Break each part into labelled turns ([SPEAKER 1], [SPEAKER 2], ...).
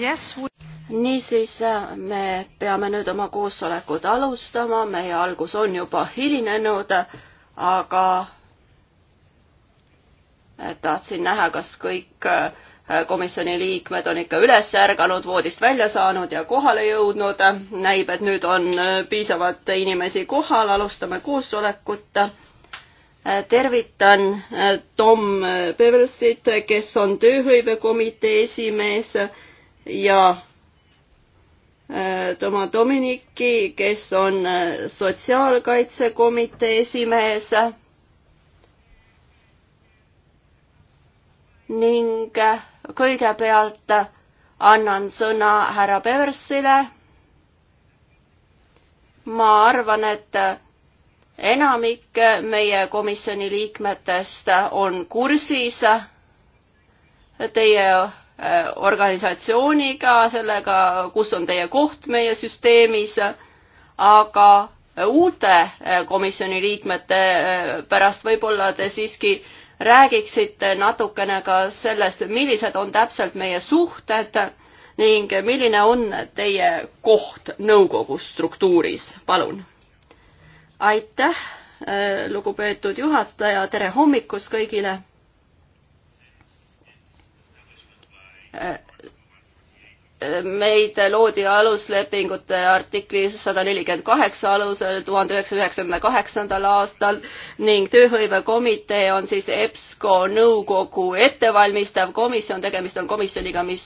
[SPEAKER 1] yes, we... niisiis, äh, me peame nüüd oma koosolekut alustama, meie algus on juba hilinenud, aga äh, tahtsin näha, kas kõik äh, komisjoni liikmed on ikka üles ärganud, voodist välja saanud ja kohale jõudnud. näib, et nüüd on piisavalt inimesi kohal, alustame koosolekut. tervitan Tom Peversit, kes on tööhõivekomitee esimees ja äh, Toma Dominiki, kes on äh, sotsiaalkaitsekomitee esimees ning äh, kõigepealt annan sõna härra Peversile. ma arvan, et enamik meie komisjoni liikmetest on kursis teie Äh, organisatsiooniga, sellega, kus on teie koht meie süsteemis, aga uute äh, komisjoni liikmete äh, pärast võib-olla te siiski räägiksite natukene ka sellest, millised on täpselt meie suhted ning milline on teie koht nõukogu struktuuris, palun? aitäh, lugupeetud juhataja, tere hommikust kõigile meid loodi aluslepingute artikli sada nelikümmend kaheksa alusel tuhande üheksasaja üheksakümne kaheksandal aastal ning Tööhõivekomitee on siis EBSCO nõukogu ettevalmistav komisjon, tegemist on komisjoniga, mis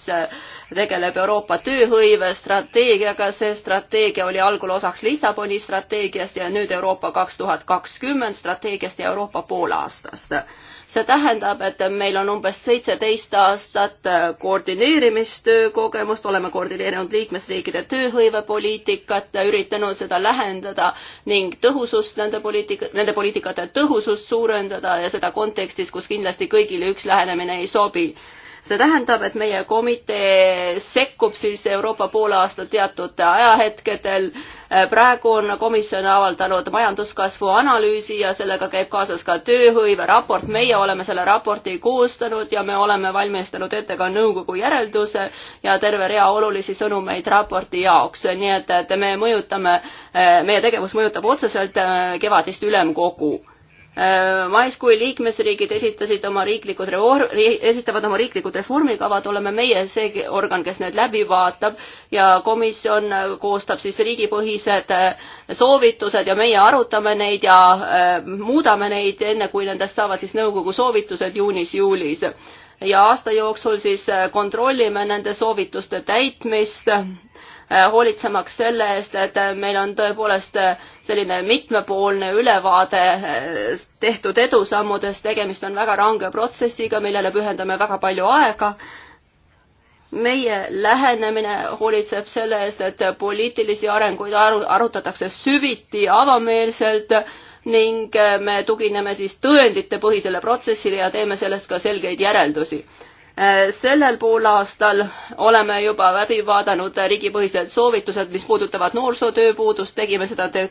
[SPEAKER 1] tegeleb Euroopa tööhõivestrateegiaga, see strateegia oli algul osaks Lissaboni strateegiast ja nüüd Euroopa kaks tuhat kakskümmend strateegiast ja Euroopa poolaastast see tähendab, et meil on umbes seitseteist aastat koordineerimistöö kogemust, oleme koordineerinud liikmesriikide tööhõivepoliitikat, üritanud seda lähendada ning tõhusust nende poliitika, nende poliitikate tõhusust suurendada ja seda kontekstis, kus kindlasti kõigile üks lähenemine ei sobi see tähendab, et meie komitee sekkub siis Euroopa poolaasta teatud ajahetkedel. praegu on komisjon avaldanud majanduskasvu analüüsi ja sellega käib kaasas ka tööhõive raport. meie oleme selle raporti koostanud ja me oleme valmistanud ette ka nõukogu järelduse ja terve rea olulisi sõnumeid raporti jaoks, nii et, et me mõjutame, meie tegevus mõjutab otseselt kevadist ülemkogu Äh, mais, kui liikmesriigid esitasid oma riiklikud, esitavad oma riiklikud reformikavad, oleme meie see organ, kes need läbi vaatab ja komisjon äh, koostab siis riigipõhised äh, soovitused ja meie arutame neid ja muudame neid, enne kui nendest saavad siis nõukogu soovitused juunis-juulis. ja aasta jooksul siis kontrollime nende soovituste täitmist Äh, hoolitsemaks selle eest, et äh, meil on tõepoolest äh, selline mitmepoolne ülevaade tehtud edusammudest, tegemist on väga range protsessiga, millele pühendame väga palju aega. meie lähenemine hoolitseb selle eest, et poliitilisi arenguid aru, arutatakse süviti, avameelselt ning me tugineme siis tõenditepõhisele protsessile ja teeme sellest ka selgeid järeldusi Äh, sellel poolaastal oleme juba läbi vaadanud riigipõhised soovitused, mis puudutavad noorsootööpuudust, tegime seda de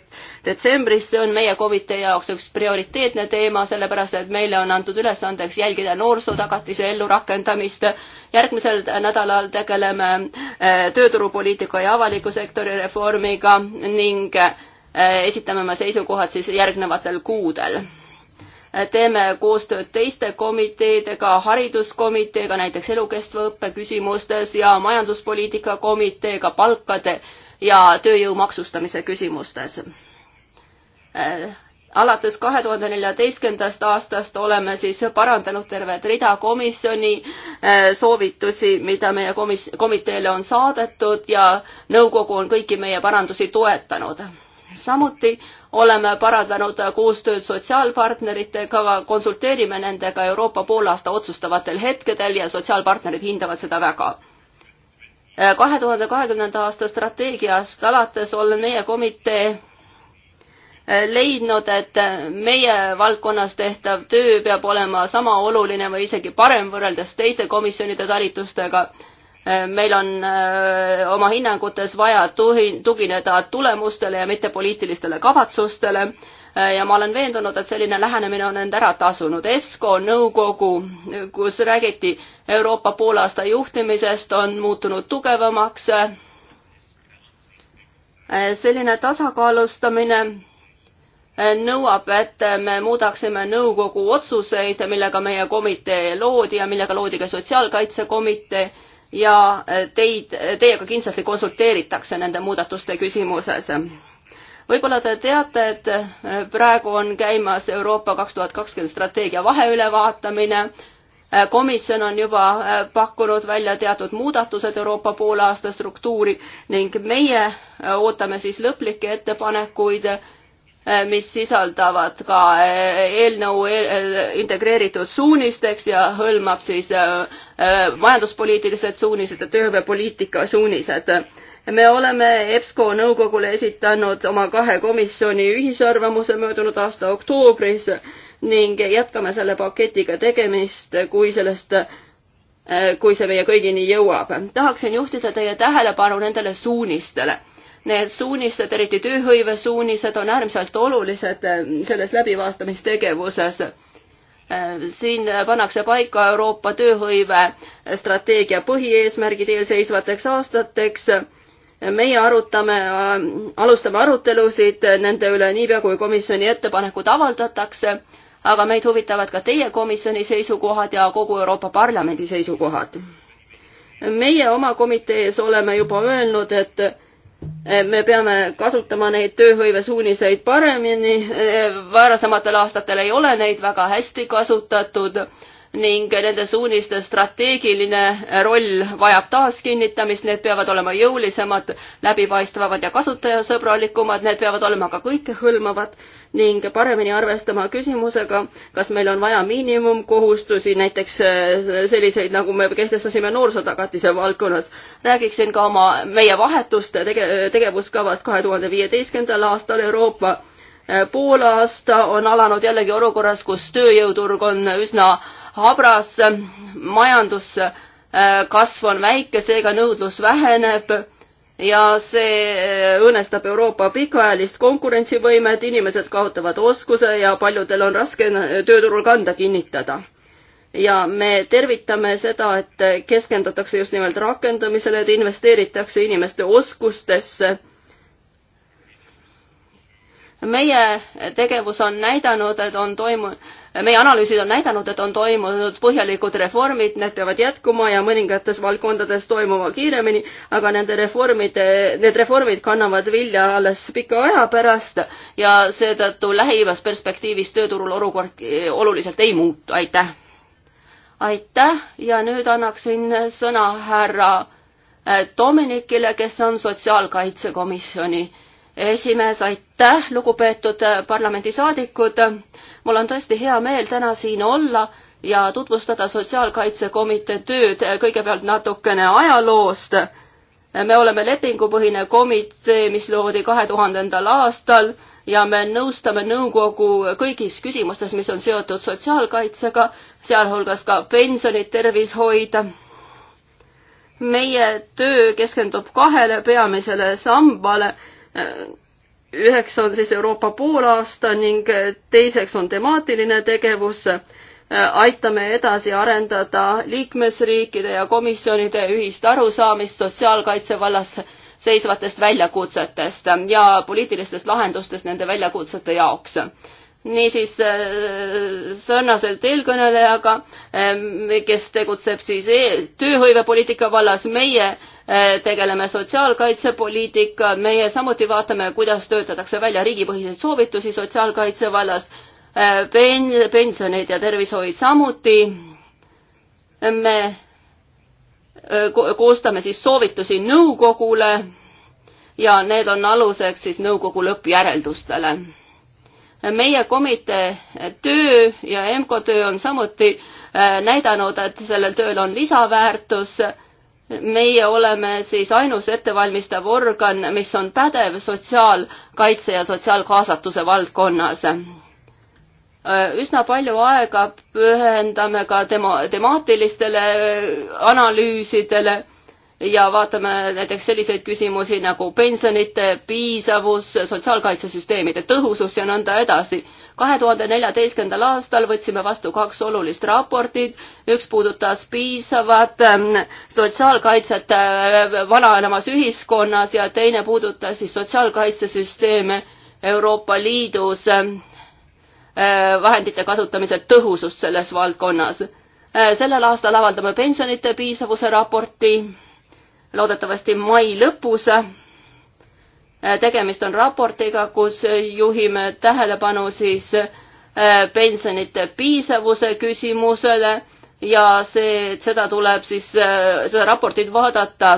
[SPEAKER 1] detsembris, see on meie komitee jaoks üks prioriteetne teema, sellepärast et meile on antud ülesandeks jälgida noorsootagatise ellurakendamist. järgmisel nädalal tegeleme äh, tööturupoliitika ja avaliku sektori reformiga ning äh, esitame oma seisukohad siis järgnevatel kuudel teeme koostööd teiste komiteedega, hariduskomiteega, näiteks elukestva õppe küsimustes ja majanduspoliitika komiteega palkade ja tööjõu maksustamise küsimustes. alates kahe tuhande neljateistkümnendast aastast oleme siis parandanud terved rida komisjoni eh, soovitusi, mida meie komis-, komiteele on saadetud ja nõukogu on kõiki meie parandusi toetanud samuti oleme parandanud koostööd sotsiaalpartneritega, konsulteerime nendega Euroopa poolaasta otsustavatel hetkedel ja sotsiaalpartnerid hindavad seda väga. kahe tuhande kahekümnenda aasta strateegiast alates olen meie komitee leidnud, et meie valdkonnas tehtav töö peab olema sama oluline või isegi parem võrreldes teiste komisjonide talitustega meil on äh, oma hinnangutes vaja tugineda tulemustele ja mitte poliitilistele kavatsustele äh, ja ma olen veendunud, et selline lähenemine on end ära tasunud. EFSCO nõukogu, kus räägiti Euroopa poolaasta juhtimisest, on muutunud tugevamaks. Äh, selline tasakaalustamine nõuab, et me muudaksime nõukogu otsuseid, millega meie komitee loodi ja millega loodi ka sotsiaalkaitsekomitee ja teid, teiega kindlasti konsulteeritakse nende muudatuste küsimuses. võib-olla te teate, et praegu on käimas Euroopa kaks tuhat kakskümmend strateegia vaheülevaatamine. komisjon on juba pakkunud välja teatud muudatused Euroopa poolaasta struktuuri ning meie ootame siis lõplikke ettepanekuid Äh, mis sisaldavad ka äh, eelnõu äh, integreeritud suunisteks ja hõlmab siis majanduspoliitilised suunised ja tööhõivepoliitika suunised me oleme EBSCO nõukogule esitanud oma kahe komisjoni ühisarvamuse möödunud aasta oktoobris ning jätkame selle paketiga tegemist, kui sellest, kui see meie kõigini jõuab. tahaksin juhtida teie tähelepanu nendele suunistele Need suunised, eriti tööhõivesuunised, on äärmiselt olulised eh, selles läbivaatamistegevuses eh, siin pannakse paika Euroopa tööhõive strateegia põhieesmärgid eelseisvateks aastateks. meie arutame, eh, alustame arutelusid nende üle niipea, kui komisjoni ettepanekud avaldatakse, aga meid huvitavad ka teie komisjoni seisukohad ja kogu Euroopa Parlamendi seisukohad. meie oma komitees oleme juba öelnud, et Eh, me peame kasutama neid tööhõivesuuniseid paremini, eh, varasematel aastatel ei ole neid väga hästi kasutatud ning nende suuniste strateegiline roll vajab taaskinnitamist, need peavad olema jõulisemad, läbipaistvamad ja kasutajasõbralikumad, need peavad olema ka kõikehõlmavad ning paremini arvestama küsimusega, kas meil on vaja miinimumkohustusi, näiteks äh, selliseid, nagu me kehtestasime noorsootagatise valdkonnas. räägiksin ka oma, meie vahetuste tege-, tegevuskavast kahe tuhande viieteistkümnendal aastal Euroopa äh, poolaasta on alanud jällegi olukorras, kus tööjõuturg on üsna äh, habras, majanduskasv äh, on väike, seega nõudlus väheneb ja see äh, õõnestab Euroopa pikaajalist konkurentsivõimet, inimesed kaotavad oskuse ja paljudel on raske tööturul kanda kinnitada. ja me tervitame seda, et keskendutakse just nimelt rakendamisele, et investeeritakse inimeste oskustesse meie tegevus on näidanud, et on toimunud meie analüüsid on näidanud, et on toimunud põhjalikud reformid, need peavad jätkuma ja mõningates valdkondades toimuma kiiremini, aga nende reformide, need reformid kannavad vilja alles pika aja pärast ja seetõttu lähimas perspektiivis tööturul olukord eh, oluliselt ei muutu, aitäh. aitäh ja nüüd annaksin sõna härra eh, Dominikile, kes on Sotsiaalkaitsekomisjoni esimees, aitäh, lugupeetud parlamendisaadikud. mul on tõesti hea meel täna siin olla ja tutvustada Sotsiaalkaitsekomitee tööd. kõigepealt natukene ajaloost. me oleme lepingupõhine komitee, mis loodi kahe tuhandendal aastal ja me nõustame nõukogu kõigis küsimustes, mis on seotud sotsiaalkaitsega, sealhulgas ka pensionid, tervishoid meie töö keskendub kahele peamisele sambale üheks on siis Euroopa poolaasta ning teiseks on temaatiline tegevus. aitame edasi arendada liikmesriikide ja komisjonide ühist arusaamist sotsiaalkaitse vallas seisvatest väljakutsetest ja poliitilistest lahendustest nende väljakutsete jaoks niisiis äh, sarnaselt eelkõnelejaga, äh, kes tegutseb siis e tööhõivepoliitika vallas, meie Eh, tegeleme sotsiaalkaitsepoliitika, meie samuti vaatame, kuidas töötatakse välja riigipõhiseid soovitusi sotsiaalkaitse vallas, eh, pen-, pensionid ja tervishoid samuti. me eh, koostame siis soovitusi nõukogule ja need on aluseks siis nõukogu lõppjäreldustele. meie komitee töö ja EMKO töö on samuti näidanud, et sellel tööl on lisaväärtus meie oleme siis ainus ettevalmistav organ, mis on pädev sotsiaalkaitse ja sotsiaalkaasatuse valdkonnas. Äh, üsna palju aega pühendame ka tema-, temaatilistele äh, analüüsidele ja vaatame näiteks selliseid küsimusi nagu pensionite piisavus, sotsiaalkaitsesüsteemide tõhusus ja nõnda edasi. kahe tuhande neljateistkümnendal aastal võtsime vastu kaks olulist raportit, üks puudutas piisavat ähm, sotsiaalkaitset äh, vananemas ühiskonnas ja teine puudutas siis sotsiaalkaitsesüsteeme Euroopa Liidus ähm, äh, vahendite kasutamise tõhusust selles valdkonnas. Äh, sellel aastal avaldame pensionite piisavuse raporti loodetavasti mai lõpus. tegemist on raportiga, kus juhime tähelepanu siis eh, pensionite piisavuse küsimusele ja see, seda tuleb siis, eh, seda raportit vaadata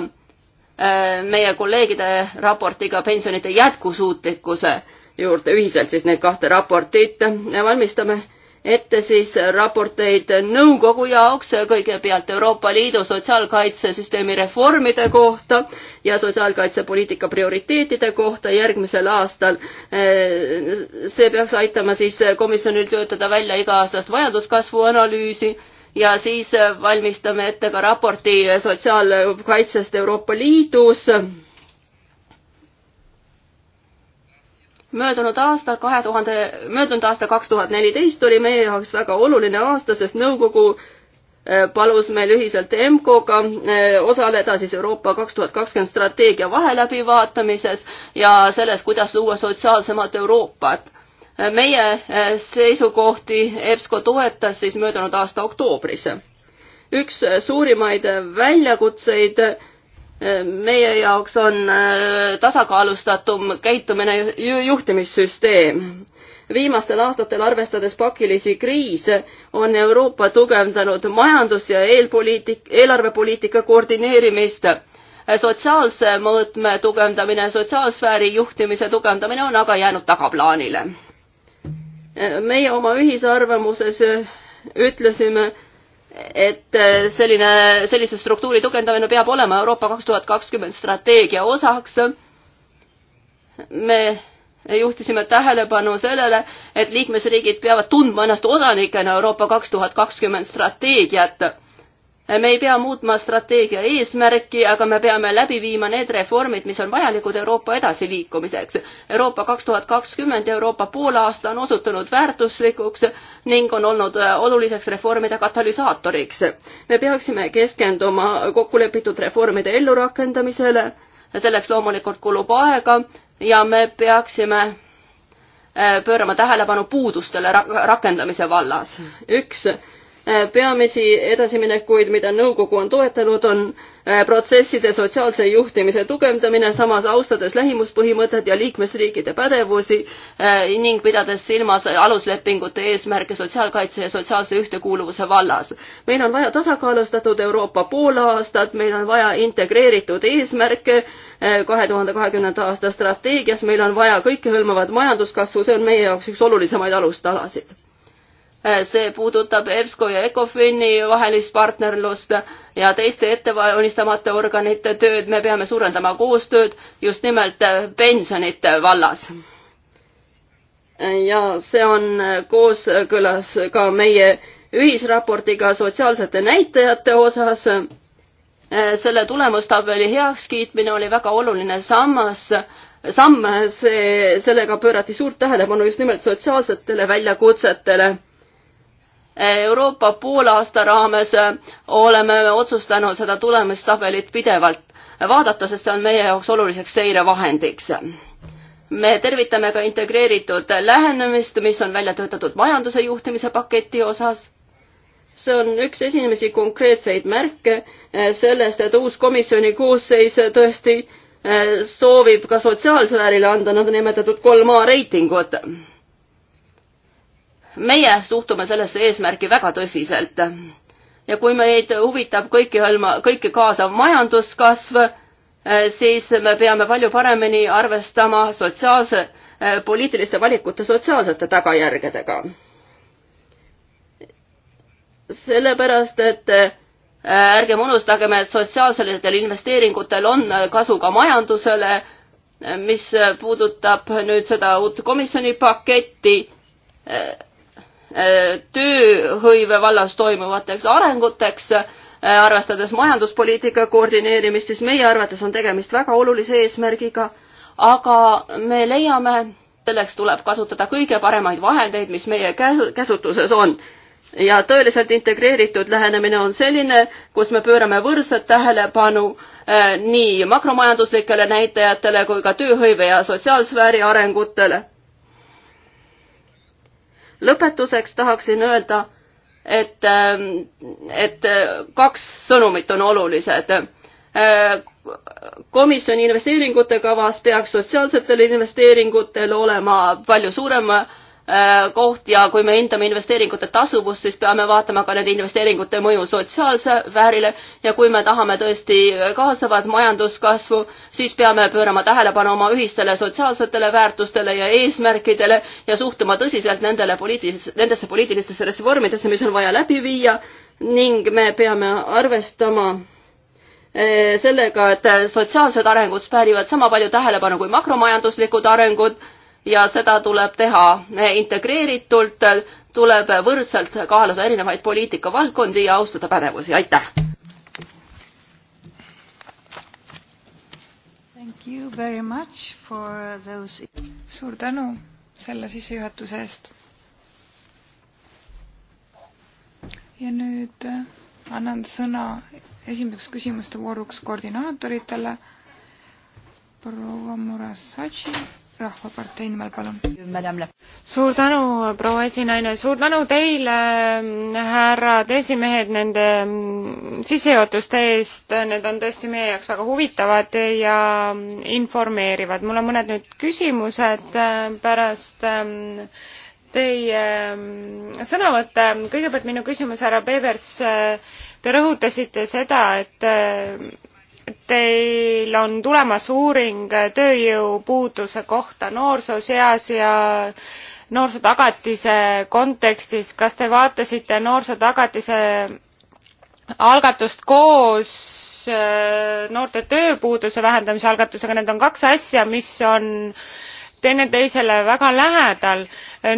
[SPEAKER 1] eh, meie kolleegide raportiga pensionite jätkusuutlikkuse juurde, ühiselt siis need kahte raportit valmistame ette siis raporteid nõukogu jaoks, kõigepealt Euroopa Liidu sotsiaalkaitsesüsteemi reformide kohta ja sotsiaalkaitsepoliitika prioriteetide kohta järgmisel aastal. see peaks aitama siis komisjonil töötada välja iga-aastast vajaduskasvu analüüsi ja siis valmistame ette ka raporti sotsiaalkaitsest Euroopa Liidus möödunud aasta kahe tuhande, möödunud aasta kaks tuhat neliteist oli meie jaoks väga oluline aasta, sest nõukogu äh, palus meil ühiselt EMCO-ga äh, osaleda siis Euroopa kaks tuhat kakskümmend strateegia vaheläbivaatamises ja selles, kuidas luua sotsiaalsemat Euroopat. Äh, meie seisukohti EBSCO toetas siis möödunud aasta oktoobris. üks suurimaid väljakutseid meie jaoks on äh, tasakaalustatum käitumine juhtimissüsteem. viimastel aastatel, arvestades pakilisi kriise, on Euroopa tugevdanud majandus- ja eelpoliitik, eelarvepoliitika koordineerimist sotsiaalse mõõtme tugevdamine, sotsiaalsfääri juhtimise tugevdamine on aga jäänud tagaplaanile. meie oma ühisarvamuses äh, ütlesime, et äh, selline, sellise struktuuri tugevdamine peab olema Euroopa kaks tuhat kakskümmend strateegia osaks. me juhtisime tähelepanu sellele, et liikmesriigid peavad tundma ennast osanikena Euroopa kaks tuhat kakskümmend strateegiat me ei pea muutma strateegia eesmärki, aga me peame läbi viima need reformid, mis on vajalikud Euroopa edasiliikumiseks. Euroopa kaks tuhat kakskümmend ja Euroopa poolaasta on osutunud väärtuslikuks ning on olnud äh, oluliseks reformide katalüsaatoriks. me peaksime keskenduma kokkulepitud reformide ellurakendamisele, selleks loomulikult kulub aega ja me peaksime äh, pöörama tähelepanu puudustele rakendamise vallas. üks Äh, peamisi edasiminekuid, mida nõukogu on toetanud, on äh, protsesside sotsiaalse juhtimise tugevdamine, samas austades lähimuspõhimõtet ja liikmesriikide pädevusi äh, ning pidades silmas aluslepingute eesmärke sotsiaalkaitse ja sotsiaalse ühtekuuluvuse vallas. meil on vaja tasakaalustatud Euroopa poolaastat, meil on vaja integreeritud eesmärke kahe tuhande kahekümnenda aasta strateegias, meil on vaja kõikehõlmavat majanduskasvu, see on meie jaoks üks olulisemaid alustalasid Eh, see puudutab EBSCO ja ECOFIN-i vahelist partnerlust ja teiste ettevalmistamata organite tööd, me peame suurendama koostööd just nimelt eh, pensionite vallas. ja see on eh, kooskõlas ka meie ühisraportiga sotsiaalsete näitajate osas. selle tulemustabeli heakskiitmine oli väga oluline sammas, samm, see, sellega pöörati suurt tähelepanu just nimelt sotsiaalsetele väljakutsetele Euroopa poolaasta raames äh, oleme otsustanud seda tulemustabelit pidevalt vaadata, sest see on meie jaoks oluliseks seirevahendiks. me tervitame ka integreeritud lähenemist, mis on välja töötatud majanduse juhtimise paketi osas see on üks esimesi konkreetseid märke äh, sellest, et uus komisjoni koosseis tõesti äh, soovib ka sotsiaalsfäärile anda nõndanimetatud kolm A reitingut meie suhtume sellesse eesmärki väga tõsiselt. ja kui meid huvitab kõiki hõlma, kõike kaasav majanduskasv, eh, siis me peame palju paremini arvestama sotsiaalse, eh, poliitiliste valikute sotsiaalsete tagajärgedega. sellepärast, et eh, ärgem unustagem, et sotsiaalsetel investeeringutel on kasu ka majandusele, mis puudutab nüüd seda uut komisjoni paketti tööhõive vallas toimuvateks arenguteks, äh, arvestades majanduspoliitika koordineerimist, siis meie arvates on tegemist väga olulise eesmärgiga, aga me leiame, selleks tuleb kasutada kõige paremaid vahendeid, mis meie käsutuses on. ja tõeliselt integreeritud lähenemine on selline, kus me pöörame võrdset tähelepanu äh, nii makromajanduslikele näitajatele kui ka tööhõive ja sotsiaalsfääri arengutele lõpetuseks tahaksin öelda, et, ähm, et äh, kaks sõnumit on olulised. Äh, komisjoni investeeringute kavas peaks sotsiaalsetel investeeringutel olema palju suurem Äh, koht ja kui me hindame investeeringute tasuvust, siis peame vaatama ka nende investeeringute mõju sotsiaalse väärile ja kui me tahame tõesti kaasavat majanduskasvu, siis peame pöörama tähelepanu oma ühistele sotsiaalsetele väärtustele ja eesmärkidele ja suhtuma tõsiselt nendele poliitilis-, nendesse poliitilistesse reformidesse, mis on vaja läbi viia ning me peame arvestama äh, sellega, et sotsiaalsed arengud väärivad sama palju tähelepanu kui makromajanduslikud arengud ja seda tuleb teha integreeritult, tuleb võrdselt kaaluda erinevaid poliitikavaldkondi ja austada pädevusi, aitäh!
[SPEAKER 2] Those... suur tänu selle sissejuhatuse eest. ja nüüd äh, annan sõna esimeseks küsimuste vooruks koordinaatoritele.
[SPEAKER 3] proua Murasatši Rahvapartei nimel, palun. suur tänu, proua esinaine, suur tänu teile, härrad esimehed, nende mm, sissejuhatuste eest, need on tõesti meie jaoks väga huvitavad ja mm, informeerivad. mul on mõned nüüd küsimused äh, pärast ähm, teie mm, sõnavõtte. kõigepealt minu küsimus, härra Pevers, äh, te rõhutasite seda, et äh, Teil on tulemas uuring tööjõupuuduse kohta noorsooseas ja noorsootagatise kontekstis, kas te vaatasite noorsootagatise algatust koos äh, noorte tööpuuduse vähendamise algatusega, need on kaks asja, mis on äh, teineteisele väga lähedal.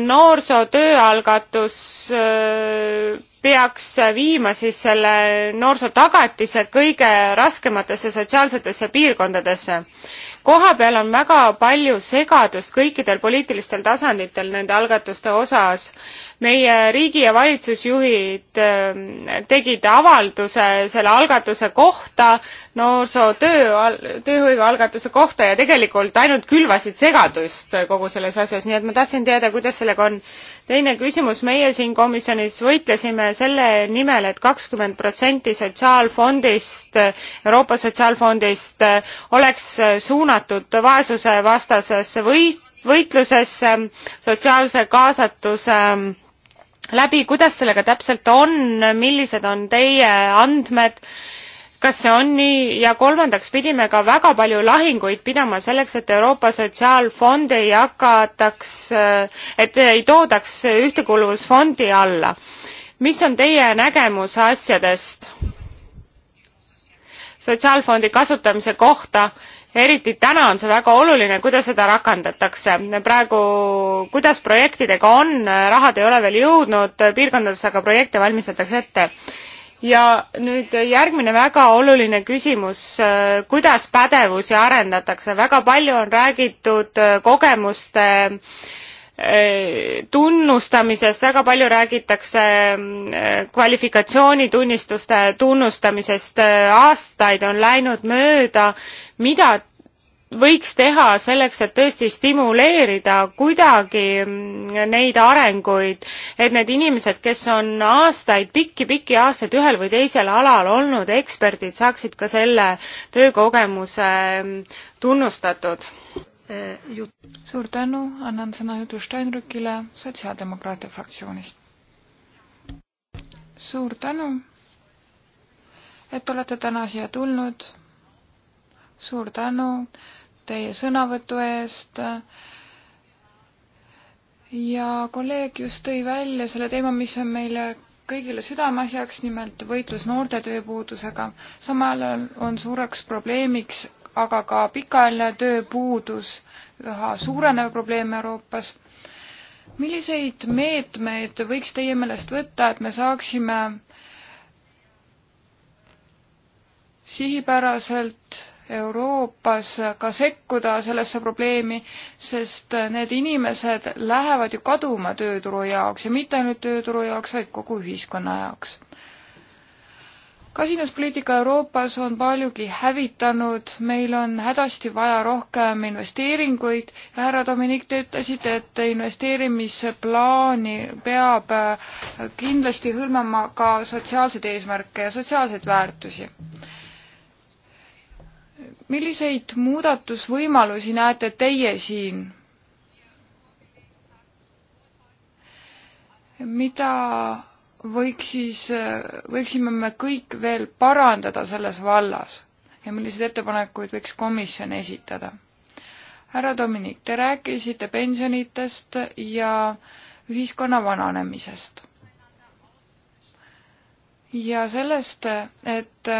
[SPEAKER 3] noorsootööalgatus äh, peaks viima siis selle noorsootagatise kõige raskematesse sotsiaalsetesse piirkondadesse kohapeal on väga palju segadust kõikidel poliitilistel tasanditel nende algatuste osas. meie riigi ja valitsusjuhid ähm, tegid avalduse selle algatuse kohta, noorsootöö, tööhõive algatuse kohta ja tegelikult ainult külvasid segadust kogu selles asjas, nii et ma tahtsin teada, kuidas sellega on teine küsimus, meie siin komisjonis võitlesime selle nimel et, et kakskümmend protsenti sotsiaalfondist, Euroopa Sotsiaalfondist eh, oleks suunatud vaesusevastasesse või-, võitlusesse, sotsiaalse kaasatuse eh, läbi, kuidas sellega täpselt on, millised on teie andmed kas see on nii ja kolmandaks pidime ka väga palju lahinguid pidama selleks, et Euroopa Sotsiaalfondi ei hakataks, et ei toodaks ühtekuuluvusfondi alla. mis on teie nägemus asjadest sotsiaalfondi kasutamise kohta? eriti täna on see väga oluline, kuidas seda rakendatakse. praegu, kuidas projektidega on, rahad ei ole veel jõudnud piirkondadesse, aga projekte valmistatakse ette ja nüüd järgmine väga oluline küsimus, äh, kuidas pädevusi arendatakse, väga palju on räägitud äh, kogemuste äh, tunnustamisest, väga palju räägitakse mm, kvalifikatsioonitunnistuste tunnustamisest, aastaid on läinud mööda, mida võiks teha selleks, et tõesti stimuleerida kuidagi mm, neid arenguid, et need inimesed, kes on aastaid pikki,, pikki-pikki aastaid ühel või teisel alal olnud eksperdid, saaksid ka selle töökogemuse mm, tunnustatud?
[SPEAKER 2] suur tänu, annan sõna Jutu Steinrückile Sotsiaaldemokraatia fraktsioonist. suur tänu, et olete täna siia tulnud. suur tänu teie sõnavõtu eest. ja kolleeg just tõi välja selle teema, mis on meile kõigile südameasjaks, nimelt võitlus noorte tööpuudusega. samal ajal on suureks probleemiks aga ka pikaajaline tööpuudus, üha suurenev probleem Euroopas. milliseid meetmeid võiks teie meelest võtta, et me saaksime sihipäraselt Euroopas ka sekkuda sellesse probleemi, sest need inimesed lähevad ju kaduma tööturu jaoks ja mitte ainult tööturu jaoks, vaid kogu ühiskonna jaoks. kasinuspoliitika Euroopas on paljugi hävitanud, meil on hädasti vaja rohkem investeeringuid ja härra Dominik, te ütlesite, et investeerimisplaani peab äh, kindlasti hõlmama ka sotsiaalseid eesmärke ja sotsiaalseid väärtusi milliseid muudatusvõimalusi näete teie siin? mida võiks siis, võiksime me kõik veel parandada selles vallas ja milliseid ettepanekuid võiks komisjon esitada? härra Dominik, te rääkisite pensionitest ja ühiskonna vananemisest ja sellest, et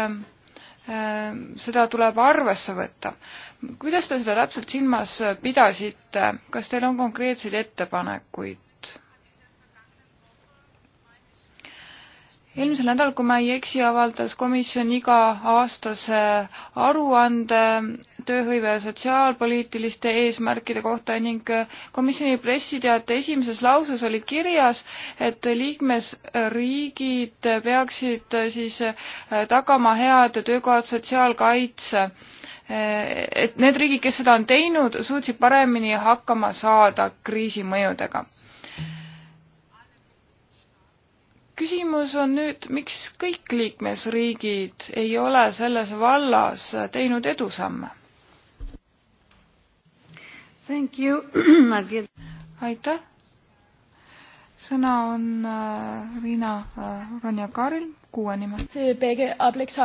[SPEAKER 2] Äh, seda tuleb arvesse võtta. kuidas te seda täpselt silmas pidasite, kas teil on konkreetseid ettepanekuid? eelmisel nädalal, kui ma ei eksi, avaldas komisjon iga-aastase aruande tööhõive ja sotsiaalpoliitiliste eesmärkide kohta ning komisjoni pressiteate esimeses lauses oli kirjas, et liikmesriigid peaksid siis äh, tagama head töökohad sotsiaalkaitse. Äh, et need riigid, kes seda on teinud, suutsid paremini hakkama saada kriisi mõjudega küsimus on nüüd, miks kõik liikmesriigid ei ole selles vallas teinud edusamme? aitäh. sõna on äh, Riina äh, Ronja-Kaaril kuue nimel. Øh,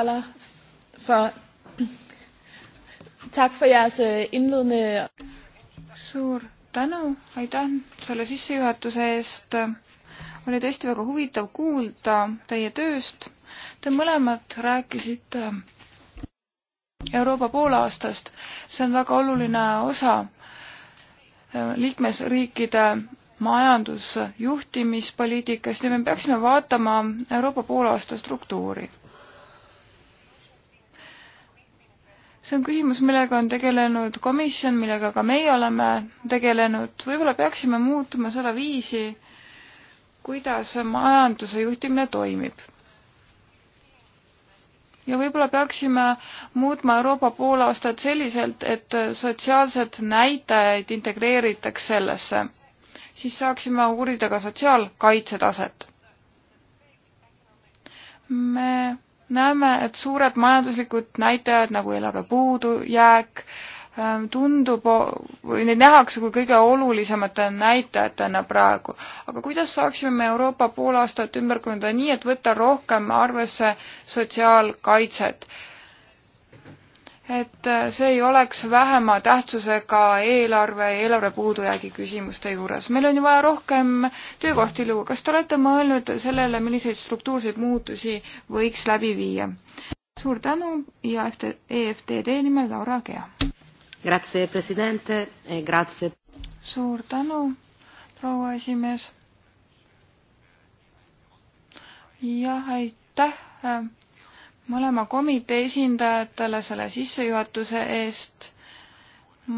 [SPEAKER 2] suur tänu, aitäh selle sissejuhatuse eest oli tõesti väga huvitav kuulda teie tööst. Te mõlemad rääkisite Euroopa poolaastast, see on väga oluline osa liikmesriikide majandusjuhtimispoliitikast ja me peaksime vaatama Euroopa poolaasta struktuuri. see on küsimus, millega on tegelenud komisjon, millega ka meie oleme tegelenud, võib-olla peaksime muutma seda viisi, kuidas majanduse juhtimine toimib. ja võib-olla peaksime muutma Euroopa poolaastat selliselt, et sotsiaalsed näitajaid integreeritaks sellesse, siis saaksime uurida ka sotsiaalkaitse taset. me näeme, et suured majanduslikud näitajad nagu eelarve puudujääk äh,, Ehm, tundub või neid nähakse kui kõige olulisemate näitajatena praegu. aga kuidas saaksime me Euroopa pool aastat ümber kujundada nii, et võtta rohkem arvesse sotsiaalkaitset? et eh, see ei oleks vähema tähtsusega eelarve ja eelarve puudujäägi küsimuste juures. meil on ju vaja rohkem töökohti luua. kas te olete mõelnud sellele, milliseid struktuurseid muutusi võiks läbi viia? suur tänu ja EFTD nimel Laura Kea. Grazie,
[SPEAKER 4] president, e grazie.
[SPEAKER 2] suur tänu, proua esimees. jah, aitäh äh, mõlema komitee esindajatele selle sissejuhatuse eest.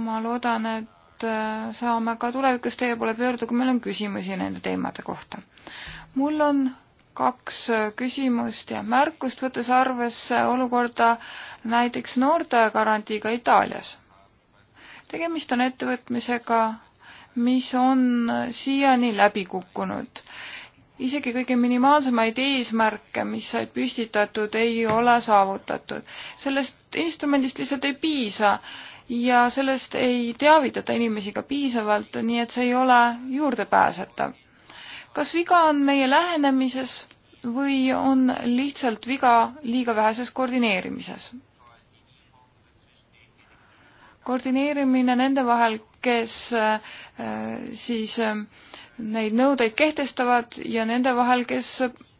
[SPEAKER 2] ma loodan, et äh, saame ka tulevikus teie poole pöörduda, kui meil on küsimusi nende teemade kohta. mul on kaks äh, küsimust ja märkust, võttes arvesse olukorda näiteks noortegarantiiga Itaalias tegemist on ettevõtmisega, mis on siiani läbi kukkunud. isegi kõige minimaalsemaid eesmärke, mis said püstitatud, ei ole saavutatud. sellest instrumendist lihtsalt ei piisa ja sellest ei teavitata inimesi ka piisavalt, nii et see ei ole juurdepääsetav. kas viga on meie lähenemises või on lihtsalt viga liiga väheses koordineerimises? koordineerimine nende vahel, kes äh, siis äh, neid nõudeid kehtestavad ja nende vahel, kes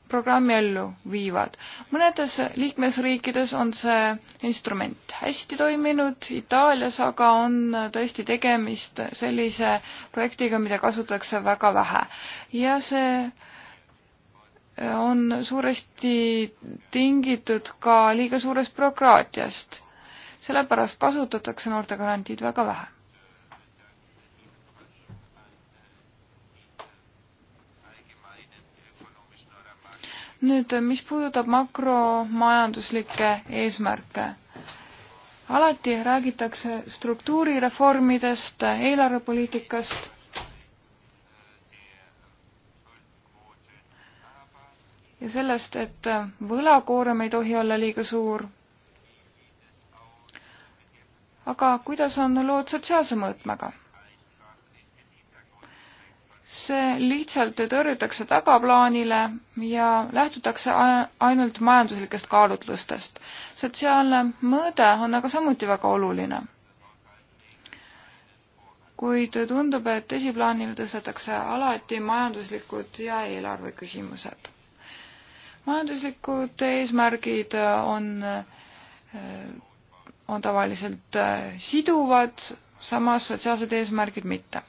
[SPEAKER 2] programmi ellu viivad. mõnedes liikmesriikides on see instrument hästi toiminud, Itaalias aga on tõesti tegemist sellise projektiga, mida kasutatakse väga vähe ja see on suuresti tingitud ka liiga suurest bürokraatiast sellepärast kasutatakse noortegarantiid väga vähe. nüüd, mis puudutab makromajanduslikke eesmärke. alati räägitakse struktuurireformidest, eelarvepoliitikast ja sellest, et võlakoorem ei tohi olla liiga suur aga kuidas on lood sotsiaalse mõõtmega? see lihtsalt tõrjutakse tagaplaanile ja lähtutakse ainult majanduslikest kaalutlustest. sotsiaalne mõõde on aga samuti väga oluline. kuid tundub, et esiplaanile tõstetakse alati majanduslikud ja eelarve küsimused. majanduslikud eesmärgid on eh, on tavaliselt äh, siduvad, samas sotsiaalsed eesmärgid mitte.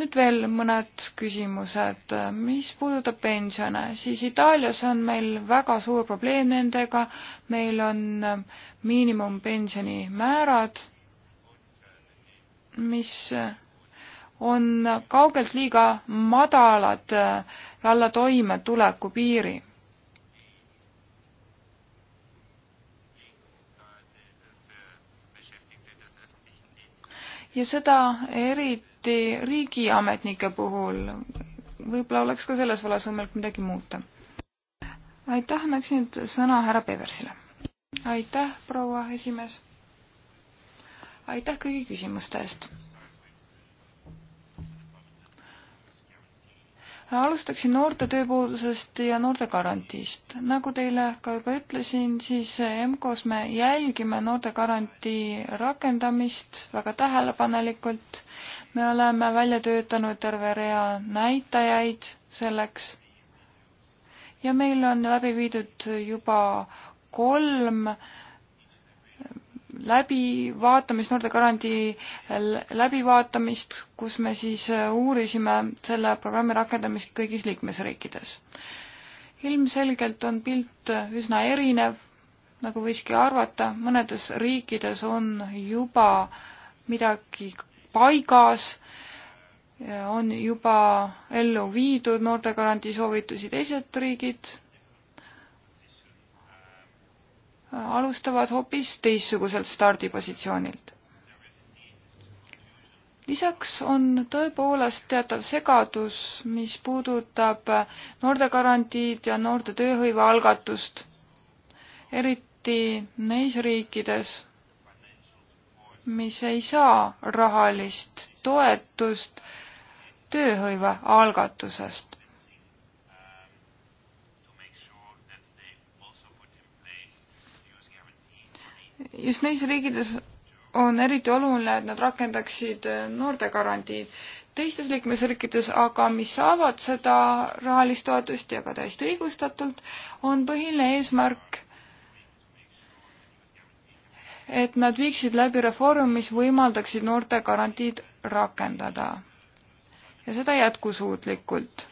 [SPEAKER 2] nüüd veel mõned küsimused, mis puudutab pensione, siis Itaalias on meil väga suur probleem nendega, meil on äh, miinimumpensioni määrad, mis äh, on kaugelt liiga madalad alla toimetuleku piiri ja seda eriti riigiametnike puhul. võib-olla oleks ka selles vallas võimalik midagi muuta. aitäh, annaks nüüd sõna härra Peversile. aitäh, proua esimees. aitäh kõigi küsimuste eest alustaksin noorte tööpuudusest ja noortegarantiist. nagu teile ka juba ütlesin, siis EMKO-s me jälgime noortegarantii rakendamist väga tähelepanelikult. me oleme välja töötanud terve rea näitajaid selleks. ja meil on läbi viidud juba kolm äh, läbivaatamist, noortegarantii läbivaatamist, kus me siis äh, uurisime selle programmi rakendamist kõigis liikmesriikides. ilmselgelt on pilt äh, üsna erinev, nagu võiski arvata, mõnedes riikides on juba midagi paigas, äh, on juba ellu viidud noortegarantii soovitusi, teised riigid alustavad hoopis teistsuguselt stardipositsioonilt. lisaks on tõepoolest teatav segadus, mis puudutab noortegarantiid ja noorte tööhõive algatust, eriti neis riikides, mis ei saa rahalist toetust tööhõive algatusest. just neis riikides on eriti oluline, et nad rakendaksid äh, noortegarantiid. teistes liikmesriikides aga, mis saavad seda rahalist toetust ja ka täiesti õigustatult, on põhiline eesmärk, et nad viiksid läbi reformi, mis võimaldaksid noortegarantiid rakendada. ja seda jätkusuutlikult,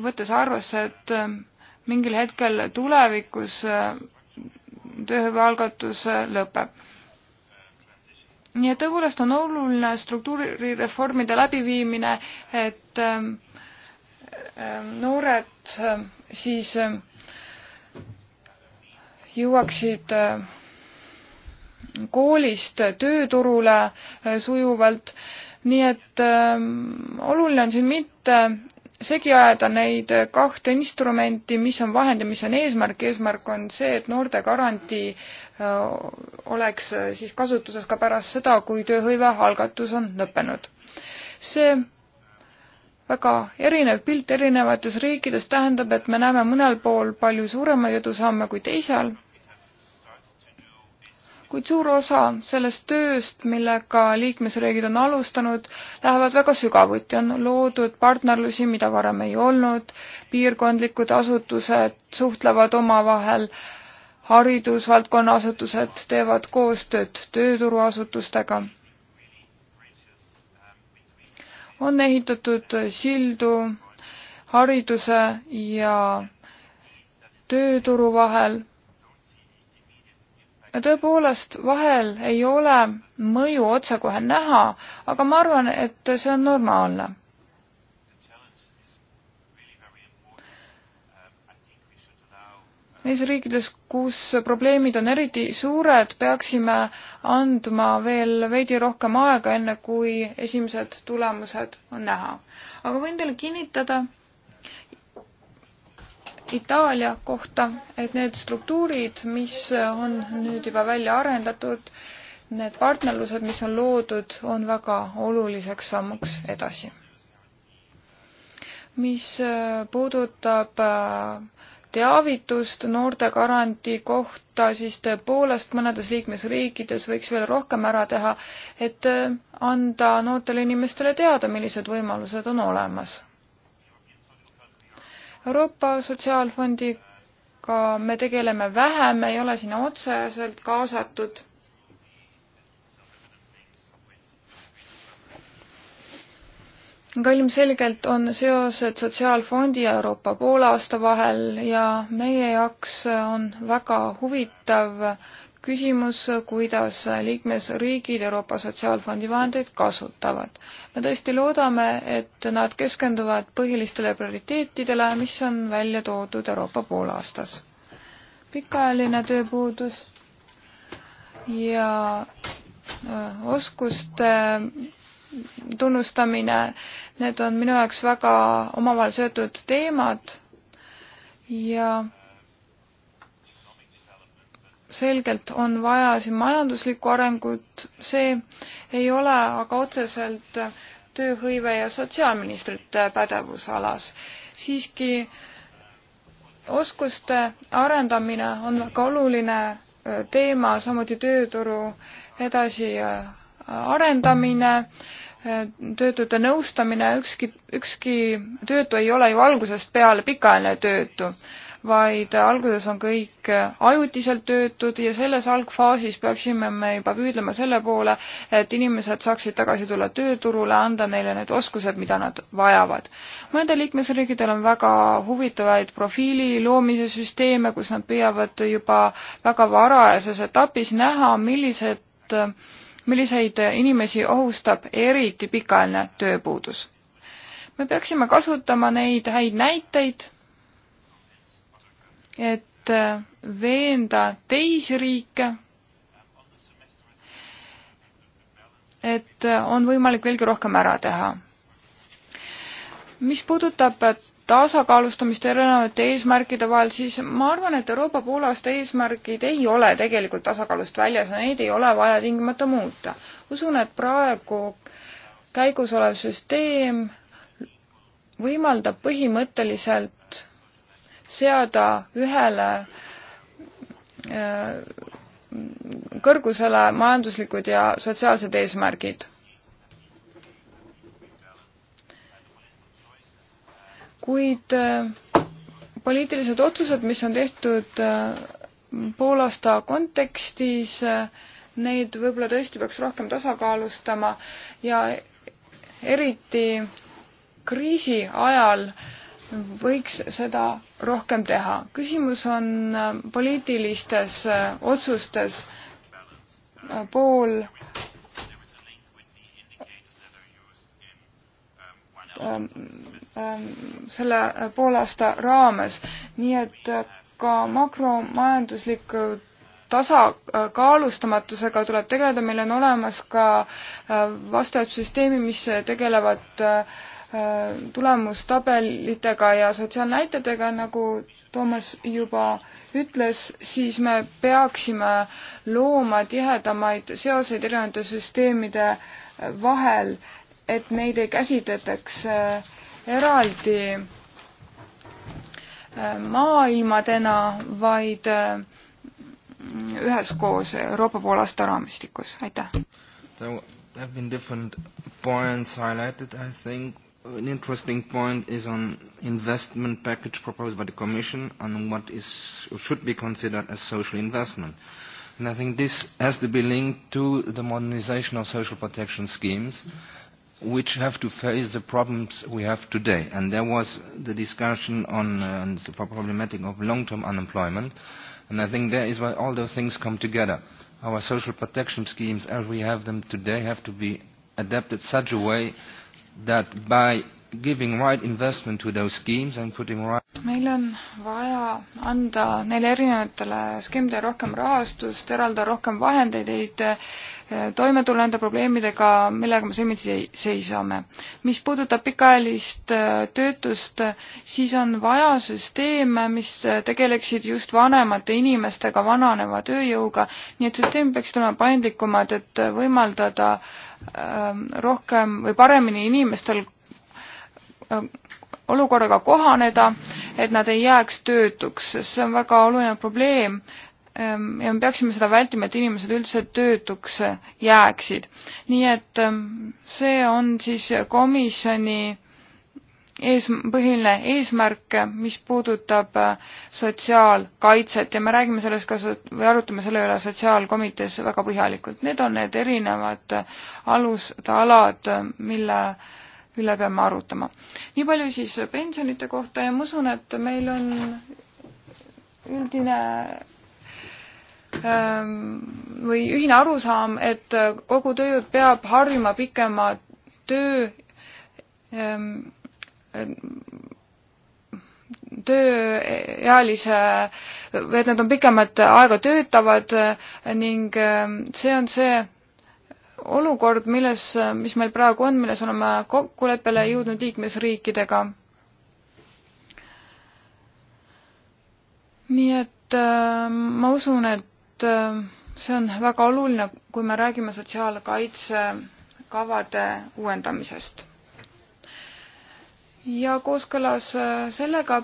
[SPEAKER 2] võttes arvesse, et äh, mingil hetkel tulevikus äh, tööhõivealgatus lõpeb. nii et tõepoolest on oluline struktuurireformide läbiviimine, et ähm, ähm, noored ähm, siis jõuaksid koolist tööturule äh, sujuvalt, nii et oluline on siin mitte segi ajada neid kahte instrumenti, mis on vahend ja mis on eesmärk. eesmärk on see, et noortegarantii äh, oleks äh, siis kasutuses ka pärast seda, kui tööhõive algatus on lõppenud. see väga erinev pilt erinevates riikides tähendab, et me näeme mõnel pool palju suuremaid edusamme kui teisel kuid suur osa sellest tööst, millega liikmesriigid on alustanud, lähevad väga sügavuti, on loodud partnerlusi, mida varem ei olnud, piirkondlikud asutused suhtlevad omavahel, haridusvaldkonna asutused teevad koostööd tööturuasutustega. on ehitatud sildu hariduse ja tööturu vahel tõepoolest, vahel ei ole mõju otsekohe näha, aga ma arvan, et see on normaalne. Neis riikides, kus probleemid on eriti suured, peaksime andma veel veidi rohkem aega, enne kui esimesed tulemused on näha. aga võin teile kinnitada, Itaalia kohta, et need struktuurid, mis on nüüd juba välja arendatud, need partnerlused, mis on loodud, on väga oluliseks sammuks edasi. mis puudutab äh, teavitust noortegarantii kohta, siis tõepoolest mõnedes liikmesriikides võiks veel rohkem ära teha, et äh, anda noortele inimestele teada, millised võimalused on olemas Euroopa Sotsiaalfondiga me tegeleme vähem, ei ole sinna otseselt kaasatud. aga ilmselgelt on seosed Sotsiaalfondi ja Euroopa poolaasta vahel ja meie jaoks on väga huvitav äh, küsimus, kuidas liikmesriigid Euroopa Sotsiaalfondi vahendeid kasutavad. me tõesti loodame, et nad keskenduvad põhilistele prioriteetidele, mis on välja toodud Euroopa poolaastas. pikaajaline tööpuudus ja äh, oskuste tunnustamine, need on minu jaoks väga omavahel seotud teemad ja selgelt on vaja siin majanduslikku arengut, see ei ole aga otseselt tööhõive ja sotsiaalministrite pädevusalas. siiski oskuste arendamine on väga oluline äh, teema, samuti tööturu edasi äh, arendamine, äh, töötute nõustamine, ükski, ükski töötu ei ole ju algusest peale pikaajaline töötu vaid alguses on kõik ajutiselt töötud ja selles algfaasis peaksime me juba püüdlema selle poole, et inimesed saaksid tagasi tulla tööturule, anda neile need oskused, mida nad vajavad. mõnedel liikmesriikidel on väga huvitavaid profiili loomise süsteeme, kus nad püüavad juba väga varajases etapis näha, millised, milliseid inimesi ohustab eriti pikaajaline tööpuudus me peaksime kasutama neid häid näiteid et äh, veenda teisi riike, et äh, on võimalik veelgi rohkem ära teha. mis puudutab tasakaalustamist erinevate eesmärkide vahel, siis ma arvan, et Euroopa poolaasta eesmärgid ei ole tegelikult tasakaalust väljas ja neid ei ole vaja tingimata muuta. usun, et praegu käigus olev süsteem võimaldab põhimõtteliselt seada ühele äh, kõrgusele majanduslikud ja sotsiaalsed eesmärgid. kuid äh, poliitilised otsused, mis on tehtud äh, poolaasta kontekstis, neid võib-olla tõesti peaks rohkem tasakaalustama ja eriti kriisi ajal äh, võiks seda rohkem teha. küsimus on äh, poliitilistes äh, otsustes äh, pool ähm, ähm, selle poolaasta raames, nii et ka makromajandusliku tasakaalustamatusega tuleb tegeleda, meil on olemas ka vastavad süsteemid, mis tegelevad äh, Äh, tulemustabelitega ja sotsiaalnäitedega, nagu Toomas juba ütles, siis me peaksime looma tihedamaid seoseid erinevate süsteemide vahel, et neid ei käsitletaks äh, eraldi äh, maailmadena, vaid üheskoos Euroopa poolaasta raamistikus, aitäh!
[SPEAKER 5] There have been different points highlighted, I think an interesting point is on investment package proposed by the Commission on what is or should be considered as social investment. And I think this has to be linked to the modernization of social protection schemes, which have to face the problems we have today. And there was the discussion on, uh, on the problematic of long-term unemployment, and I think there is where all those things come together. Our social protection schemes, as we have them today, have to be adapted such a way that by giving right investment to those schemes and putting right
[SPEAKER 2] meil on vaja anda neile erinevatele skeemidele rohkem rahastust, eraldada rohkem vahendeid, et toime tulla nende probleemidega, millega me silmitsi seisame. mis puudutab pikaajalist äh, töötust, siis on vaja süsteeme, mis tegeleksid just vanemate inimestega, vananeva tööjõuga, nii et süsteem peaks olema paindlikumad, et võimaldada äh, Ähm, rohkem või paremini inimestel ähm, olukorraga kohaneda, et nad ei jääks töötuks, sest see on väga oluline probleem ähm, ja me peaksime seda vältima, et inimesed üldse töötuks jääksid. nii et see on siis komisjoni ees, põhiline eesmärk, mis puudutab äh, sotsiaalkaitset ja me räägime sellest ka või arutame selle üle sotsiaalkomitees väga põhjalikult. Need on need erinevad äh, alustalad, äh, mille üle peame arutama. nii palju siis pensionite kohta ja ma usun, et meil on üldine ähm, või ühine arusaam, et kogu tööjõud peab harjuma pikema töö ähm, tööealise, või et nad on pikemat aega töötavad ning ähm, see on see olukord, milles, äh, mis meil praegu on, milles oleme kokkuleppele jõudnud liikmesriikidega. nii et ähm, ma usun, et ähm, see on väga oluline, kui me räägime sotsiaalkaitsekavade uuendamisest ja kooskõlas äh, sellega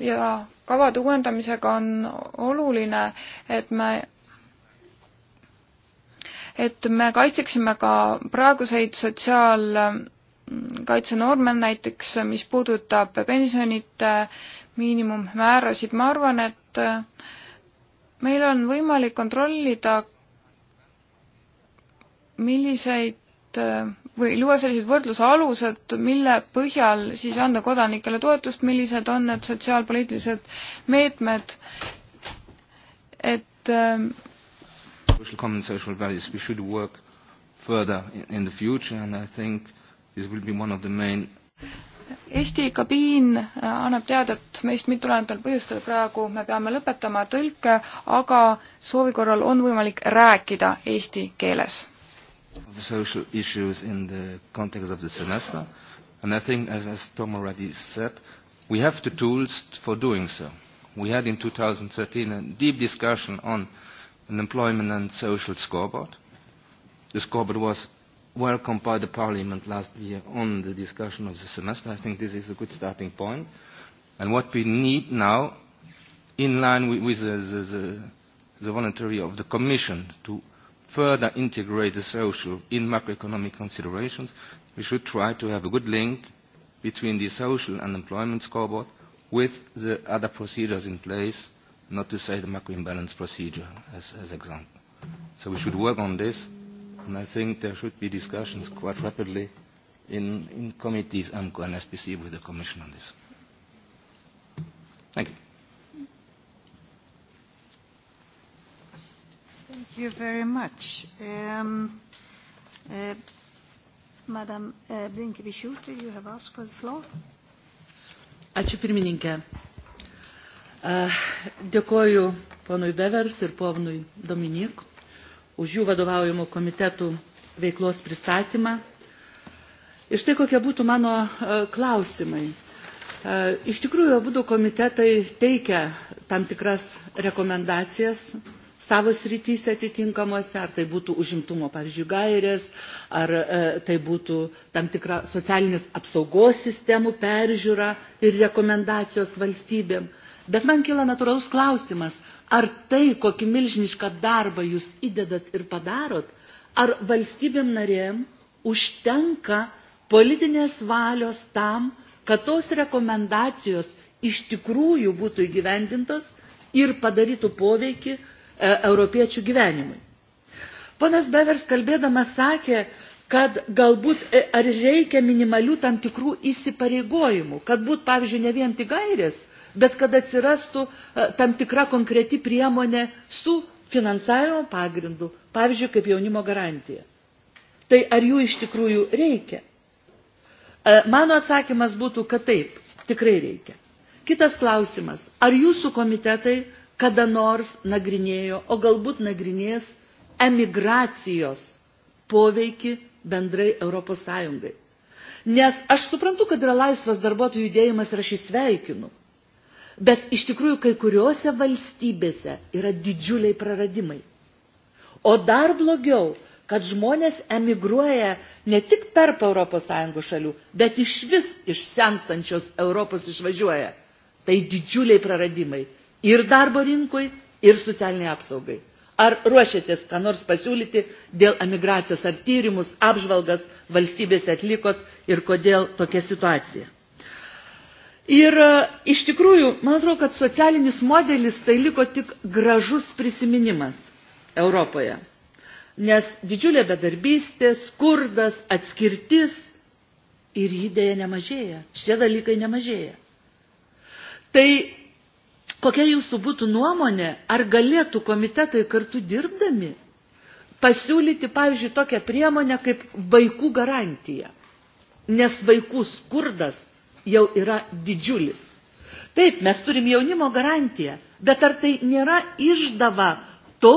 [SPEAKER 2] ja kavade uuendamisega on oluline, et me et me kaitseksime ka praeguseid sotsiaalkaitsenorme näiteks, äh, mis puudutab pensionite miinimummäärasid, ma arvan, et äh, meil on võimalik kontrollida, milliseid või luua sellised võrdlusalused, mille põhjal siis anda kodanikele toetust, millised on need sotsiaalpoliitilised meetmed, et ähm,
[SPEAKER 5] social common social values we should work further in the future and I think this will be one of the main
[SPEAKER 2] Eesti kabiin äh, annab teada, et meist mitteolevatel põhjustel praegu me peame lõpetama tõlke, aga soovi korral on võimalik rääkida eesti
[SPEAKER 5] keeles the social issues in the context of the semester. And I think, as, as Tom already said, we have the tools for doing so. We had in 2013 a deep discussion on an employment and social scoreboard. The scoreboard was welcomed by the Parliament last year on the discussion of the semester. I think this is a good starting point. And what we need now, in line with, with the, the, the, the voluntary of the Commission to further integrate the social in macroeconomic considerations, we should try to have a good link between the social and employment scoreboard with the other procedures in place, not to say the macro imbalance procedure as, as example. So we should work on this, and I think there should be discussions quite rapidly in, in committees, AMCO and SPC, with the Commission on this. Thank you.
[SPEAKER 6] Thank you very much. Um, uh, Madam uh, Blinkevičiūtė, you have asked
[SPEAKER 7] for the floor. Ačiū pirmininkė. Uh, dėkoju ponui Bevers ir ponui Dominik už jų vadovaujamų komitetų veiklos pristatymą. Ir štai kokie būtų mano uh, klausimai. Uh, iš tikrųjų, abu komitetai teikia tam tikras rekomendacijas savo srityse atitinkamuose, ar tai būtų užimtumo, pavyzdžiui, gairės, ar e, tai būtų tam tikra socialinės apsaugos sistemų peržiūra ir rekomendacijos valstybėm. Bet man kila natūralus klausimas, ar tai, kokį milžinišką darbą jūs įdedat ir padarot, ar valstybėm narėm užtenka politinės valios tam, kad tos rekomendacijos iš tikrųjų būtų įgyvendintos ir padarytų poveikį E, europiečių gyvenimui. Ponas Bevers kalbėdamas sakė, kad galbūt e, ar reikia minimalių tam tikrų įsipareigojimų, kad būt, pavyzdžiui, ne vien tik gairės, bet kad atsirastų e, tam tikra konkreti priemonė su finansavimo pagrindu, pavyzdžiui, kaip jaunimo garantija. Tai ar jų iš tikrųjų reikia? Mano atsakymas būtų, kad taip, tikrai reikia. Kitas klausimas, ar jūsų komitetai kada nors nagrinėjo, o galbūt nagrinės emigracijos poveikį bendrai Europos Sąjungai. Nes aš suprantu, kad yra laisvas darbuotojų judėjimas ir aš jį sveikinu. Bet iš tikrųjų kai kuriuose valstybėse yra didžiuliai praradimai. O dar blogiau, kad žmonės emigruoja ne tik tarp ES šalių, bet iš vis iš senstančios Europos išvažiuoja. Tai didžiuliai praradimai ir darbo rinkoj, ir socialiniai apsaugai. Ar ruošiatės, ką nors pasiūlyti dėl emigracijos, ar tyrimus, apžvalgas valstybėse atlikot ir kodėl tokia situacija? Ir e, iš tikrųjų, man atrodo, kad socialinis modelis tai liko tik gražus prisiminimas Europoje. Nes didžiulė bedarbystė, skurdas, atskirtis ir jį dėja nemažėja. Šie dalykai nemažėja. Tai Kokia jūsų būtų nuomonė, ar galėtų komitetai kartu dirbdami pasiūlyti, pavyzdžiui, tokią priemonę kaip vaikų garantija, nes vaikų skurdas jau yra didžiulis. Taip, mes turim jaunimo garantiją, bet ar tai nėra išdava to,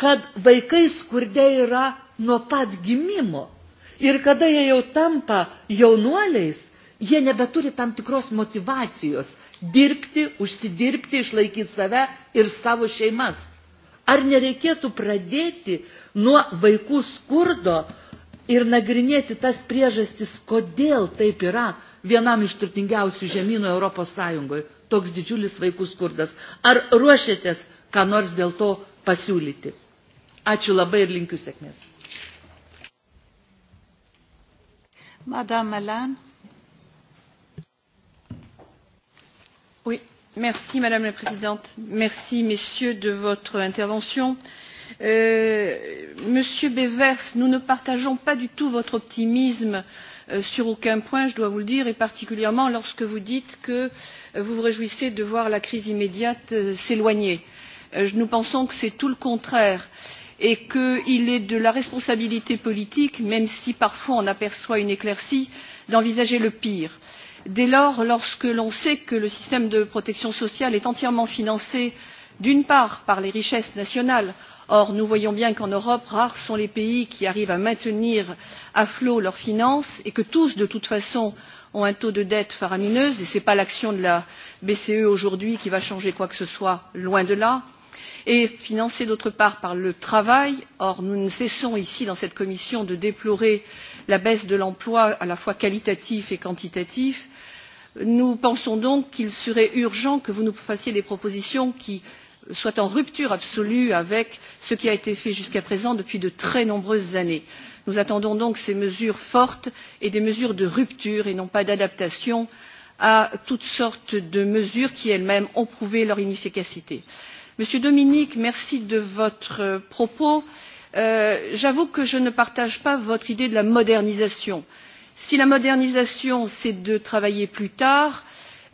[SPEAKER 7] kad vaikai skurde yra nuo pat gimimo ir kada jie jau tampa jaunuoliais, jie nebeturi tam tikros motivacijos dirbti, užsidirbti, išlaikyti save ir savo šeimas. Ar nereikėtų pradėti nuo vaikų skurdo ir nagrinėti tas priežastis, kodėl taip yra vienam iš turtingiausių žemynų Europos Sąjungoje toks didžiulis vaikų skurdas. Ar ruošiatės ką nors dėl to pasiūlyti? Ačiū labai ir linkiu sėkmės.
[SPEAKER 6] Madame Melan.
[SPEAKER 8] Oui, merci Madame la Présidente. Merci Messieurs de votre intervention. Euh, Monsieur Bevers, nous ne partageons pas du tout votre optimisme euh, sur aucun point, je dois vous le dire, et particulièrement lorsque vous dites que euh, vous vous réjouissez de voir la crise immédiate euh, s'éloigner. Euh, nous pensons que c'est tout le contraire et qu'il est de la responsabilité politique même si parfois on aperçoit une éclaircie d'envisager le pire dès lors lorsque l'on sait que le système de protection sociale est entièrement financé d'une part par les richesses nationales or nous voyons bien qu'en europe rares sont les pays qui arrivent à maintenir à flot leurs finances et que tous de toute façon ont un taux de dette faramineux et ce n'est pas l'action de la bce aujourd'hui qui va changer quoi que ce soit loin de là et financé d'autre part par le travail or nous ne cessons ici dans cette commission de déplorer la baisse de l'emploi à la fois qualitatif et quantitatif nous pensons donc qu'il serait urgent que vous nous fassiez des propositions qui soient en rupture absolue avec ce qui a été fait jusqu'à présent depuis de très nombreuses années. nous attendons donc des mesures fortes et des mesures de rupture et non pas d'adaptation à toutes sortes de mesures qui elles mêmes ont prouvé leur inefficacité. monsieur dominik merci de votre propos. Euh, j'avoue que je ne partage pas votre idée de la modernisation. il si la modernisation c'est de travailler plus tard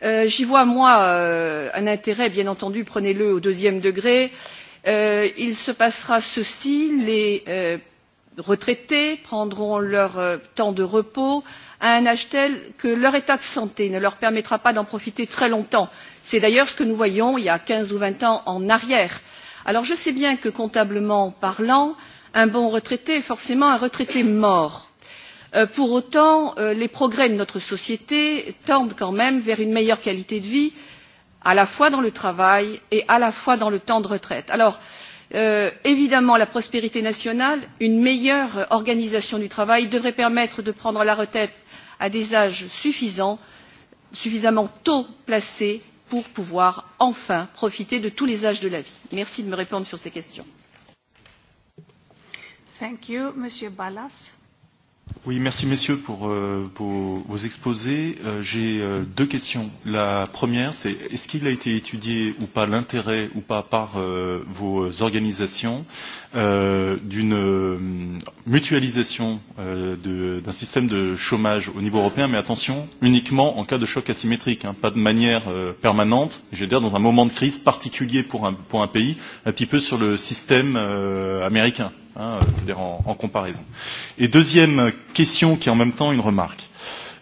[SPEAKER 8] euh, j'y vois moi euh, un intérêt bien entendu prenez le au deuxième degré euh, il se passera ceci les euh, retraités prendront leur euh, temps de repos à un âge tel que leur état de santé ne leur permettra pas d'en profiter très longtemps. c'est d'ailleurs ce que nous voyons il y a quinze ou vingt ans en arrière. alors je sais bien que comptablement parlant un bon retraité est forcément un retraité mort Euh, pour autant euh, les progrès de notre société tendent quand même vers une meilleure qualité de vie à la fois dans le travail et à la fois dans le temps de retraite. alors euh, évidemment la prospérité nationale une meilleure organisation du travail devrait permettre de prendre la retraite à des âges suffisants suffisamment tôt placés pour pouvoir enfin profiter de tous les âges de la vie. merci de me répondre sur ces questions.
[SPEAKER 6] Thank you, Monsieur Ballas.
[SPEAKER 9] Oui, merci messieurs pour euh, vos, vos exposés. Euh, J'ai euh, deux questions. La première, c'est est-ce qu'il a été étudié ou pas l'intérêt ou pas par euh, vos organisations euh, d'une euh, mutualisation euh, d'un système de chômage au niveau européen, mais attention, uniquement en cas de choc asymétrique, hein, pas de manière euh, permanente, je veux dire dans un moment de crise particulier pour un, pour un pays, un petit peu sur le système euh, américain hein, je veux dire en, en comparaison. Et deuxième question qui est en même temps une remarque.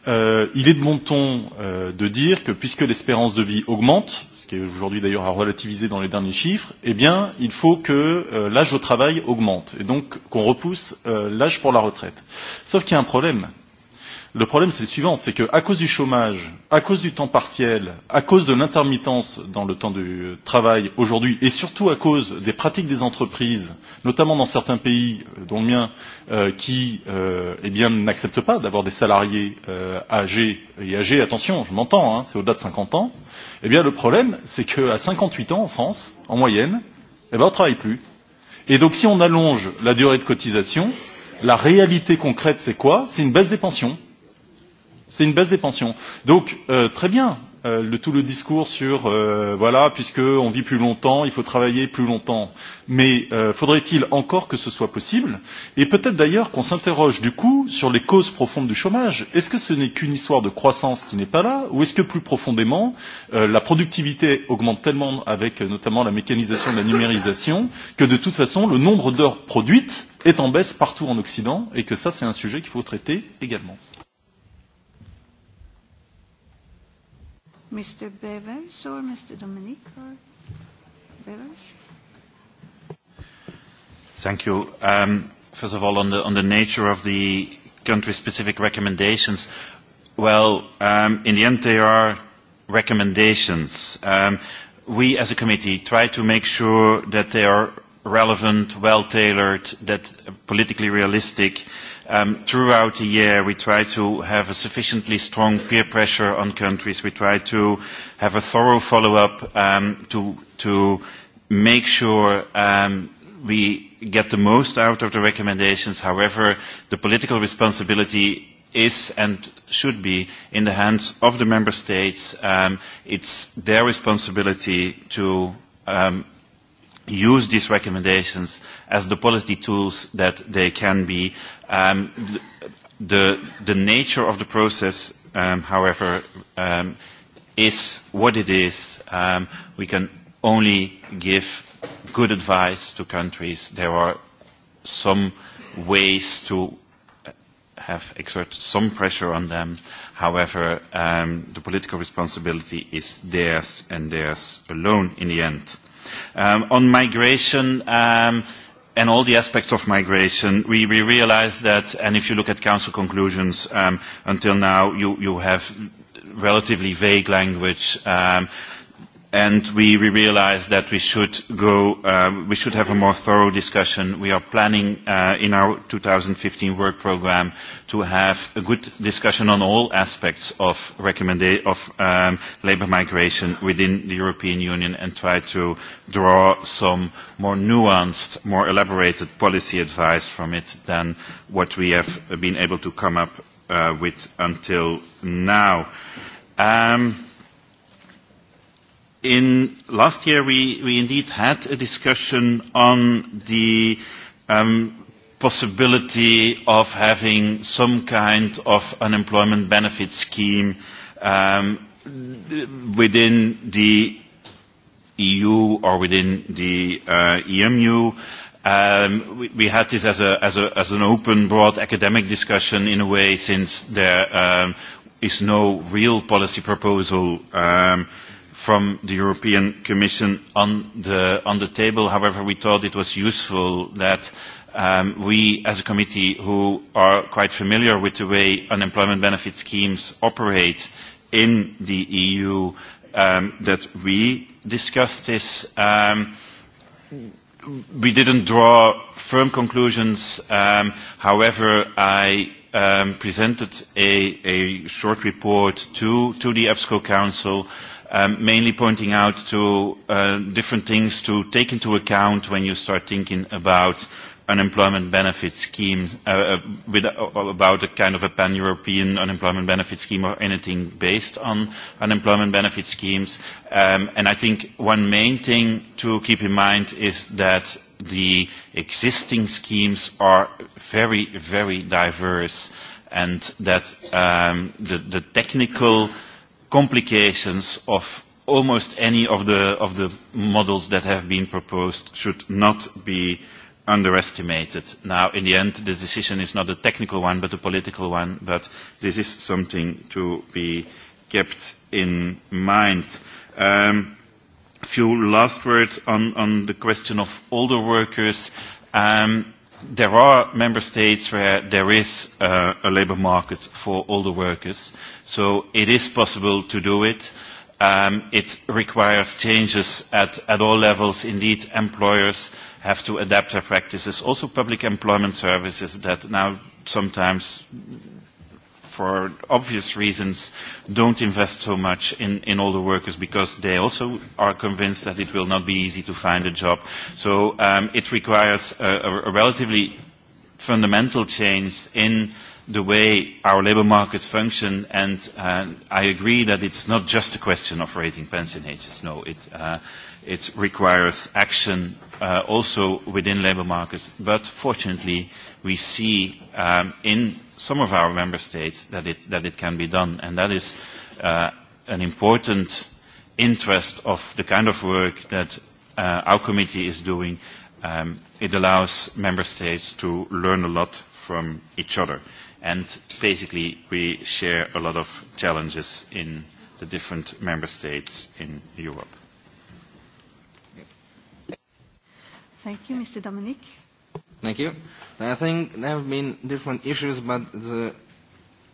[SPEAKER 9] Euh, il est de bon ton euh, de dire que puisque l'espérance de vie augmente, ce qui est aujourd'hui d'ailleurs à relativiser dans les derniers chiffres, eh bien, il faut que euh, l'âge au travail augmente et donc qu'on repousse euh, l'âge pour la retraite. Sauf qu'il y a un problème. Euh, Le problème, c'est le suivant, c'est qu'à cause du chômage, à cause du temps partiel, à cause de l'intermittence dans le temps du travail aujourd'hui, et surtout à cause des pratiques des entreprises, notamment dans certains pays, euh, dont le mien, euh, qui euh, eh bien n'acceptent pas d'avoir des salariés euh, âgés et âgés, attention, je m'entends, hein, c'est au-delà de 50 ans, eh bien le problème, c'est qu'à 58 ans en France, en moyenne, eh bien on ne travaille plus. Et donc si on allonge la durée de cotisation, la réalité concrète, c'est quoi C'est une baisse des pensions c'est une baisse des pensions. Donc euh, très bien, euh, le, tout le discours sur euh, voilà, puisqu'on vit plus longtemps, il faut travailler plus longtemps. Mais euh, faudrait-il encore que ce soit possible Et peut-être d'ailleurs qu'on s'interroge du coup sur les causes profondes du chômage. Est-ce que ce n'est qu'une histoire de croissance qui n'est pas là Ou est-ce que plus profondément, euh, la productivité augmente tellement avec euh, notamment la mécanisation de la numérisation que de toute façon, le nombre d'heures produites est en baisse partout en Occident et que ça, c'est un sujet qu'il faut traiter également.
[SPEAKER 6] Mr. Bevers or Mr. Dominic or Bevers?
[SPEAKER 10] Thank you. Um, first of all, on the, on the nature of the country-specific recommendations, well, um, in the end, they are recommendations. Um, we, as a committee, try to make sure that they are relevant, well-tailored, that politically realistic, uh, Um, throughout the year, we try to have a sufficiently strong peer pressure on countries. We try to have a thorough follow-up um, to, to make sure um, we get the most out of the recommendations. However, the political responsibility is and should be in the hands of the member states. Um, it's their responsibility to um, use these recommendations as the policy tools that they can be Um, the, the nature of the process, um, however, um, is what it is. Um, we can only give good advice to countries. There are some ways to have exerted some pressure on them. However, um, the political responsibility is theirs and theirs alone in the end. Um, on migration, um, and all the aspects of migration, we, we realize that, and if you look at council conclusions um, until now, you, you have relatively vague language um, and we, we realized that we should go, um, we should have a more thorough discussion. We are planning uh, in our 2015 work program to have a good discussion on all aspects of, of um, labor migration within the European Union and try to draw some more nuanced, more elaborated policy advice from it than what we have been able to come up uh, with until now. Um, in last year we, we indeed had a discussion on the um, possibility of having some kind of unemployment benefit scheme um, within the EU or within the uh, EMU. Um, we, we had this as, a, as, a, as an open, broad academic discussion in a way since there um, is no real policy proposal um, uh, from the European Commission on the, on the table. However, we thought it was useful that um, we, as a committee who are quite familiar with the way unemployment benefit schemes operate in the EU, um, that we discussed this. Um, we didn't draw firm conclusions. Um, however, I um, presented a, a short report to, to the EBSCO Council uh, um, mainly pointing out to uh, different things to take into account when you start thinking about unemployment benefit schemes, uh, uh with, uh, uh, about a kind of a pan-European unemployment benefit scheme or anything based on unemployment benefit schemes. Um, and I think one main thing to keep in mind is that the existing schemes are very, very diverse and that um, the, the technical uh, complications of almost any of the, of the models that have been proposed should not be underestimated. Now, in the end, the decision is not a technical one, but a political one, but this is something to be kept in mind. Um, few last words on, on the question of older workers. Um, there are member states where there is uh, a labour market for older workers, so it is possible to do it. Um, it requires changes at, at all levels. Indeed, employers have to adapt their practices. Also, public employment services that now sometimes for obvious reasons, don't invest so much in, in older workers because they also are convinced that it will not be easy to find a job. So um, it requires a, a, a relatively fundamental change in uh, the way our labour markets function, and uh, I agree that it's not just a question of raising pension ages. No, it, uh, it requires action uh, also within labour markets. But fortunately, we see um, in some of our member states that it, that it can be done, and that is uh, an important interest of the kind of work that uh, our committee is doing. Um, it allows member states to learn a lot from each other and basically we share a lot of challenges in the different member states in Europe.
[SPEAKER 6] Thank you, Mr. Dominic.
[SPEAKER 5] Thank you. I think there have been different issues, but the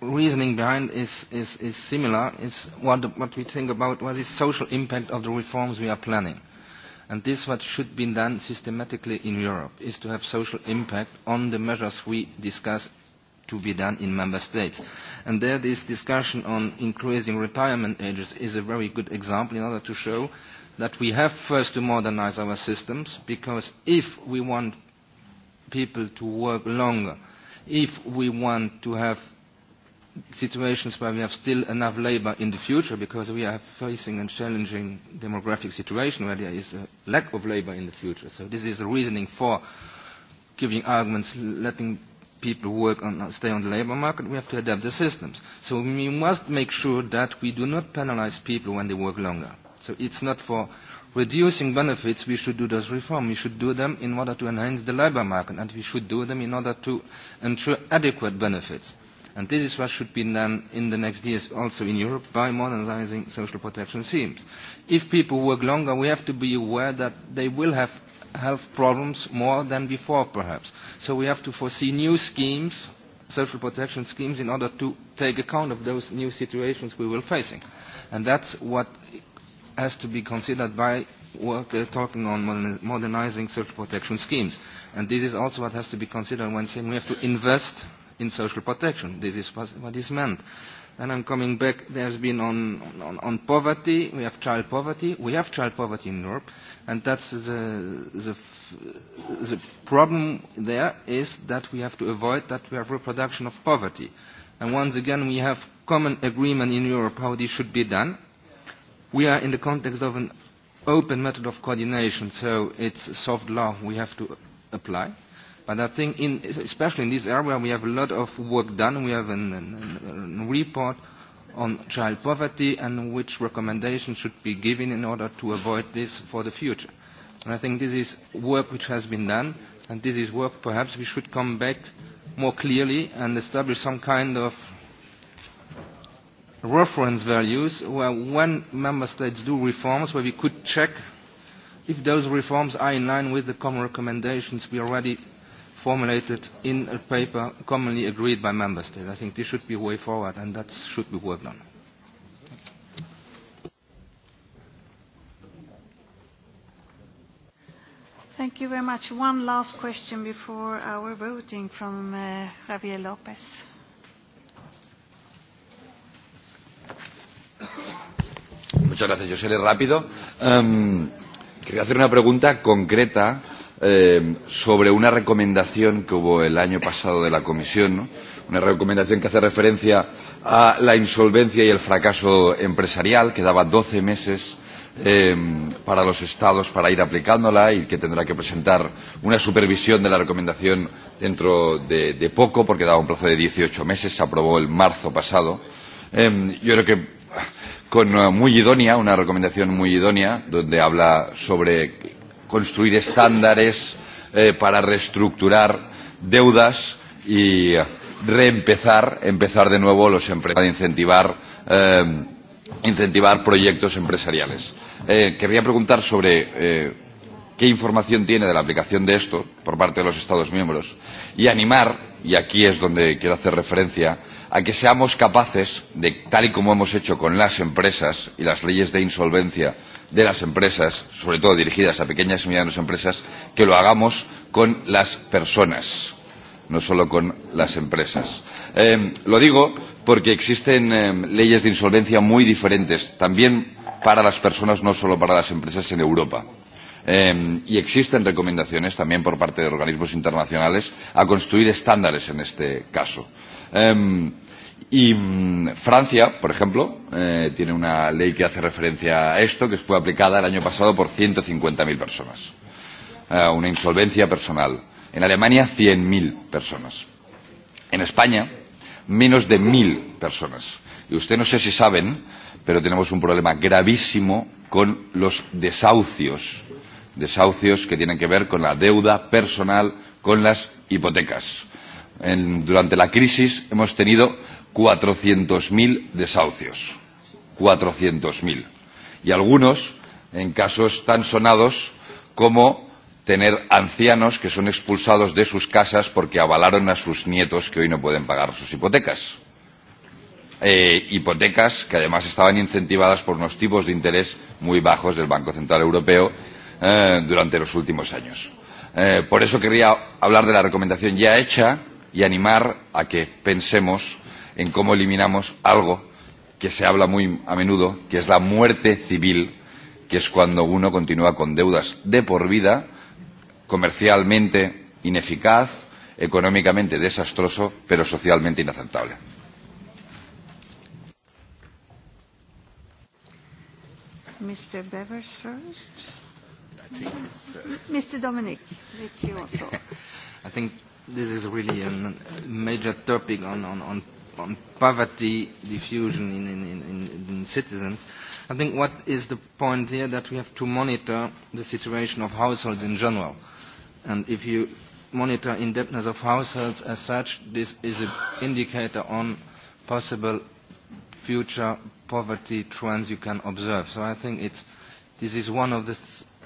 [SPEAKER 5] reasoning behind is, is, is similar. It's what, what we think about what is social impact of the reforms we are planning. And this what should be done systematically in Europe, is to have social impact on the measures we discuss to be done in member states. And there this discussion on increasing retirement ages is a very good example in order to show that we have first to modernize our systems because if we want people to work longer, if we want to have situations where we have still enough labor in the future because we are facing a challenging demographic situation where there is a lack of labor in the future. So this is the reasoning for giving arguments, letting people who work on, uh, stay on the labor market, we have to adapt the systems. So we must make sure that we do not penalize people when they work longer. So it's not for reducing benefits we should do those reforms. We should do them in order to enhance the labor market, and we should do them in order to ensure adequate benefits. And this is what should be done in the next years also in Europe by modernizing social protection schemes. If people work longer, we have to be aware that they will have health problems more than before, perhaps. So we have to foresee new schemes, social protection schemes, in order to take account of those new situations we will facing. And that's what has to be considered by work, uh, talking on modern, modernizing social protection schemes. And this is also what has to be considered when saying we have to invest in social protection. This is what is meant. And I'm coming back, there's been on, on, on poverty, we have child poverty. We have child poverty in Europe. And that's the, the, the problem there is that we have to avoid that we have reproduction of poverty. And once again, we have common agreement in Europe how this should be done. We are in the context of an open method of coordination, so it's soft law we have to apply. But I think, in, especially in this area, we have a lot of work done. We have a report on child poverty and which recommendations should be given in order to avoid this for the future. And I think this is work which has been done, and this is work perhaps we should come back more clearly and establish some kind of reference values where when member states do reforms, where we could check if those reforms are in line with the common recommendations we already formulated in a paper commonly agreed by member states. I think this should be a way forward and that should be worked on.
[SPEAKER 6] Thank you very much. One last question before our voting from uh, Javier Lopez.
[SPEAKER 11] Muchas gracias. Yo seré rápido. Um, quería hacer una pregunta concreta eh, sobre una recomendación que hubo el año pasado de la Comisión, ¿no? una recomendación que hace referencia a la insolvencia y el fracaso empresarial, que daba 12 meses eh, para los Estados para ir aplicándola y que tendrá que presentar una supervisión de la recomendación dentro de, de poco, porque daba un plazo de 18 meses, se aprobó el marzo pasado. Eh, yo creo que ah, con uh, muy idónea, una recomendación muy idónea, donde habla sobre construir estándares eh, para reestructurar deudas y reempezar, empezar de nuevo los para incentivar, eh, incentivar proyectos empresariales. Eh, querría preguntar sobre eh, qué información tiene de la aplicación de esto por parte de los Estados miembros y animar, y aquí es donde quiero hacer referencia, a que seamos capaces de, tal y como hemos hecho con las empresas y las leyes de insolvencia de las empresas, sobre todo dirigidas a pequeñas y medianas empresas, que lo hagamos con las personas, no solo con las empresas. Eh, lo digo porque existen eh, leyes de insolvencia muy diferentes, también para las personas, no solo para las empresas en Europa. Eh, y existen recomendaciones también por parte de organismos internacionales a construir estándares en este caso. Eh, Y mmm, Francia, por ejemplo, eh, tiene una ley que hace referencia a esto, que fue aplicada el año pasado por 150.000 personas. Eh, una insolvencia personal. En Alemania, 100.000 personas. En España, menos de 1.000 personas. Y usted no sé si saben, pero tenemos un problema gravísimo con los desahucios. Desahucios que tienen que ver con la deuda personal, con las hipotecas. En, durante la crisis hemos tenido 400.000 desahucios. 400.000. Y algunos en casos tan sonados como tener ancianos que son expulsados de sus casas porque avalaron a sus nietos que hoy no pueden pagar sus hipotecas. Eh, hipotecas que además estaban incentivadas por unos tipos de interés muy bajos del Banco Central Europeo eh, durante los últimos años. Eh, por eso querría hablar de la recomendación ya hecha y animar a que pensemos en cómo eliminamos algo que se habla muy a menudo, que es la muerte civil, que es cuando uno continúa con deudas de por vida, comercialmente ineficaz, económicamente desastroso, pero socialmente inaceptable.
[SPEAKER 6] Mr. Bevers first. I think it's, uh, Mr. Dominic, it's your thought.
[SPEAKER 5] I think this is really a major topic on, on, on on poverty diffusion in, in, in, in citizens, I think what is the point here that we have to monitor the situation of households in general. And if you monitor indebtedness of households as such, this is an indicator on possible future poverty trends you can observe. So I think it's, this is one of the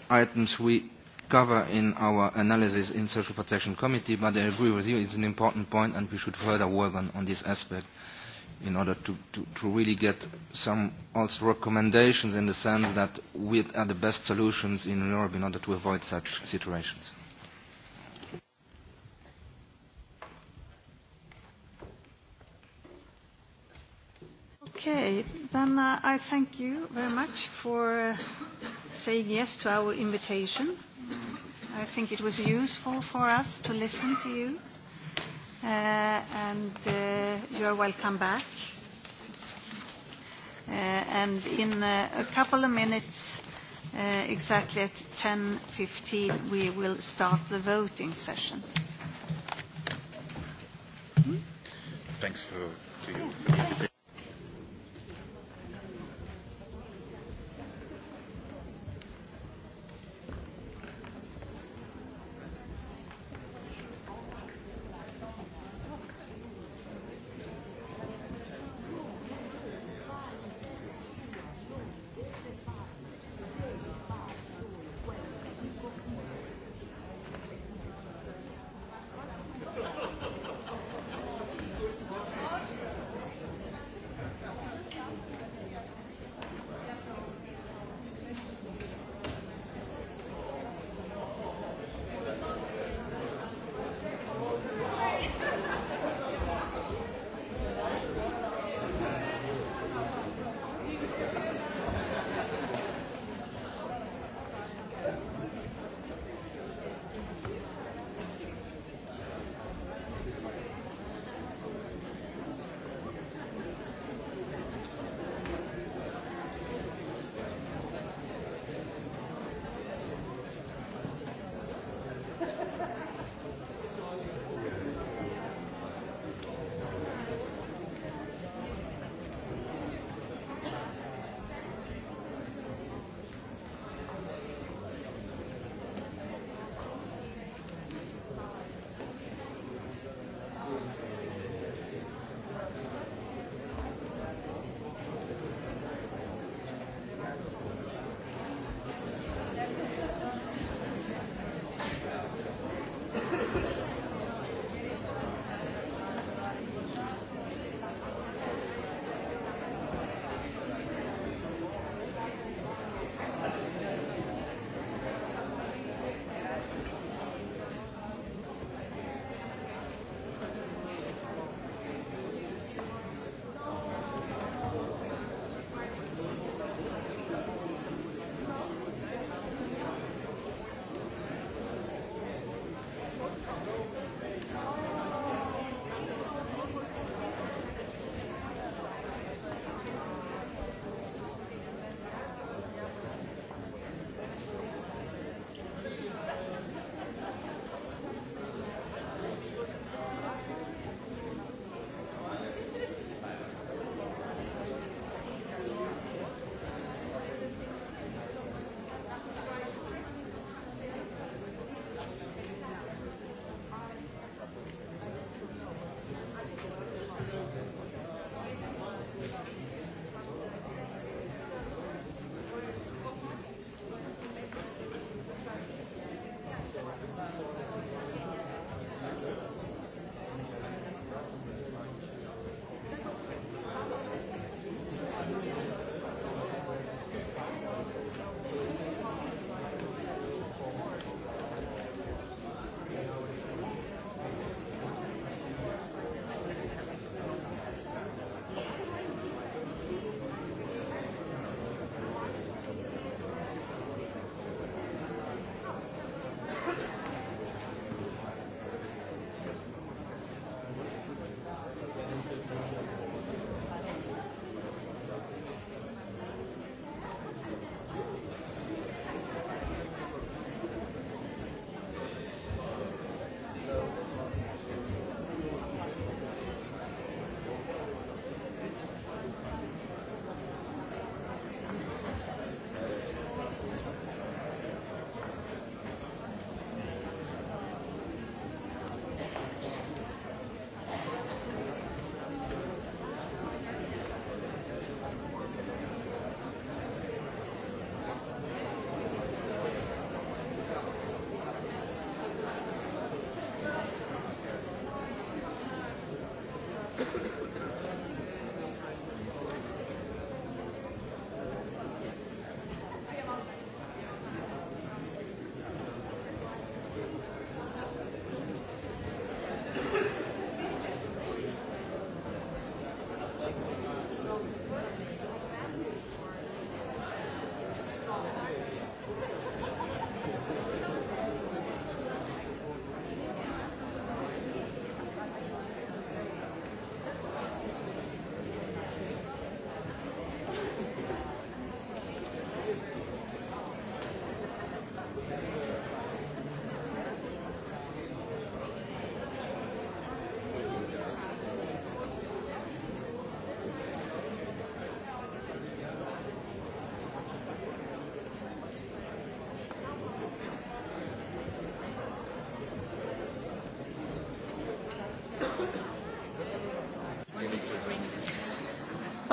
[SPEAKER 5] items we cover in our analysis in Social Protection Committee, but I agree with you, it's an important point and we should further work on, on this aspect in order to, to, to really get some also recommendations in the sense that we are the best solutions in Europe in order to avoid such situations.
[SPEAKER 6] Okay, then uh, I thank you very much for uh, saying yes to our invitation. I think it was useful for us to listen to you. Uh, and uh, you are welcome back. Uh, and in uh, a couple of minutes, uh, exactly at 10.15, we will start the voting session. Hmm? Thanks for, to you. Yeah.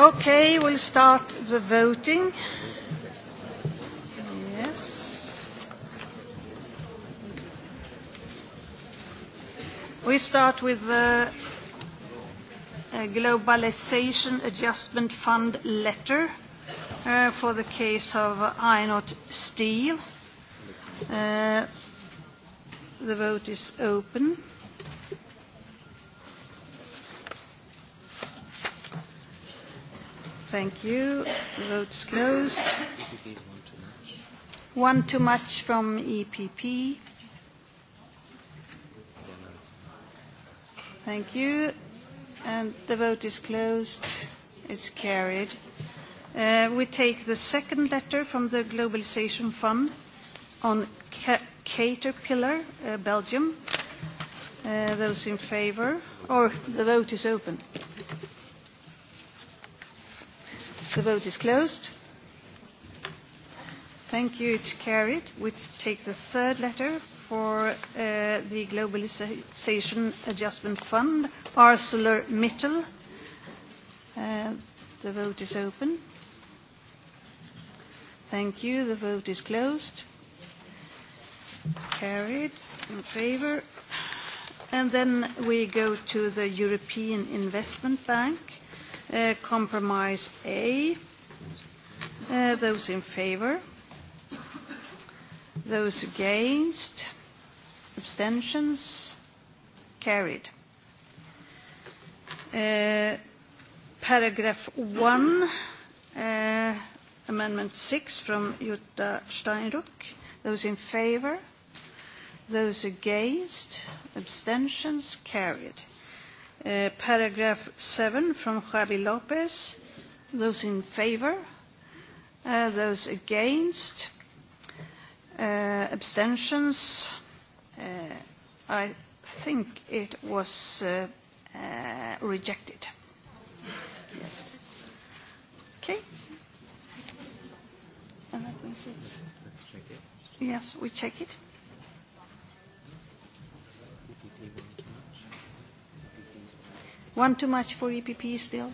[SPEAKER 6] Okay, we'll start the voting. Yes. We start with the uh, Globalization Adjustment Fund letter uh, for the case of Einot Steel. Uh, the vote is open. Thank you. Votes closed.
[SPEAKER 12] One too much
[SPEAKER 6] from EPP. Thank you. And the vote is closed. It's carried. Uh, we take the second letter from the Globalization Fund on ca Caterpillar, uh, Belgium. Uh, those in favor? Or the vote is open. Uh, The vote is closed. Thank you. It's carried. We take the third letter for uh, the Globalization Adjustment Fund, ArcelorMittal. Uh, the vote is open. Thank you. The vote is closed. Carried. In favor. And then we go to the European Investment Bank. Uh, Uh, compromise A. Uh, those in favor? Those against? Abstentions? Carried. Uh, paragraph 1, uh, amendment 6 from Jutta Steinruck. Those in favor? Those against? Abstentions? Carried. Uh, Uh, paragraph 7 from Javi Lopez. Those in favor? Uh, those against? Uh, abstentions? Uh, I think it was uh, uh, rejected. Yes. Okay. And that means it's... Yes, we check it. One too much for EPP still?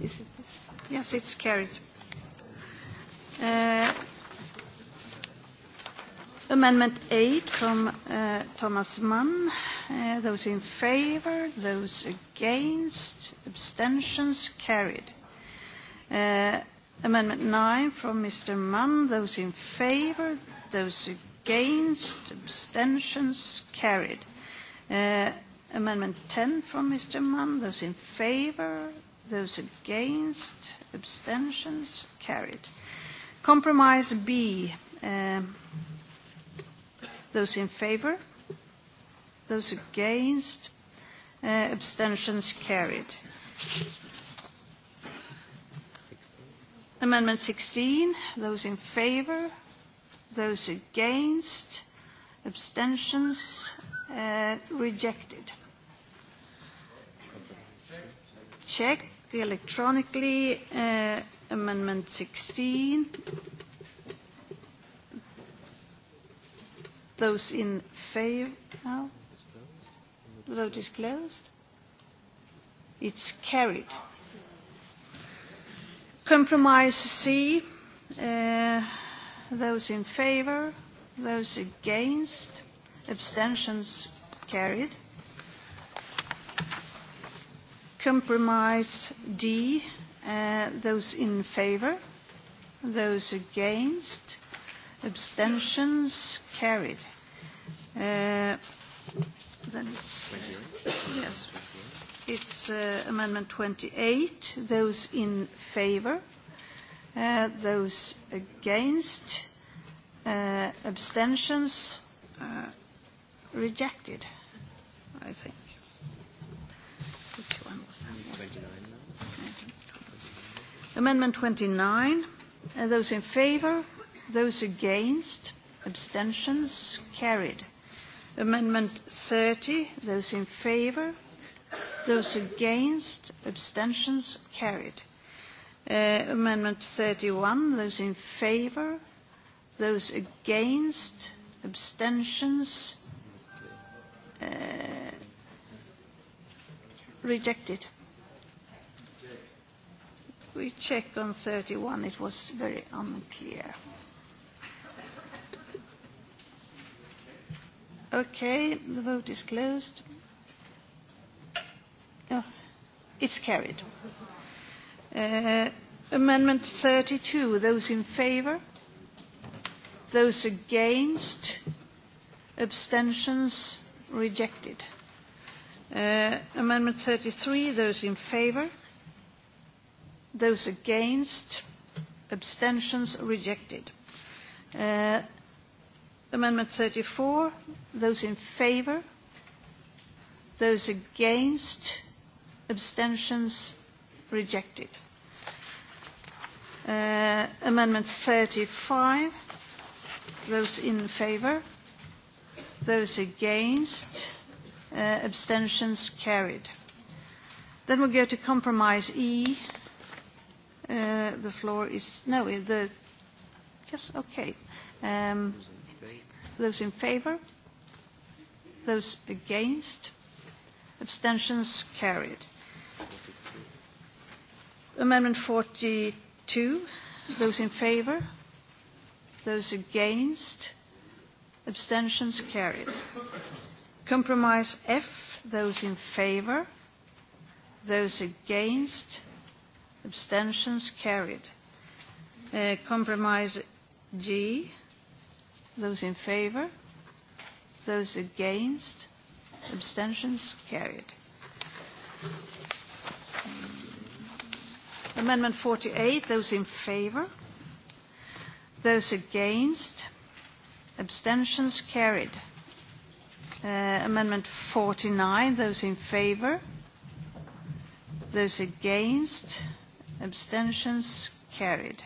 [SPEAKER 6] Is it this? Yes, it's carried. Uh, amendment 8 from uh, Thomas Mann. Uh, those in favour, those against, abstentions carried. Uh, amendment 9 from Mr. Mann. Those in favour, those against Against? Abstentions? Carried. Uh, amendment 10 from Mr. Mann. Those in favor? Those against? Abstentions? Carried. Compromise B. Uh, those in favor? Those against? Uh, abstentions carried. Amendment 16. Those in favor? Those against? Abstentions? Uh, rejected. Check electronically. Uh, amendment 16. Those in favor? No. The vote is closed. It's carried. Compromise C. Uh, Those in favor? Those against? Abstentions carried. Compromise D. Uh, those in favor? Those against? Abstentions carried. Uh, then it's, uh, yes, it's uh, Amendment 28. Those in favor? Uh, those against, uh, abstentions, uh, rejected, I think.
[SPEAKER 12] Which one was that? 29. Okay.
[SPEAKER 6] Amendment 29. Uh, those in favour, those against, abstentions, carried. Amendment 30, those in favour, those against, abstentions, carried. Uh, amendment 31, those in favour, those against, abstentions, uh, rejected. We check on 31, it was very unclear. Okay, the vote is closed. Oh, it's carried. Uh, amendment 32, those in favour? Those against? Abstentions? Rejected. Uh, amendment 33, those in favour? Those against? Abstentions? Rejected. Uh, amendment 34, those in favour? Those against? Abstentions? Rejected. Uh, Uh, amendment 35. Those in favour? Those against? Uh, abstentions carried. Then we'll go to compromise E. Uh, the floor is... No, uh, the... Yes, okay. Um, those in favour? Those against? Abstentions carried. Amendment 42 2. Those in favor? Those against? Abstentions carried. Compromise F. Those in favor? Those against? Abstentions carried. Uh, compromise G. Those in favor? Those against? Abstentions carried. Amendment 48, those in favour? Those against? Abstentions carried. Uh, amendment 49, those in favour? Those against? Abstentions carried.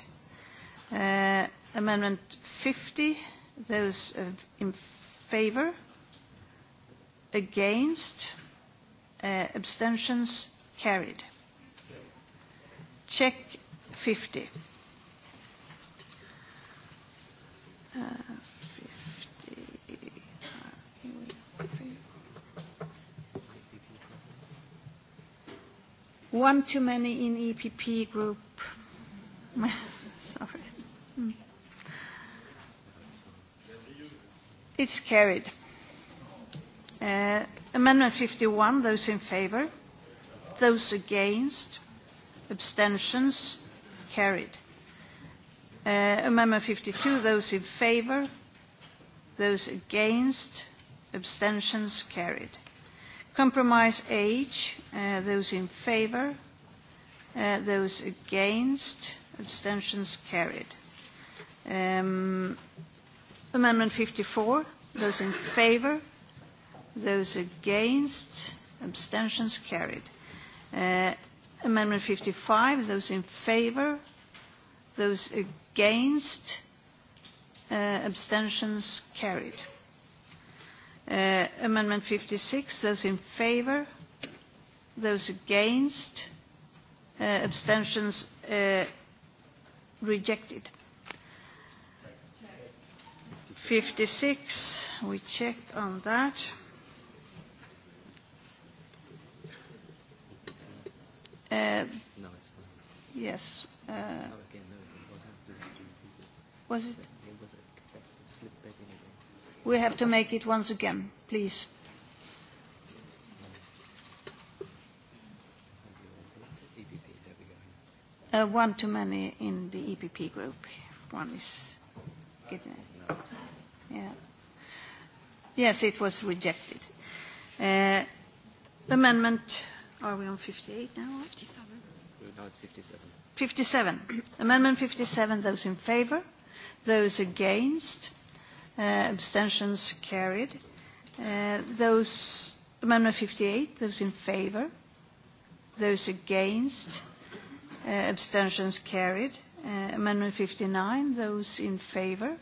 [SPEAKER 6] Uh, amendment 50, those uh, in favour? Against? Uh, abstentions carried. Uh, Check 50. Uh, 50. One too many in EPP group. Sorry. Mm. It's carried. Uh, amendment 51, those in favor? Those against? abstentions carried uh, amendment 52 those in favor those against abstentions carried compromise h uh, those in favor uh, those against abstentions carried um, amendment 54 those in favor those against abstentions carried uh, Amendment 55, those in favour, those against, uh, abstentions carried. Uh, amendment 56, those in favour, those against, uh, abstentions uh, rejected. 56, we check on that.
[SPEAKER 12] Uh, no, it's fine. Yes. Uh, no, again, no, what happened to people? Was it? it was flipped back in again.
[SPEAKER 6] We have to make it once again, please. Uh, one too many in the EPP group. One is getting. Yeah. Yes, it was rejected. Uh, amendment Are we on 58 now? 57.
[SPEAKER 13] Uh, now it's 57.
[SPEAKER 6] 57. Amendment 57, those in favour? Those against? Uh, abstentions carried. Uh, those, amendment 58, those in favour? Those against? Uh, abstentions carried. Uh, amendment 59, those in favour?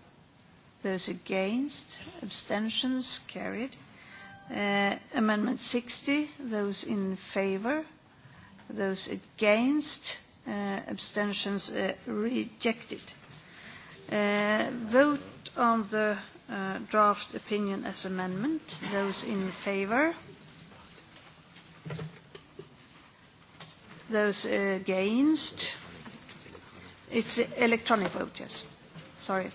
[SPEAKER 6] Those against? Abstentions carried. Uh, Uh, amendment 60, those in favor, those against, uh, abstentions uh, rejected. Uh, vote on the uh, draft opinion as amendment. Those in favor? Those against? It's electronic vote, yes. Sorry.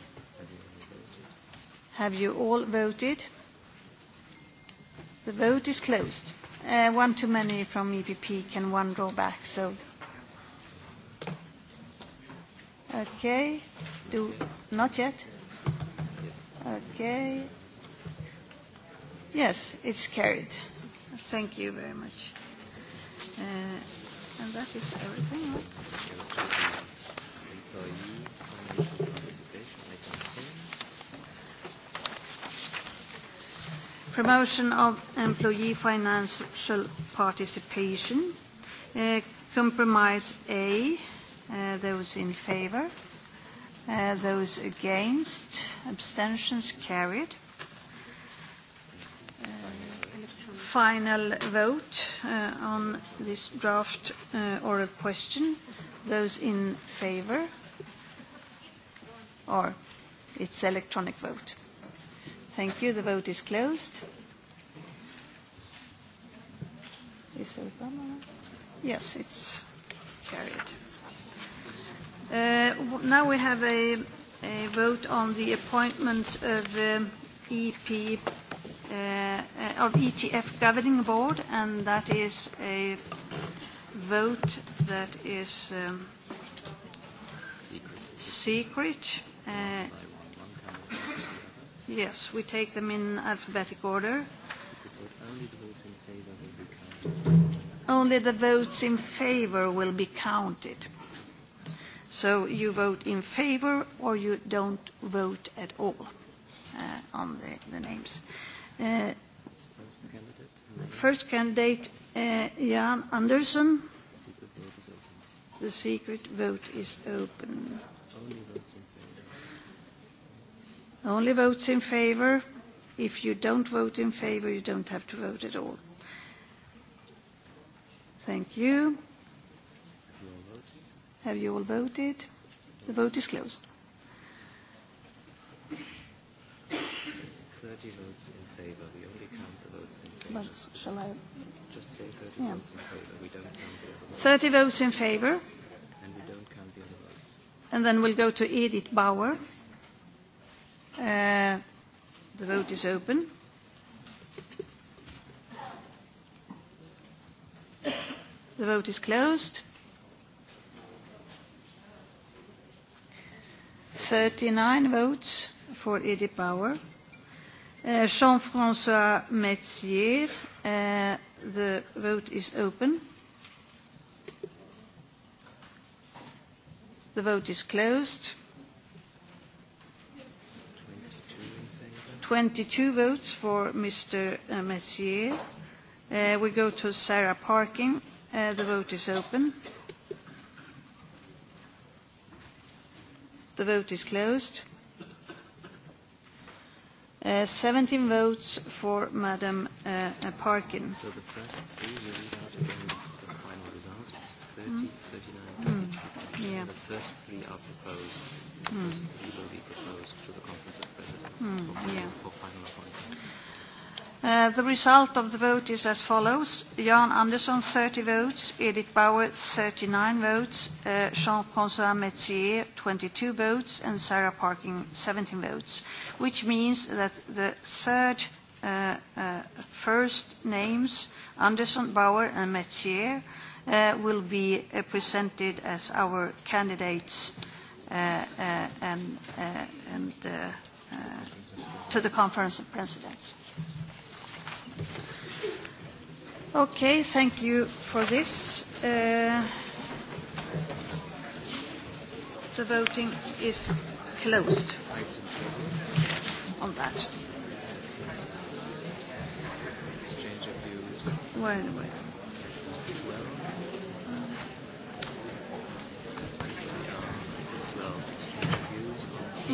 [SPEAKER 6] Have you all voted? The vote is closed. Uh, one too many from EPP can one draw back, so. Okay. Do, not yet? Okay. Yes, it's carried. Thank you very much. Uh, and that is everything.
[SPEAKER 12] Right?
[SPEAKER 6] promotion of employee financial participation. Uh, compromise A, uh, those in favor. Uh, those against, abstentions carried. Uh, final vote uh, on this draft uh, oral question. Those in favor? Or it's electronic vote. Thank you. The vote is closed. Is Obama? Yes, it's carried. Uh, now we have a, a vote on the appointment of um, EP uh, uh, of ETF governing board, and that is a vote that is um, secret. secret. Uh, Yes, we take them in alphabetic order.
[SPEAKER 12] Only the votes in favor will be counted.
[SPEAKER 6] Only the votes in favor will be counted. So you vote in favor or you don't vote at all uh, on the, the names. Uh, first candidate, uh, Jan Andersson. The secret vote is open. Only vote only votes in favour. If you don't vote in favour, you don't have to vote at all. Thank you. Have you all voted? The vote is closed.
[SPEAKER 12] 30 votes in favour. We only count the votes in favour. But shall I? Just say 30 yeah. votes in favour. We don't count the other votes. 30 votes in favour. And we don't count the other votes.
[SPEAKER 6] And then we'll go to Edith Bauer. Uh, the vote is open. The vote is closed. 39 votes for Edie Power. Uh, Jean-François Metzier, uh, the vote is open. The vote is closed. 22 votes for Mr. Uh, Messier. Uh, we go to Sarah Parkin. Uh, the vote is open. The vote is closed. Uh, 17 votes for Madam uh, uh Parkin.
[SPEAKER 12] So the first three you read out again the final result. It's 30, mm. 39, 22. Mm. Yeah. And the first three are proposed. Mm. It will be proposed to the Conference of Presidents mm, for, yeah. for final
[SPEAKER 6] appointment. Uh, the result of the vote is as follows. Jan Andersson, 30 votes. Edith Bauer, 39 votes. Uh, Jean-François Metzier, 22 votes. And Sarah Parkin, 17 votes. Which means that the third uh, uh, first names, Andersson, Bauer, and Metzier, uh, will be uh, presented as our candidates uh, Uh, uh, and, uh, and to the Conference of Presidents. Okay, thank you for this. Uh, the voting is closed on that.
[SPEAKER 12] Exchange of views. Well, well. Mm. If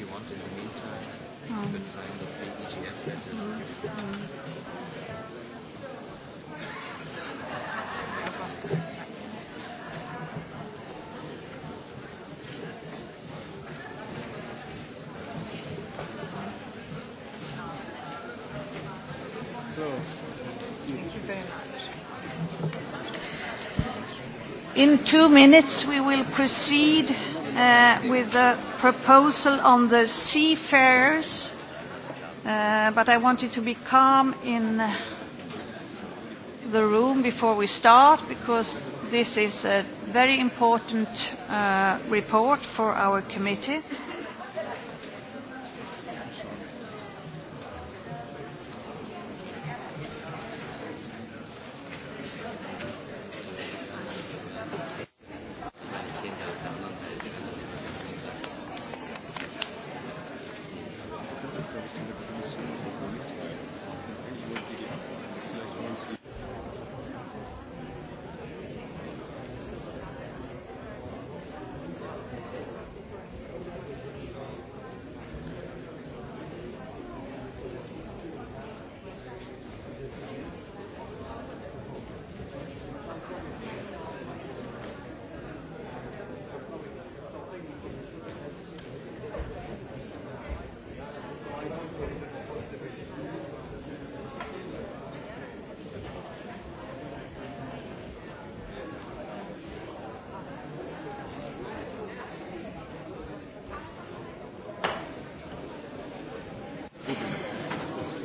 [SPEAKER 12] you want in the meantime, you could sign the EGF e letters. Mm. mm.
[SPEAKER 14] In two
[SPEAKER 6] minutes, we will proceed uh, with the proposal on the seafarers, uh, but I want you to be calm in the room before we start, because this is a very important uh, report for our committee.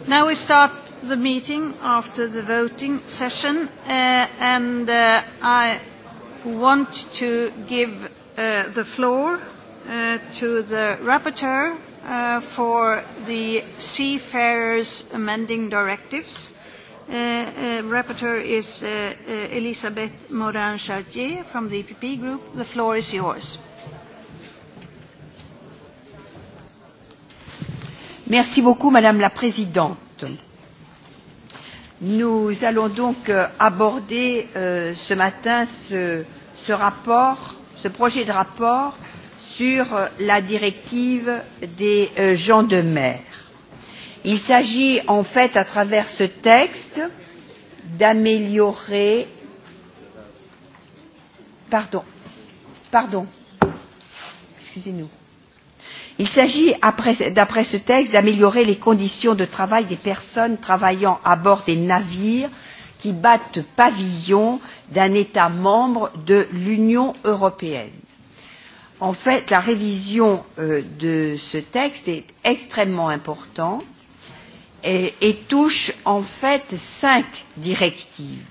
[SPEAKER 6] Now we start the meeting after the voting session, uh, and uh, I want to give uh, the floor uh, to the rapporteur uh, for the Seafarers Amending Directives. Uh, uh, rapporteur is uh, uh, Elisabeth Morin-Chartier from the EPP Group. The floor is yours.
[SPEAKER 15] Merci beaucoup, Madame la Présidente. Nous allons donc euh, aborder euh, ce matin ce, ce rapport, ce projet de rapport sur euh, la directive des euh, gens de mer. Il s'agit en fait, à travers ce texte, d'améliorer. Pardon, pardon, excusez-nous il s'agit d'après ce texte d'améliorer les conditions de travail des personnes travaillant à bord des navires qui battent pavillon d'un état membre de l'union européenne. en fait la révision euh, de ce texte est extrêmement importante et, et touche en fait cinq directives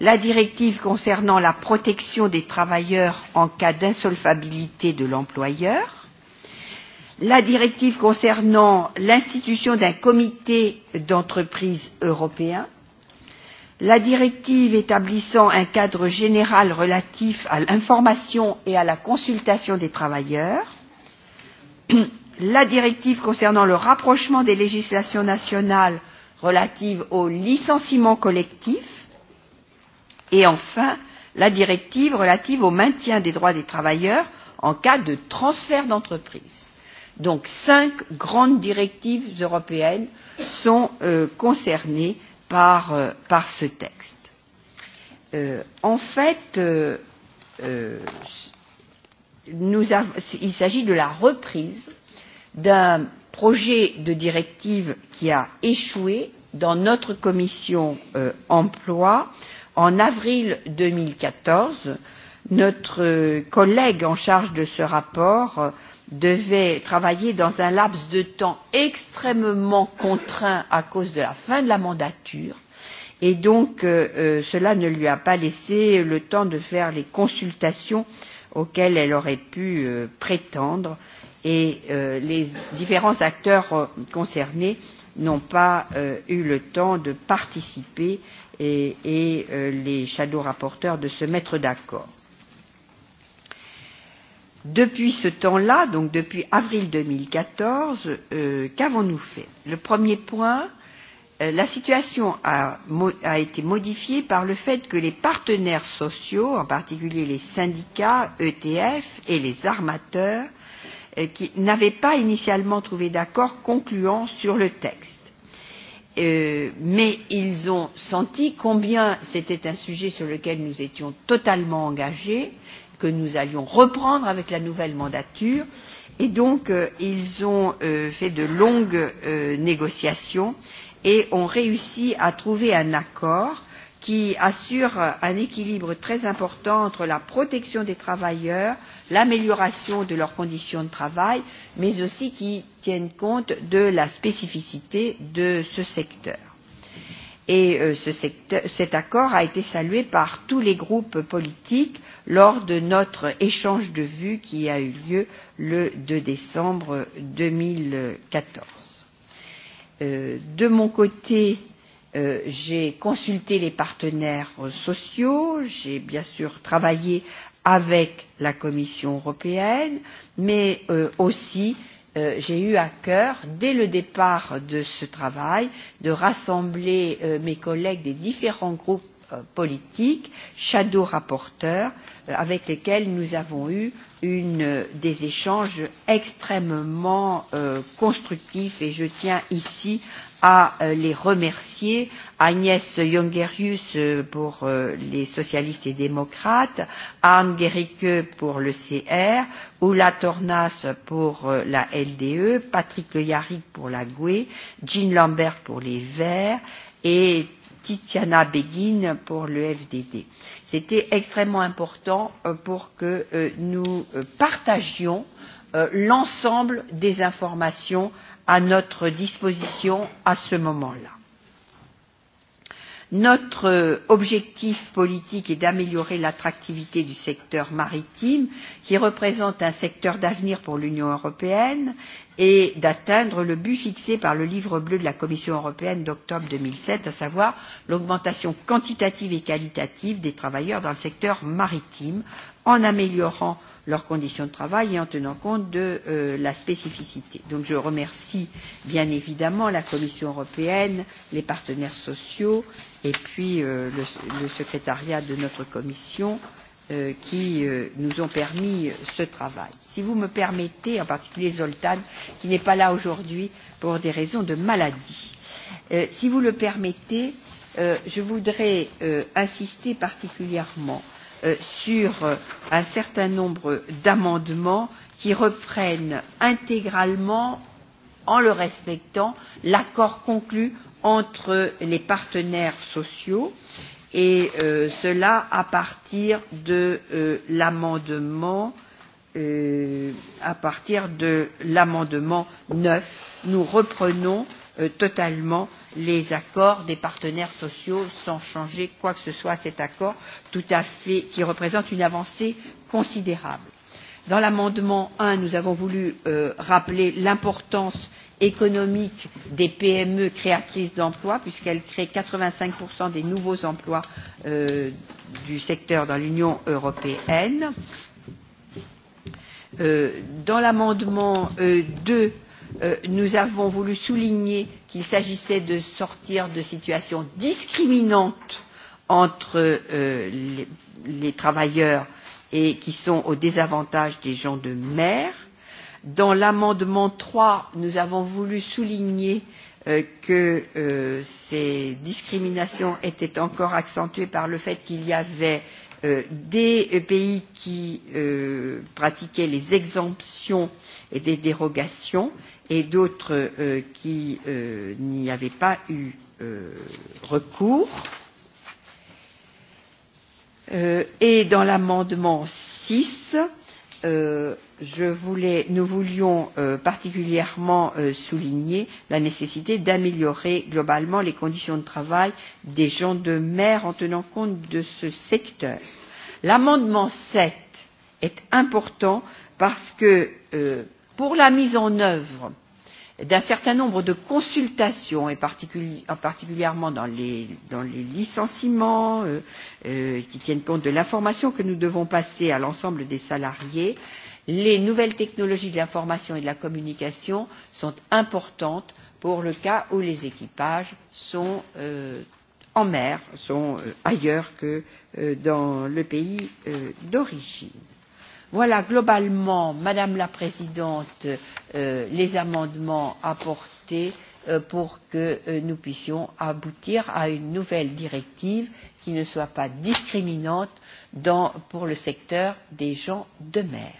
[SPEAKER 15] la directive concernant la protection des travailleurs en cas d'insolvabilité de l'employeur la directive concernant l'institution d'un comité d'entreprise européen la directive établissant un cadre général relatif à l'information et à la consultation des travailleurs la directive concernant le rapprochement des législations nationales relatives au licenciement collectif et enfin la directive relative au maintien des droits des travailleurs en cas de transfert d'entreprise donc cinq grandes directives européennes sont euh, concernées par, euh, par ce texte. Euh, en fait, euh, euh, nous a, il s'agit de la reprise d'un projet de directive qui a échoué dans notre commission euh, emploi en avril 2014. Notre euh, collègue en charge de ce rapport euh, devait travailler dans un laps de temps extrêmement contraint à cause de la fin de la mandature et donc euh, euh, cela ne lui a pas laissé le temps de faire les consultations auxquelles elle aurait pu euh, prétendre et euh, les différents acteurs euh, concernés n'ont pas euh, eu le temps de participer et, et euh, les shadow rapporteurs de se mettre d'accord. Depuis ce temps-là, donc depuis avril 2014, euh, qu'avons-nous fait Le premier point, euh, la situation a, a été modifiée par le fait que les partenaires sociaux, en particulier les syndicats, ETF et les armateurs, euh, qui n'avaient pas initialement trouvé d'accord concluant sur le texte. Euh, mais ils ont senti combien c'était un sujet sur lequel nous étions totalement engagés que nous allions reprendre avec la nouvelle mandature et donc euh, ils ont euh, fait de longues euh, négociations et ont réussi à trouver un accord qui assure un équilibre très important entre la protection des travailleurs, l'amélioration de leurs conditions de travail, mais aussi qui tienne compte de la spécificité de ce secteur et euh, ce secteur, cet accord a été salué par tous les groupes politiques lors de notre échange de vues qui a eu lieu le 2 décembre 2014. Euh, de mon côté, euh, j'ai consulté les partenaires sociaux, j'ai bien sûr travaillé avec la Commission européenne, mais euh, aussi euh, euh, j'ai eu à cœur, dès le départ de ce travail, de rassembler euh, mes collègues des différents groupes euh, politiques, shadow rapporteurs, euh, avec lesquels nous avons eu une, euh, des échanges extrêmement euh, constructifs et je tiens ici à euh, les remercier Agnès Jongerius euh, pour euh, les socialistes et démocrates, Anne Guériqueux pour le CR, Oula Tornas pour la LDE, Patrick Le Yarrick pour la GUE, Jean Lambert pour les Verts et Tiziana Begin pour le FDD. C'était extrêmement important pour que nous partagions euh, l'ensemble des informations à notre disposition à ce moment-là. Notre objectif politique est d'améliorer l'attractivité du secteur maritime, qui représente un secteur d'avenir pour l'Union européenne et d'atteindre le but fixé par le livre bleu de la Commission européenne d'octobre 2007, à savoir l'augmentation quantitative et qualitative des travailleurs dans le secteur maritime, en améliorant leurs conditions de travail et en tenant compte de euh, la spécificité. Donc je remercie bien évidemment la Commission européenne, les partenaires sociaux et puis euh, le, le secrétariat de notre commission euh, Euh, qui euh, nous ont permis euh, ce travail. Si vous me permettez, en particulier Zoltan, qui n'est pas là aujourd'hui pour des raisons de maladie, si vous le permettez, je voudrais insister particulièrement sur un certain nombre d'amendements qui reprennent intégralement, en le respectant, l'accord conclu entre les partenaires sociaux et euh, cela à partir de euh, l'amendement euh, à partir de l'amendement 9, nous reprenons euh, totalement les accords des partenaires sociaux sans changer quoi que ce soit à cet accord tout à fait, qui représente une avancée considérable. Dans l'amendement 1, nous avons voulu euh, rappeler l'importance euh, économique des PME créatrices d'emplois, puisqu'elles créent 85% des nouveaux emplois euh, du secteur dans l'Union européenne. Euh, dans l'amendement euh, 2, euh, nous avons voulu souligner qu'il s'agissait de sortir de situations discriminantes entre euh, les, les travailleurs et qui sont au désavantage des gens de mer. Euh, Dans l'amendement 3, nous avons voulu souligner euh, que euh, ces discriminations étaient encore accentuées par le fait qu'il y avait euh, des pays qui euh, pratiquaient les exemptions et des dérogations et d'autres euh, qui euh, n'y avaient pas eu euh, recours. Euh, et dans l'amendement 6, euh, euh, je voulais, nous voulions euh, particulièrement euh, souligner la nécessité d'améliorer globalement les conditions de travail des gens de mer en tenant compte de ce secteur. L'amendement 7 est important parce que euh, pour la mise en œuvre euh, d'un certain nombre de consultations et particuli particulièrement dans les, dans les licenciements euh, euh, qui tiennent compte de l'information que nous devons passer à l'ensemble des salariés les nouvelles technologies de l'information et de la communication sont importantes pour le cas où les équipages sont euh, en mer sont euh, ailleurs que euh, dans le pays euh, d'origine voilà globalement madame la présidente euh, les amendements apportés euh, pour que euh, nous puissions aboutir à une nouvelle directive qui ne soit pas discriminante dans, pour le secteur des gens de mer.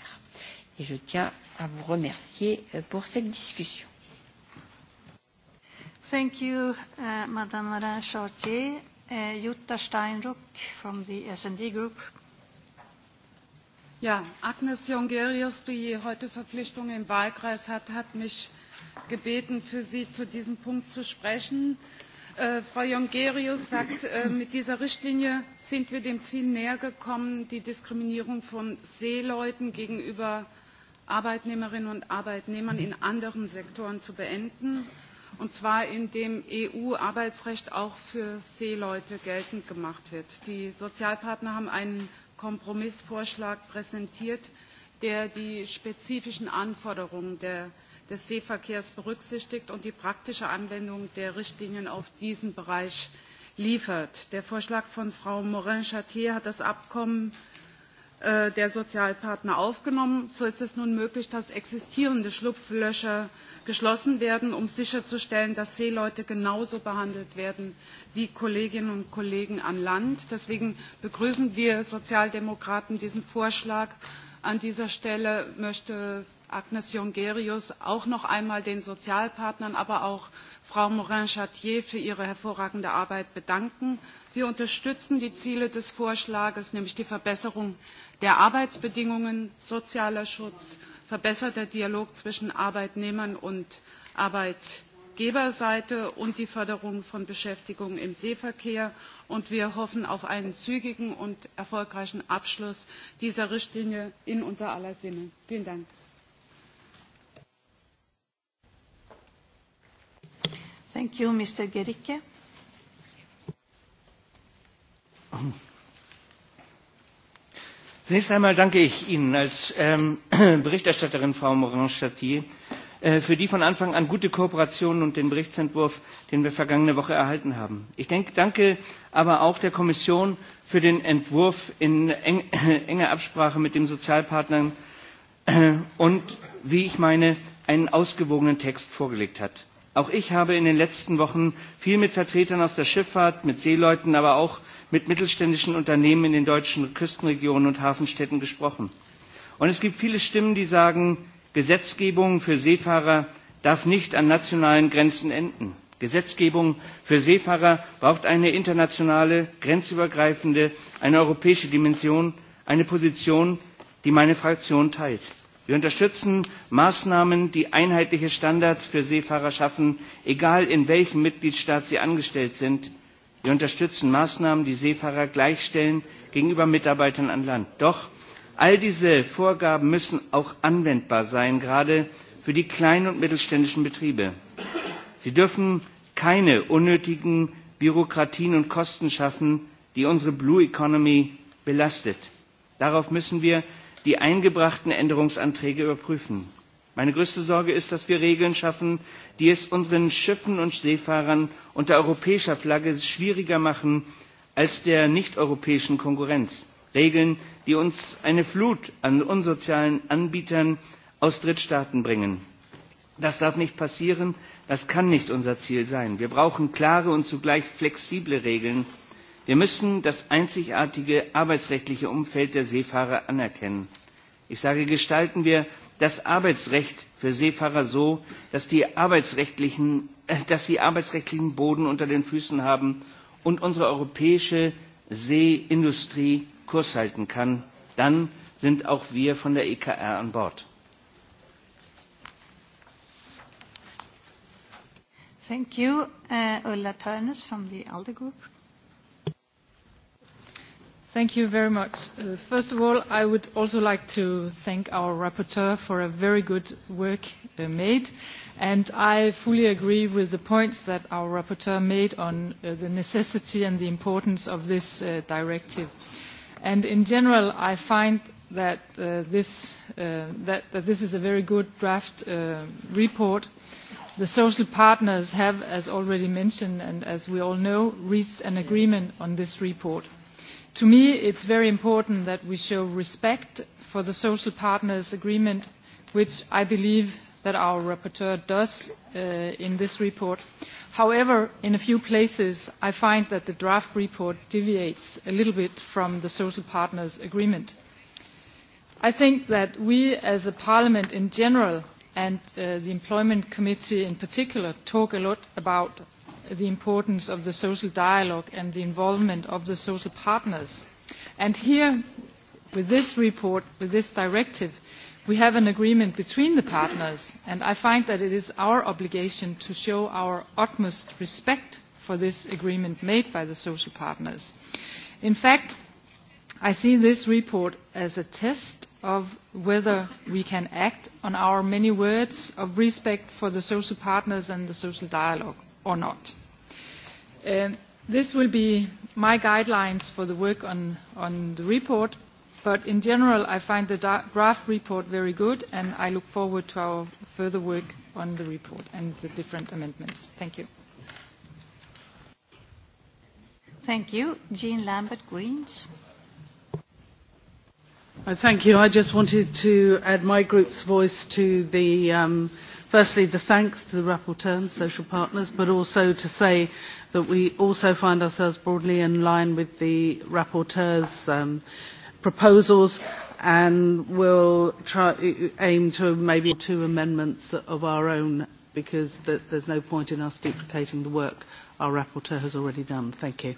[SPEAKER 15] Et je tiens à vous remercier euh, pour cette discussion.
[SPEAKER 6] Thank you, uh, Madame Morin-Chartier. Uh, Jutta Steinruck from the S&D Group.
[SPEAKER 14] Ja, Agnes Jongerius, die heute Verpflichtung im Wahlkreis hat, hat mich gebeten, für Sie zu diesem Punkt zu sprechen. Äh, Frau Jongerius sagt, äh, mit dieser Richtlinie sind wir dem Ziel näher gekommen, die Diskriminierung von Seeleuten gegenüber Arbeitnehmerinnen und Arbeitnehmern in anderen Sektoren zu beenden, und zwar indem EU-Arbeitsrecht auch für Seeleute geltend gemacht wird. Die Sozialpartner haben einen Kompromissvorschlag präsentiert, der die spezifischen Anforderungen der, des Seeverkehrs berücksichtigt und die praktische Anwendung der Richtlinien auf diesen Bereich liefert. Der Vorschlag von Frau Morin-Chartier hat das Abkommen äh, Äh, der sozialpartner aufgenommen. so ist es nun möglich dass existierende schlupflöcher geschlossen werden um sicherzustellen dass seeleute genauso behandelt werden wie kolleginnen und kollegen an land. deswegen begrüßen wir sozialdemokraten diesen vorschlag. an dieser stelle möchte agnes jongerius auch noch einmal den sozialpartnern aber auch frau morin chartier für ihre hervorragende arbeit bedanken. wir unterstützen die ziele des vorschlags nämlich die verbesserung der arbeitsbedingungen sozialer schutz verbesserter dialog zwischen arbeitnehmern und arbeitgeberseite und die förderung von beschäftigung im seeverkehr und wir hoffen auf einen zügigen und erfolgreichen abschluss dieser richtlinie in unser aller sinne. vielen dank!
[SPEAKER 6] Thank you, Mr Gericke.
[SPEAKER 16] Zunächst einmal danke ich Ihnen als ähm, Berichterstatterin, Frau Morin-Chartier, äh, für die von Anfang an gute Kooperation und den Berichtsentwurf, den wir vergangene Woche erhalten haben. Ich denke, danke aber auch der Kommission für den Entwurf in eng, äh, enger Absprache mit den Sozialpartnern äh, und, wie ich meine, einen ausgewogenen Text vorgelegt hat. Auch ich habe in den letzten Wochen viel mit Vertretern aus der Schifffahrt, mit Seeleuten, aber auch mit mittelständischen Unternehmen in den deutschen Küstenregionen und Hafenstädten gesprochen. Und es gibt viele Stimmen, die sagen, Gesetzgebung für Seefahrer darf nicht an nationalen Grenzen enden. Gesetzgebung für Seefahrer braucht eine internationale, grenzübergreifende, eine europäische Dimension, eine Position, die meine Fraktion teilt. Wir unterstützen Maßnahmen, die einheitliche Standards für Seefahrer schaffen, egal in welchem Mitgliedstaat sie angestellt sind. Wir unterstützen Maßnahmen, die Seefahrer gleichstellen gegenüber Mitarbeitern an Land. Doch all diese Vorgaben müssen auch anwendbar sein, gerade für die kleinen und mittelständischen Betriebe. Sie dürfen keine unnötigen Bürokratien und Kosten schaffen, die unsere Blue Economy belastet. Darauf müssen wir die eingebrachten Änderungsanträge überprüfen. Meine größte Sorge ist, dass wir Regeln schaffen, die es unseren Schiffen und Seefahrern unter europäischer Flagge schwieriger machen als der nichteuropäischen Konkurrenz. Regeln, die uns eine Flut an unsozialen Anbietern aus Drittstaaten bringen. Das darf nicht passieren, das kann nicht unser Ziel sein. Wir brauchen klare und zugleich flexible Regeln Wir müssen das einzigartige arbeitsrechtliche Umfeld der Seefahrer anerkennen. Ich sage, gestalten wir das Arbeitsrecht für Seefahrer so, dass, die arbeitsrechtlichen, äh, dass sie arbeitsrechtlichen Boden unter den Füßen haben und unsere europäische Seeindustrie Kurs halten kann. Dann sind auch wir von der EKR an Bord.
[SPEAKER 6] Thank you. Uh, Ulla Törnes from the ALDE Group.
[SPEAKER 17] Thank you very much. Uh, first of all, I would also like to thank our rapporteur for a very good work uh, made. And I fully agree with the points that our rapporteur made on uh, the necessity and the importance of this uh, directive. And in general, I find that, uh, this, uh, that, that this is a very good draft uh, report. The social partners have, as already mentioned and as we all know, reached an agreement on this report. Uh, To me, it's very important that we show respect for the social partners agreement, which I believe that our rapporteur does uh, in this report. However, in a few places, I find that the draft report deviates a little bit from the social partners agreement. I think that we as a parliament in general and uh, the employment committee in particular talk a lot about the importance of the social dialogue and the involvement of the social partners. And here, with this report, with this directive, we have an agreement between the partners, and I find that it is our obligation to show our utmost respect for this agreement made by the social partners. In fact, I see this report as a test of whether we can act on our many words of respect for the social partners and the social dialogue or not. Uh, this will be my guidelines for the work on, on the report, but in general I find the draft report very good and I look forward to our further work on the report and the different amendments. Thank you. Thank you. Jean Lambert, Greens.
[SPEAKER 6] Uh, thank you. I just wanted to add my group's voice to the um, uh, firstly the thanks to the rapporteur and social partners, but also to say that we also find ourselves broadly in line with the rapporteur's um, proposals and will try, aim to maybe two amendments of our own because th there's no point in us duplicating the work our rapporteur has already done. Thank you.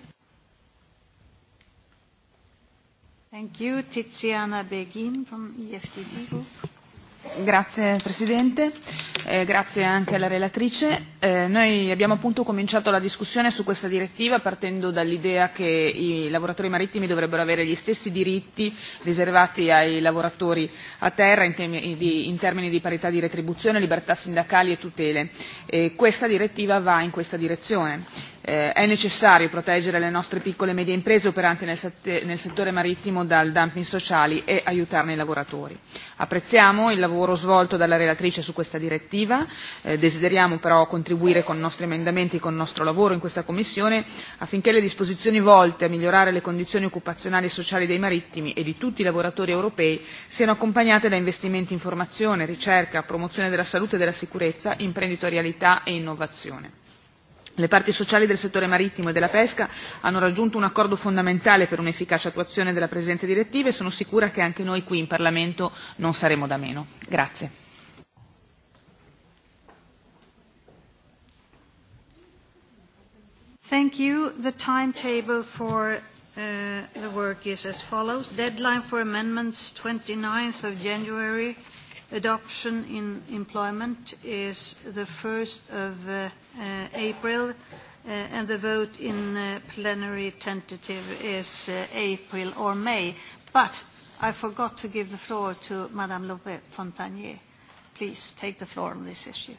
[SPEAKER 6] Thank you. Tiziana Begin from EFTD Group.
[SPEAKER 18] Grazie Presidente, eh, grazie anche alla relatrice. Eh, noi abbiamo appunto cominciato la discussione su questa direttiva partendo dall'idea che i lavoratori marittimi dovrebbero avere gli stessi diritti riservati ai lavoratori a terra in, temi, di, in termini di parità di retribuzione, libertà sindacali e tutele. Eh, questa direttiva va in questa direzione eh, è necessario proteggere le nostre piccole e medie imprese operanti nel, sette, nel settore marittimo dal dumping sociali e aiutarne i lavoratori. Apprezziamo il lavoro svolto dalla relatrice su questa direttiva, eh, desideriamo però contribuire con i nostri emendamenti e con il nostro lavoro in questa Commissione affinché le disposizioni volte a migliorare le condizioni occupazionali e sociali dei marittimi e di tutti i lavoratori europei siano accompagnate da investimenti in formazione, ricerca, promozione della salute e della sicurezza, imprenditorialità e innovazione le parti sociali del settore marittimo e della pesca hanno raggiunto un accordo fondamentale per un'efficace attuazione della presente direttiva e sono sicura che anche noi qui in parlamento non saremo da meno. grazie.
[SPEAKER 6] Thank you. The timetable for uh, the work is as follows. Deadline for amendments 29th of January adoption in employment is the 1st of uh, uh, April, uh, and the vote in uh, plenary tentative is uh, April or May. But I forgot to give the floor to Madame Lope Fontanier. Please take the floor on this issue.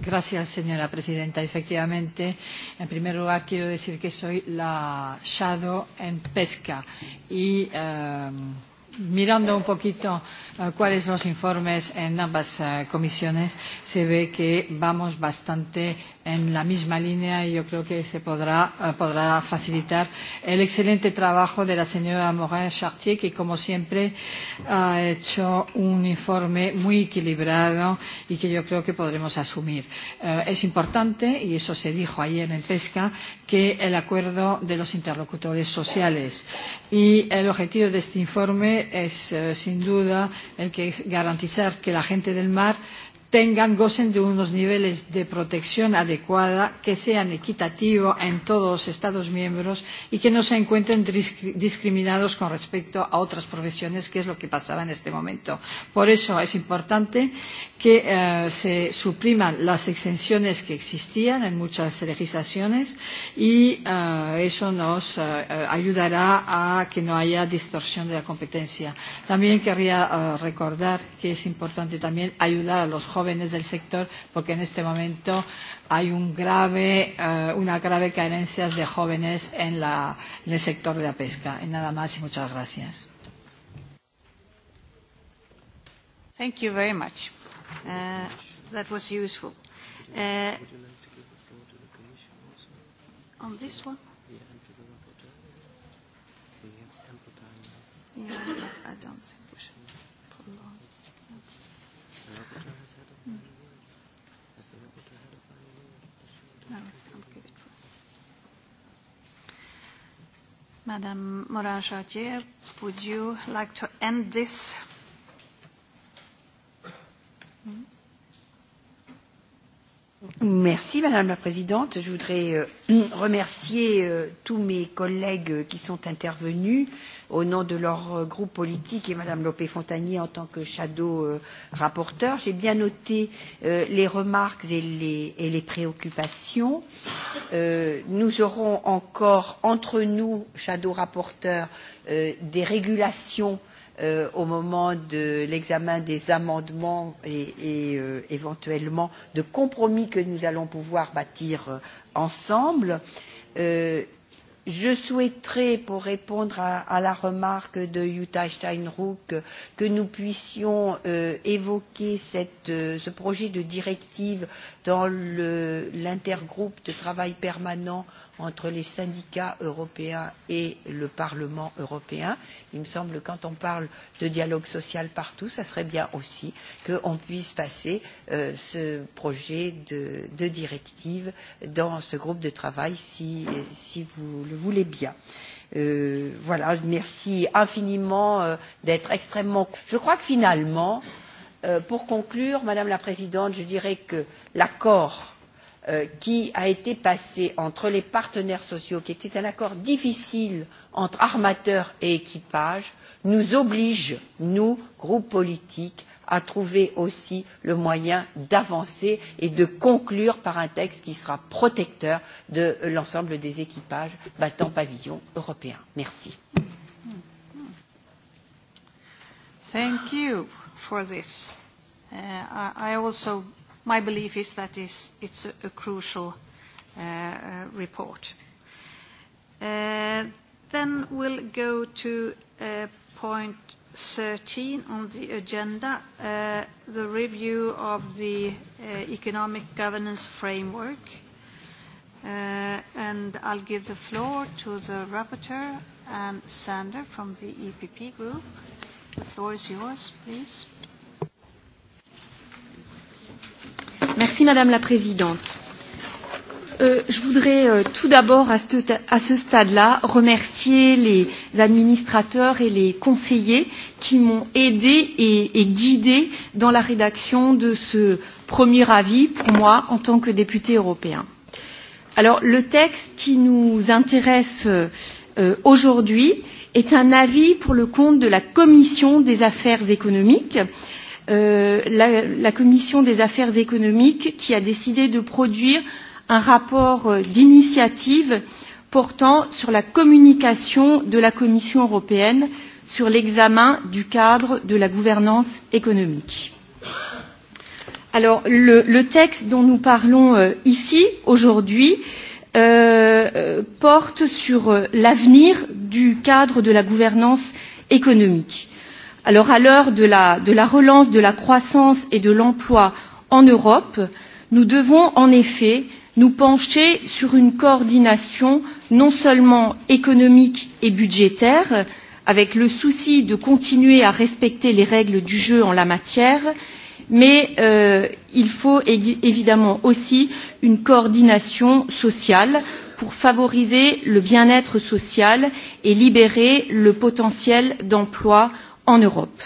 [SPEAKER 19] Gracias, señora presidenta. Efectivamente, en primer lugar quiero decir que soy la Shadow en Pesca y um, eh, mirando un poquito uh, cuáles los informes en ambas uh, comisiones, se ve que vamos bastante en la misma línea y yo creo que se podrá, uh, podrá facilitar el excelente trabajo de la señora Morin Chartier, que como siempre ha hecho un informe muy equilibrado y que yo creo que podremos asumir. Uh, es importante, y eso se dijo ayer en Pesca, que el acuerdo de los interlocutores sociales y el objetivo de este informe es, eh, sin duda, el que garantizar que la gente del mar tengan, gocen de unos niveles de protección adecuada, que sean equitativos en todos los Estados miembros y que no se encuentren discriminados con respecto a otras profesiones, que es lo que pasaba en este momento. Por eso es importante que eh, se supriman las exenciones que existían en muchas legislaciones y eh, eso nos eh, eh ayudará a que no haya distorsión de la competencia. También querría eh, recordar que es importante también ayudar a los jóvenes jóvenes del sector, porque en este momento hay un grave, eh, una grave carencia de jóvenes en, la, en el sector de la pesca. Y nada más y muchas gracias.
[SPEAKER 6] Thank you very much. Uh, that was useful. Uh,
[SPEAKER 12] on this one? Yeah, but I don't think we should prolong. No, I'll
[SPEAKER 6] give it for Madam Morin Chartier, would you like to end this? Mm-hmm.
[SPEAKER 15] Merci, madame la présidente je voudrais euh, remercier euh, tous mes collègues qui sont intervenus au nom de leur groupe politique et mme lope fontagné en tant que shadow euh, rapporteure. j'ai bien noté les remarques et les, et les préoccupations. nous aurons encore entre nous shadow rapporteurs des régulations à euh, au moment de l'examen des amendements et, et euh, éventuellement de compromis que nous allons pouvoir bâtir euh, ensemble. Euh, je souhaiterais, pour répondre à, à la remarque de Jutta Steinruck, que nous puissions euh, évoquer cette, euh, ce projet de directive dans l'intergroupe de travail permanent entre les syndicats européens et le Parlement européen. Il me semble que quand on parle de dialogue social partout, ça serait bien aussi qu'on puisse passer euh, ce projet de, de directive dans ce groupe de travail si, si vous le voulez bien. Euh, voilà, merci infiniment euh, d'être extrêmement. Je crois que finalement, euh, Euh, pour conclure madame la présidente je dirais que l'accord euh, qui a été passé entre les partenaires sociaux qui était un accord difficile entre armateurs et équipages nous oblige nous groupes politiques à trouver aussi le moyen d'avancer et de conclure par un texte qui sera protecteur de l'ensemble des équipages battant pavillon européen. merci.
[SPEAKER 6] Thank you for this. Uh, I, I also, my belief is that is, it's a, a crucial uh, uh, report. Uh, then we'll go to uh, point 13 on the agenda, uh, the review of the uh, economic governance framework. Uh, and I'll give the floor to the rapporteur, Ann Sander from the EPP Group. Uh, The floor is yours, please.
[SPEAKER 20] Merci, Madame la Présidente. Euh, je voudrais euh, tout d'abord à ce, à ce stade-là remercier les administrateurs et les conseillers qui m'ont aidé et, et guidé dans la rédaction de ce premier avis pour moi en tant que député européen. Alors le texte qui nous intéresse euh, aujourd'hui euh, est un avis pour le compte de la Commission des affaires économiques. Euh, la, la Commission des affaires économiques qui a décidé de produire un rapport euh, d'initiative portant sur la communication de la Commission européenne sur l'examen du cadre de la gouvernance économique. Alors, le, le texte dont nous parlons euh, ici aujourd'hui euh, euh, porte sur euh, l'avenir du cadre de la gouvernance économique. Alors à l'heure de la, de la relance de la croissance et de l'emploi en Europe, nous devons en effet nous pencher sur une coordination non seulement économique et budgétaire, avec le souci de continuer à respecter les règles du jeu en la matière, mais mais euh, il faut évidemment aussi une coordination sociale pour favoriser le bien être social et libérer le potentiel d'emploi en europe.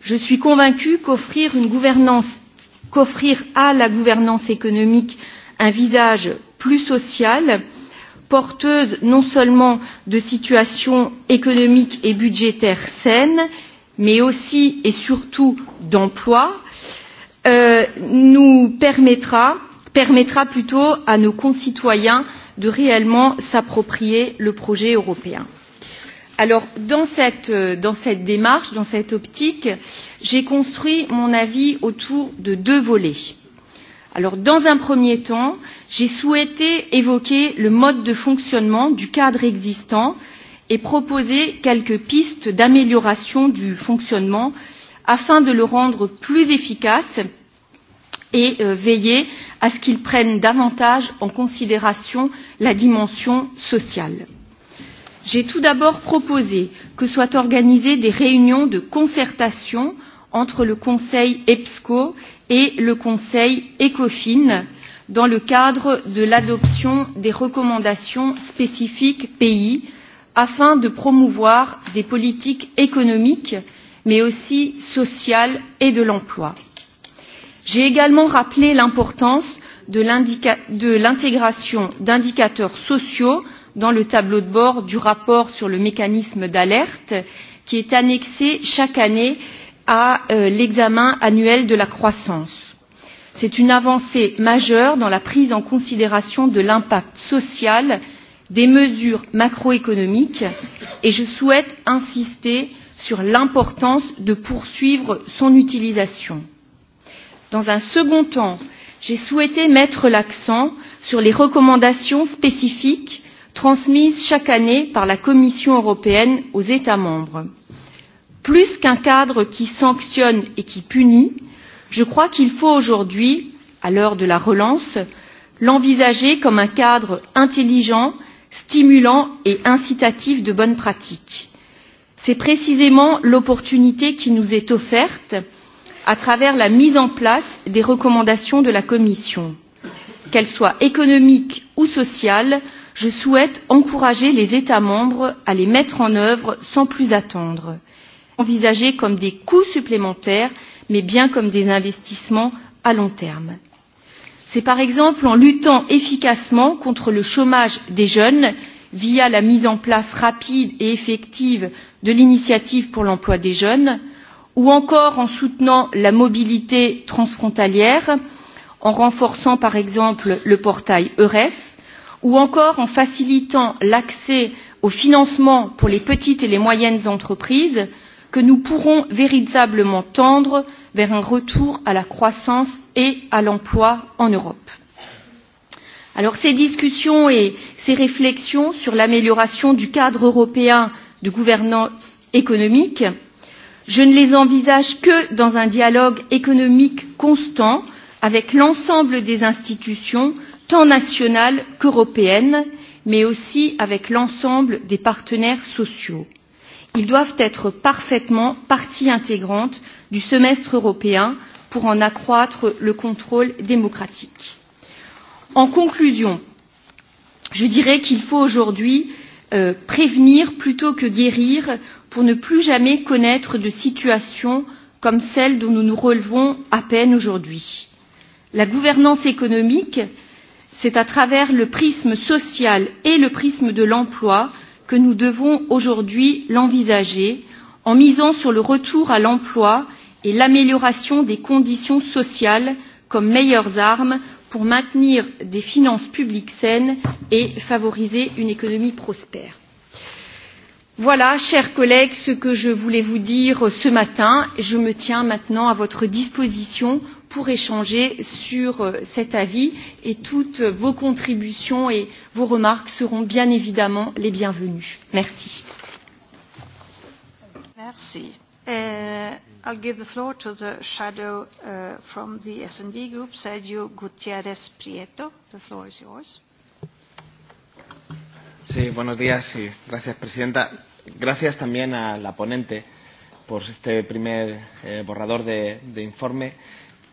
[SPEAKER 20] je suis convaincue qu'offrir qu à la gouvernance économique un visage plus social porteuse non seulement de situations économiques et budgétaires saines mais mais aussi et surtout d'emploi euh, nous permettra, permettra plutôt à nos concitoyens de réellement s'approprier le projet européen. Alors, dans cette, euh, dans cette démarche, dans cette optique, j'ai construit mon avis autour de deux volets. Alors, dans un premier temps, j'ai souhaité évoquer le mode de fonctionnement du cadre existant, euh, et proposer quelques pistes d'amélioration du fonctionnement afin de le rendre plus efficace et euh, veiller à ce qu'il prenne davantage en considération la dimension sociale. J'ai tout d'abord proposé que soient organisées des réunions de concertation entre le Conseil EPSCO et le Conseil ECOFIN dans le cadre de l'adoption des recommandations spécifiques pays afin de promouvoir des politiques économiques mais aussi sociales et de l'emploi. J'ai également rappelé l'importance de l'intégration d'indicateurs sociaux dans le tableau de bord du rapport sur le mécanisme d'alerte qui est annexé chaque année à euh, l'examen annuel de la croissance. C'est une avancée majeure dans la prise en considération de l'impact social des mesures macroéconomiques et je souhaite insister sur l'importance de poursuivre son utilisation. Dans un second temps, j'ai souhaité mettre l'accent sur les recommandations spécifiques transmises chaque année par la Commission européenne aux États membres. Plus qu'un cadre qui sanctionne et qui punit, je crois qu'il faut aujourd'hui, à l'heure de la relance, l'envisager comme un cadre intelligent stimulant et incitatif de bonnes pratiques. C'est précisément l'opportunité qui nous est offerte à travers la mise en place des recommandations de la Commission. Qu'elles soient économiques ou sociales, je souhaite encourager les États membres à les mettre en œuvre sans plus attendre, envisagées comme des coûts supplémentaires, mais bien comme des investissements à long terme c'est par exemple en luttant efficacement contre le chômage des jeunes via la mise en place rapide et effective de l'initiative pour l'emploi des jeunes ou encore en soutenant la mobilité transfrontalière en renforçant par exemple le portail eures ou encore en facilitant l'accès au financement pour les petites et les moyennes entreprises que nous pourrons véritablement tendre vers un retour à la croissance et à l'emploi en Europe. Alors ces discussions et ces réflexions sur l'amélioration du cadre européen de gouvernance économique, je ne les envisage que dans un dialogue économique constant avec l'ensemble des institutions, tant nationales qu'européennes, mais aussi avec l'ensemble des partenaires sociaux. Ils doivent être parfaitement partie intégrante du semestre européen pour en accroître le contrôle démocratique. En conclusion, je dirais qu'il faut aujourd'hui euh, prévenir plutôt que guérir pour ne plus jamais connaître de situations comme celle dont nous nous relevons à peine aujourd'hui. La gouvernance économique, c'est à travers le prisme social et le prisme de l'emploi que nous devons aujourd'hui l'envisager en misant sur le retour à l'emploi et l'amélioration des conditions sociales comme meilleures armes pour maintenir des finances publiques saines et favoriser une économie prospère. Voilà, chers collègues, ce que je voulais vous dire ce matin. Je me tiens maintenant à votre disposition pour échanger sur euh, cet avis et toutes vos contributions et vos remarques seront bien évidemment les bienvenues. Merci.
[SPEAKER 6] Merci. Uh, I'll give the floor to the shadow uh, from the S&D group, Sergio Gutiérrez Prieto. The floor is yours.
[SPEAKER 21] Sí, buenos días y gracias, presidenta. Gracias también a la ponente por este primer eh, borrador de, de informe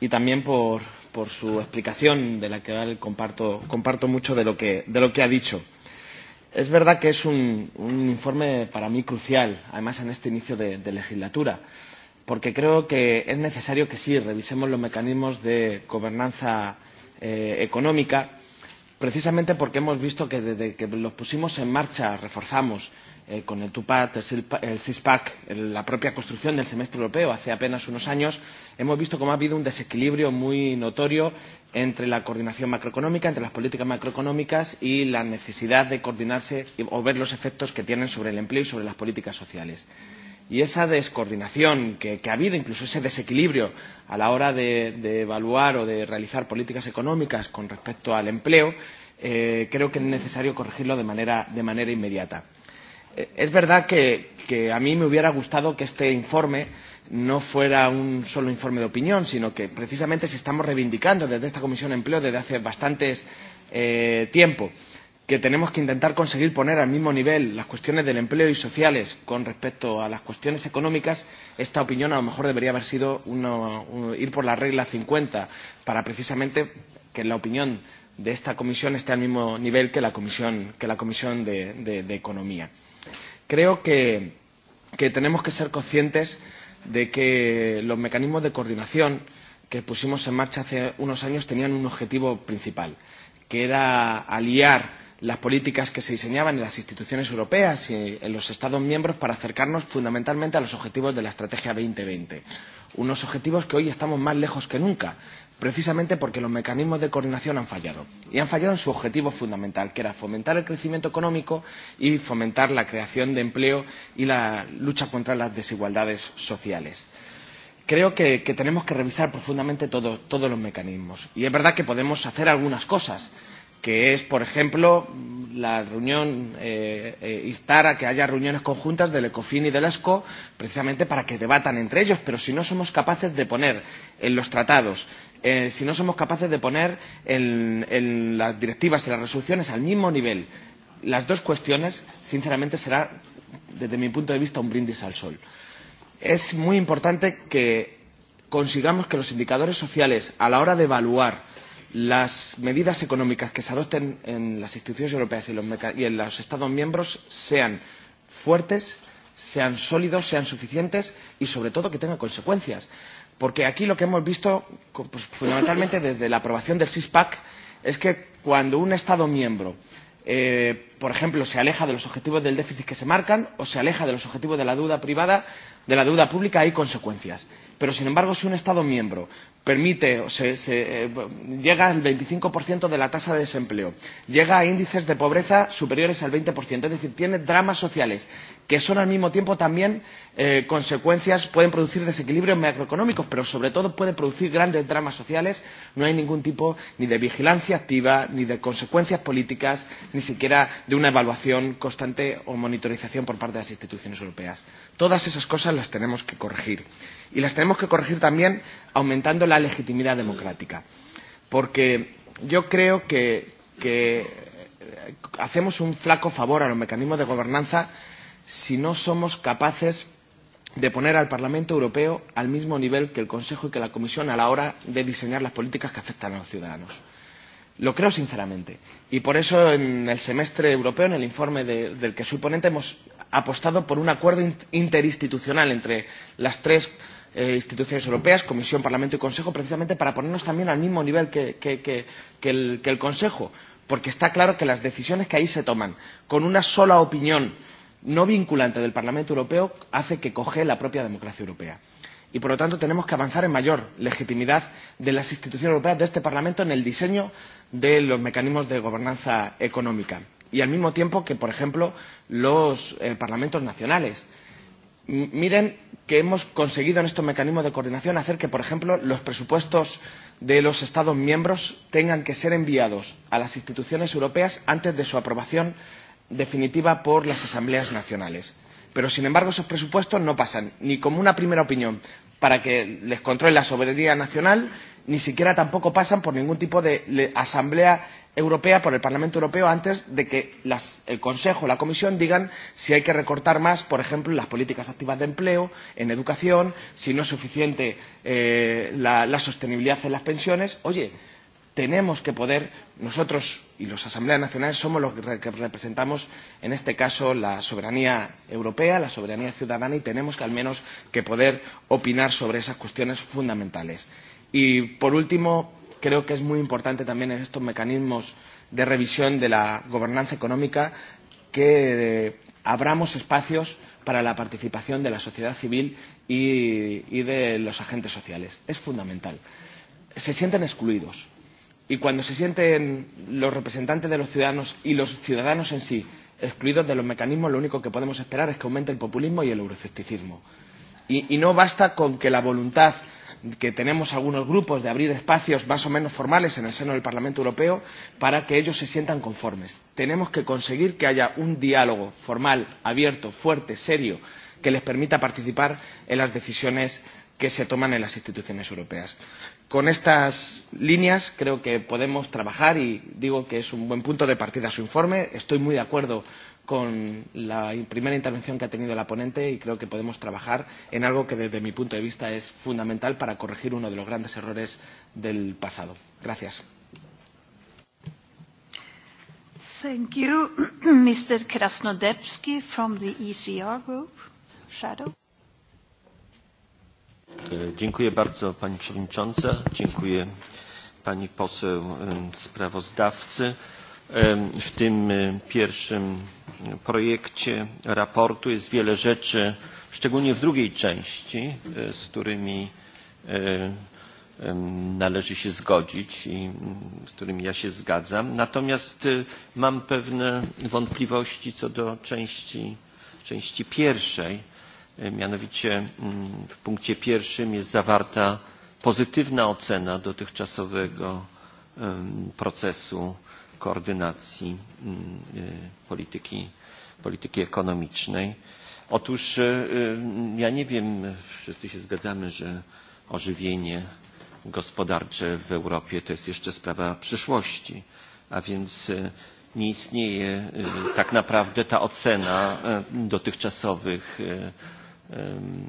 [SPEAKER 21] y también por, por su explicación de la que comparto, comparto mucho de lo que, de lo que ha dicho. Es verdad que es un, un informe para mí crucial, además en este inicio de, de legislatura, porque creo que es necesario que sí revisemos los mecanismos de gobernanza eh, económica, precisamente porque hemos visto que desde que los pusimos en marcha reforzamos eh, eh, con el TUPAT, el, el SISPAC, la propia construcción del semestre europeo hace apenas unos años, hemos visto cómo ha habido un desequilibrio muy notorio entre la coordinación macroeconómica, entre las políticas macroeconómicas y la necesidad de coordinarse y, o ver los efectos que tienen sobre el empleo y sobre las políticas sociales. Y esa descoordinación que, que ha habido, incluso ese desequilibrio a la hora de, de evaluar o de realizar políticas económicas con respecto al empleo, eh, creo que es necesario corregirlo de manera, de manera inmediata es verdad que, que a mí me hubiera gustado que este informe no fuera un solo informe de opinión, sino que precisamente se estamos reivindicando desde esta Comisión de Empleo desde hace bastantes eh, tiempo que tenemos que intentar conseguir poner al mismo nivel las cuestiones del empleo y sociales con respecto a las cuestiones económicas, esta opinión a lo mejor debería haber sido uno, uno, ir por la regla 50 para precisamente que la opinión de esta comisión esté al mismo nivel que la comisión, que la comisión de, de, de Economía. Eh, Creo que, que tenemos que ser conscientes de que los mecanismos de coordinación que pusimos en marcha hace unos años tenían un objetivo principal, que era aliar las políticas que se diseñaban en las instituciones europeas y en los Estados miembros para acercarnos fundamentalmente a los objetivos de la Estrategia 2020. Unos objetivos que hoy estamos más lejos que nunca precisamente porque los mecanismos de coordinación han fallado y han fallado en su objetivo fundamental que era fomentar el crecimiento económico y fomentar la creación de empleo y la lucha contra las desigualdades sociales. Creo que, que tenemos que revisar profundamente todo, todos los mecanismos y es verdad que podemos hacer algunas cosas que es, por ejemplo, la reunión, eh, eh, instar a que haya reuniones conjuntas del ECOFIN y del ESCO, precisamente para que debatan entre ellos, pero si no somos capaces de poner en los tratados eh, si no somos capaces de poner en, en las directivas y las resoluciones al mismo nivel las dos cuestiones, sinceramente será, desde mi punto de vista, un brindis al sol. Es muy importante que consigamos que los indicadores sociales, a la hora de evaluar las medidas económicas que se adopten en las instituciones europeas y, los y en los Estados miembros, sean fuertes, sean sólidos, sean suficientes y, sobre todo, que tengan consecuencias. Porque aquí lo que hemos visto, pues, fundamentalmente desde la aprobación del SISPAC, es que cuando un Estado miembro, eh, por ejemplo, se aleja de los objetivos del déficit que se marcan o se aleja de los objetivos de la deuda privada, de la deuda pública, hay consecuencias. Pero, sin embargo, si un Estado miembro permite o se, se, eh, llega al 25% de la tasa de desempleo, llega a índices de pobreza superiores al 20%, es decir, tiene dramas sociales que son al mismo tiempo también eh, consecuencias, pueden producir desequilibrios macroeconómicos, pero sobre todo pueden producir grandes dramas sociales. No hay ningún tipo ni de vigilancia activa, ni de consecuencias políticas, ni siquiera de una evaluación constante o monitorización por parte de las instituciones europeas. Todas esas cosas las tenemos que corregir. Y las tenemos que corregir también aumentando la legitimidad democrática. Porque yo creo que, que eh, hacemos un flaco favor a los mecanismos de gobernanza si no somos capaces de poner al Parlamento Europeo al mismo nivel que el Consejo y que la Comisión a la hora de diseñar las políticas que afectan a los ciudadanos. Lo creo sinceramente. Y por eso en el semestre europeo, en el informe de, del que soy ponente, hemos apostado por un acuerdo interinstitucional entre las tres eh, instituciones europeas, Comisión, Parlamento y Consejo, precisamente para ponernos también al mismo nivel que, que, que, que, el, que el Consejo, porque está claro que las decisiones que ahí se toman con una sola opinión no vinculante del Parlamento Europeo hace que coge la propia democracia europea. Y, por lo tanto, tenemos que avanzar en mayor legitimidad de las instituciones europeas, de este Parlamento, en el diseño de los mecanismos de gobernanza económica. Y, al mismo tiempo, que, por ejemplo, los eh, parlamentos nacionales eh, miren que hemos conseguido en estos mecanismos de coordinación hacer que, por ejemplo, los presupuestos de los Estados miembros tengan que ser enviados a las instituciones europeas antes de su aprobación definitiva por las asambleas nacionales. Pero, sin embargo, esos presupuestos no pasan ni como una primera opinión para que les controle la soberanía nacional, ni siquiera tampoco pasan por ningún tipo de asamblea Europea, por el Parlamento Europeo, antes de que las, el Consejo o la Comisión digan si hay que recortar más, por ejemplo, en las políticas activas de empleo, en educación, si no es suficiente eh, la, la sostenibilidad en las pensiones. Oye, tenemos que poder, nosotros y las Asambleas Nacionales somos los que representamos, en este caso, la soberanía europea, la soberanía ciudadana, y tenemos que al menos que poder opinar sobre esas cuestiones fundamentales. Y, por último, creo que es muy importante también en estos mecanismos de revisión de la gobernanza económica que eh, abramos espacios para la participación de la sociedad civil y, y de los agentes sociales. Es fundamental. Se sienten excluidos. Y cuando se sienten los representantes de los ciudadanos y los ciudadanos en sí excluidos de los mecanismos, lo único que podemos esperar es que aumente el populismo y el euroescepticismo. Y, y no basta con que la voluntad que tenemos algunos grupos de abrir espacios más o menos formales en el seno del Parlamento Europeo para que ellos se sientan conformes. Tenemos que conseguir que haya un diálogo formal, abierto, fuerte, serio, que les permita participar en las decisiones que se toman en las instituciones europeas. Con estas líneas creo que podemos trabajar y digo que es un buen punto de partida su informe. Estoy muy de acuerdo con la primera intervención que ha tenido la ponente y creo que podemos trabajar en algo que desde mi punto de vista es fundamental para corregir uno de los grandes errores del pasado. Gracias.
[SPEAKER 6] Thank you. Mr. Krasnodebski from the ECR Group, Shadow.
[SPEAKER 13] E, dziękuję bardzo Pani Przewodnicząca, dziękuję Pani Poseł Sprawozdawcy w tym e, pierwszym projekcie raportu jest wiele rzeczy, szczególnie w drugiej części, e, z którymi e, należy się zgodzić i z którymi ja się zgadzam. Natomiast mam pewne wątpliwości co do części, części pierwszej. Mianowicie w punkcie pierwszym jest zawarta pozytywna ocena dotychczasowego procesu koordynacji mm, polityki, polityki ekonomicznej. Otóż ja nie wiem, wszyscy się zgadzamy, że ożywienie gospodarcze w Europie to jest jeszcze sprawa przyszłości, a więc nie istnieje tak naprawdę ta ocena dotychczasowych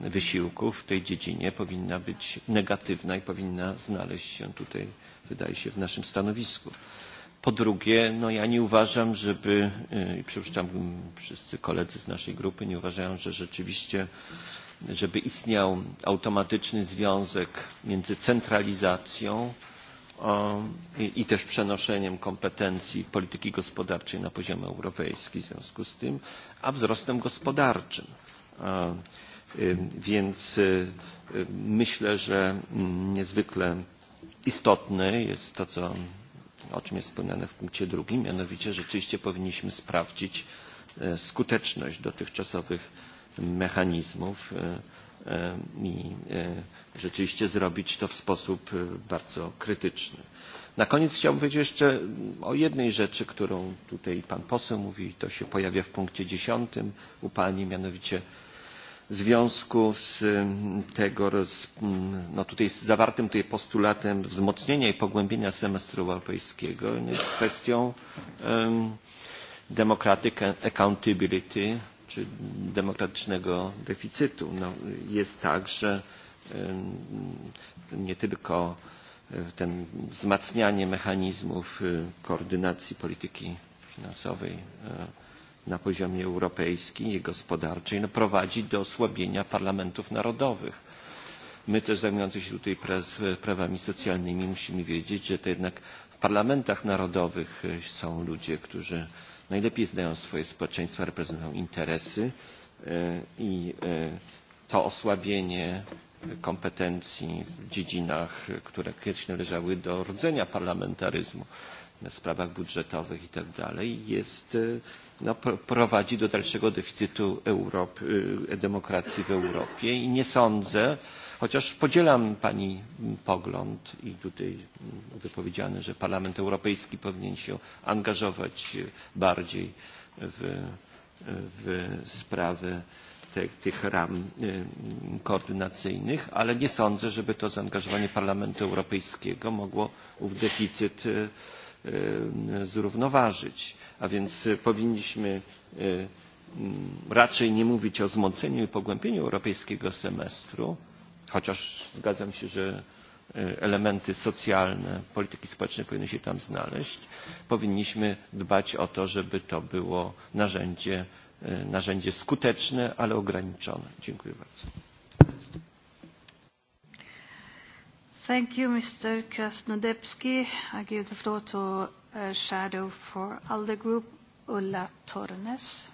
[SPEAKER 13] wysiłków w tej dziedzinie powinna być negatywna i powinna znaleźć się tutaj, wydaje się, w naszym stanowisku. Po drugie, no ja nie uważam, żeby, e, i przypuszczam wszyscy koledzy z naszej grupy nie uważają, że rzeczywiście, żeby istniał automatyczny związek między centralizacją o, i, i też przenoszeniem kompetencji polityki gospodarczej na poziom europejski w związku z tym, a wzrostem gospodarczym. A, e, y, e, więc y, myślę, że y, niezwykle istotne jest to, co o czym jest wspomniane w punkcie drugim, mianowicie rzeczywiście powinniśmy sprawdzić e, skuteczność dotychczasowych mechanizmów e, e, i rzeczywiście zrobić to w sposób bardzo krytyczny. Na koniec chciałbym powiedzieć jeszcze o jednej rzeczy, którą tutaj pan poseł mówi, to się pojawia w punkcie dziesiątym u pani, mianowicie związku z mm, tego, mm, no tutaj z zawartym tutaj postulatem wzmocnienia i pogłębienia semestru europejskiego jest kwestią um, democratic accountability, czy demokratycznego deficytu. No, jest tak, że um, nie tylko e, ten wzmacnianie mechanizmów e, koordynacji polityki finansowej um, na poziomie europejskim i gospodarczej no, prowadzi do osłabienia parlamentów narodowych. My też zajmujący się tutaj prawami socjalnymi musimy wiedzieć, że to jednak w parlamentach narodowych są ludzie, którzy najlepiej znają swoje społeczeństwa, reprezentują interesy i to osłabienie kompetencji w dziedzinach, które kiedyś należały do rdzenia parlamentaryzmu sprawach budżetowych i tak dalej jest, no, prowadzi do dalszego deficytu Europy, demokracji w Europie i nie sądzę, chociaż podzielam Pani pogląd i tutaj wypowiedziane, że Parlament Europejski powinien się angażować bardziej w, w sprawy te, tych ram koordynacyjnych, ale nie sądzę, żeby to zaangażowanie Parlamentu Europejskiego mogło ów deficyt E, zrównoważyć a więc e, powinniśmy e, raczej nie mówić o wzmocnieniu i pogłębieniu europejskiego semestru chociaż zgadzam się że elementy socjalne polityki społecznej powinny się tam znaleźć powinniśmy dbać o to żeby to było narzędzie narzędzie skuteczne ale ograniczone. dziękuję bardzo.
[SPEAKER 6] Thank you, Mr. Krasnodebski. I give the floor to uh, Shadow for ALDE Group, Ulla
[SPEAKER 17] Tornes.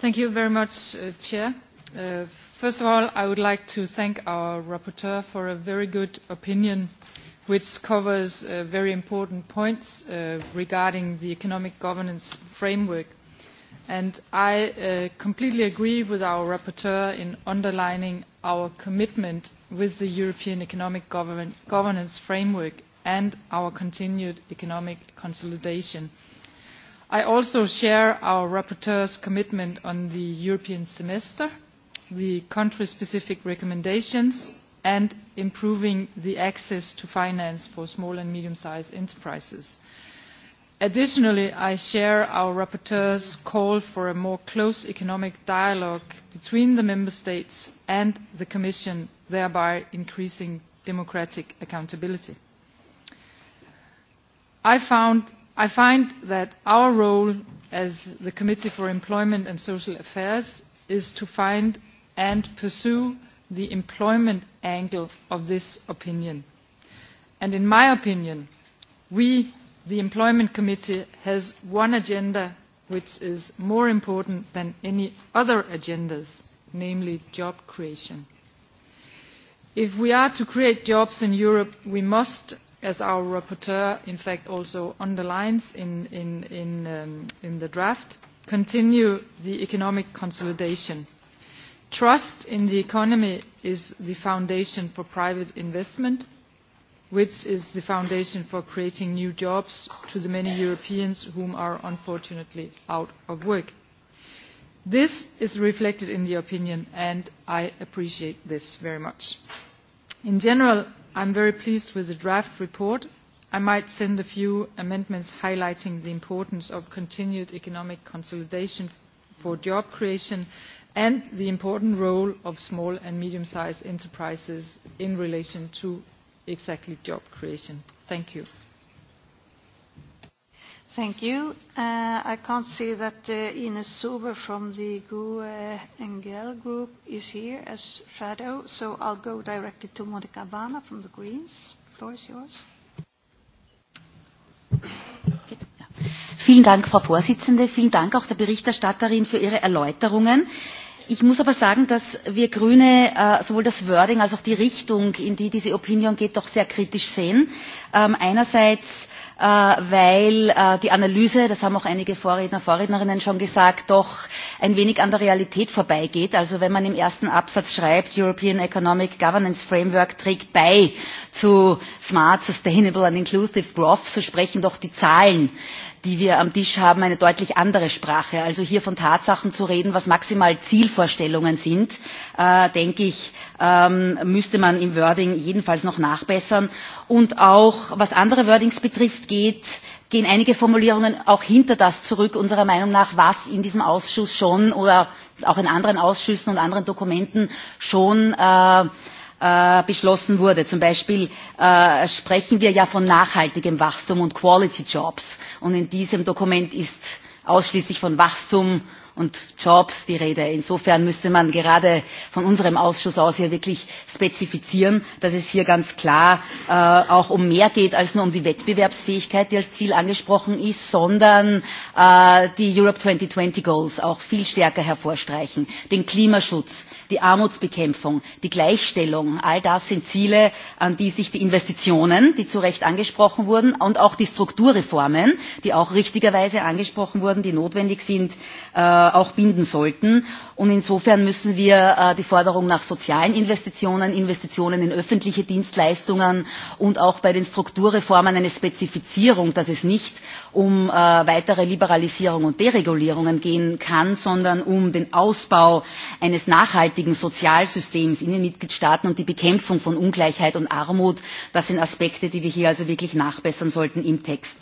[SPEAKER 17] Thank you very much, uh, Chair. Uh, first of all, I would like to thank our rapporteur for a very good opinion which covers uh, very important points uh, regarding the economic governance framework and I uh, completely agree with our rapporteur in underlining our commitment with the European Economic Govern Governance Framework and our continued economic consolidation. I also share our rapporteur's commitment on the European semester, the country-specific recommendations, and improving the access to finance for small and medium-sized enterprises additionally i share our rapporteur's call for a more close economic dialogue between the member states and the commission thereby increasing democratic accountability. I, found, i find that our role as the committee for employment and social affairs is to find and pursue the employment angle of this opinion and in my opinion we the employment committee has one agenda which is more important than any other agendas namely job creation. if we are to create jobs in europe we must as our rapporteur in fact also underlines in, in, in, um, in the draft continue the economic consolidation. trust in the economy is the foundation for private investment which is the foundation for creating new jobs to the many Europeans whom are unfortunately out of work. This is reflected in the opinion and I appreciate this very much. In general, I'm very pleased with the draft report. I might send a few amendments highlighting the importance of continued economic consolidation for job creation and the important role of small and medium-sized enterprises in relation to exactly job creation. Thank you.
[SPEAKER 6] Thank you. Uh, I can't see that uh, Ines Suber from the GUE uh, Engel group is here as shadow, so I'll go directly to Monica Bana from the Greens. The floor is yours.
[SPEAKER 22] Vielen Dank, Frau Vorsitzende. Vielen Dank auch der Berichterstatterin für ihre Erläuterungen ich muss aber sagen dass wir grüne äh, sowohl das wording als auch die richtung in die diese opinion geht doch sehr kritisch sehen ähm, einerseits äh, weil äh, die analyse das haben auch einige vorredner und vorrednerinnen schon gesagt doch ein wenig an der realität vorbeigeht. also wenn man im ersten absatz schreibt european economic governance framework trägt bei zu smart sustainable and inclusive growth so sprechen doch die zahlen die wir am Tisch haben, eine deutlich andere Sprache. Also hier von Tatsachen zu reden, was maximal Zielvorstellungen sind, äh, denke ich, ähm, müsste man im Wording jedenfalls noch nachbessern. Und auch, was andere Wordings betrifft, geht gehen einige Formulierungen auch hinter das zurück, unserer Meinung nach, was in diesem Ausschuss schon oder auch in anderen Ausschüssen und anderen Dokumenten schon äh, äh, beschlossen wurde. Zum Beispiel äh, sprechen wir ja von nachhaltigem Wachstum und Quality Jobs. Und in diesem Dokument ist ausschließlich von Wachstum und Jobs die Rede. Insofern müsste man gerade von unserem Ausschuss aus hier wirklich spezifizieren, dass es hier ganz klar äh, auch um mehr geht als nur um die Wettbewerbsfähigkeit, die als Ziel angesprochen ist, sondern äh, die Europe 2020 Goals auch viel stärker hervorstreichen, den Klimaschutz, die armutsbekämpfung die gleichstellung all das sind ziele an die sich die investitionen die zu recht angesprochen wurden und auch die strukturreformen die auch richtigerweise angesprochen wurden die notwendig sind äh, auch binden sollten. und insofern müssen wir äh, die forderung nach sozialen investitionen investitionen in öffentliche dienstleistungen und auch bei den strukturreformen eine spezifizierung dass es nicht um äh, weitere liberalisierung und deregulierungen gehen kann sondern um den ausbau eines nachhaltigen derartigen Sozialsystems in den Mitgliedstaaten und die Bekämpfung von Ungleichheit und Armut. Das sind Aspekte, die wir hier also wirklich nachbessern sollten im Text.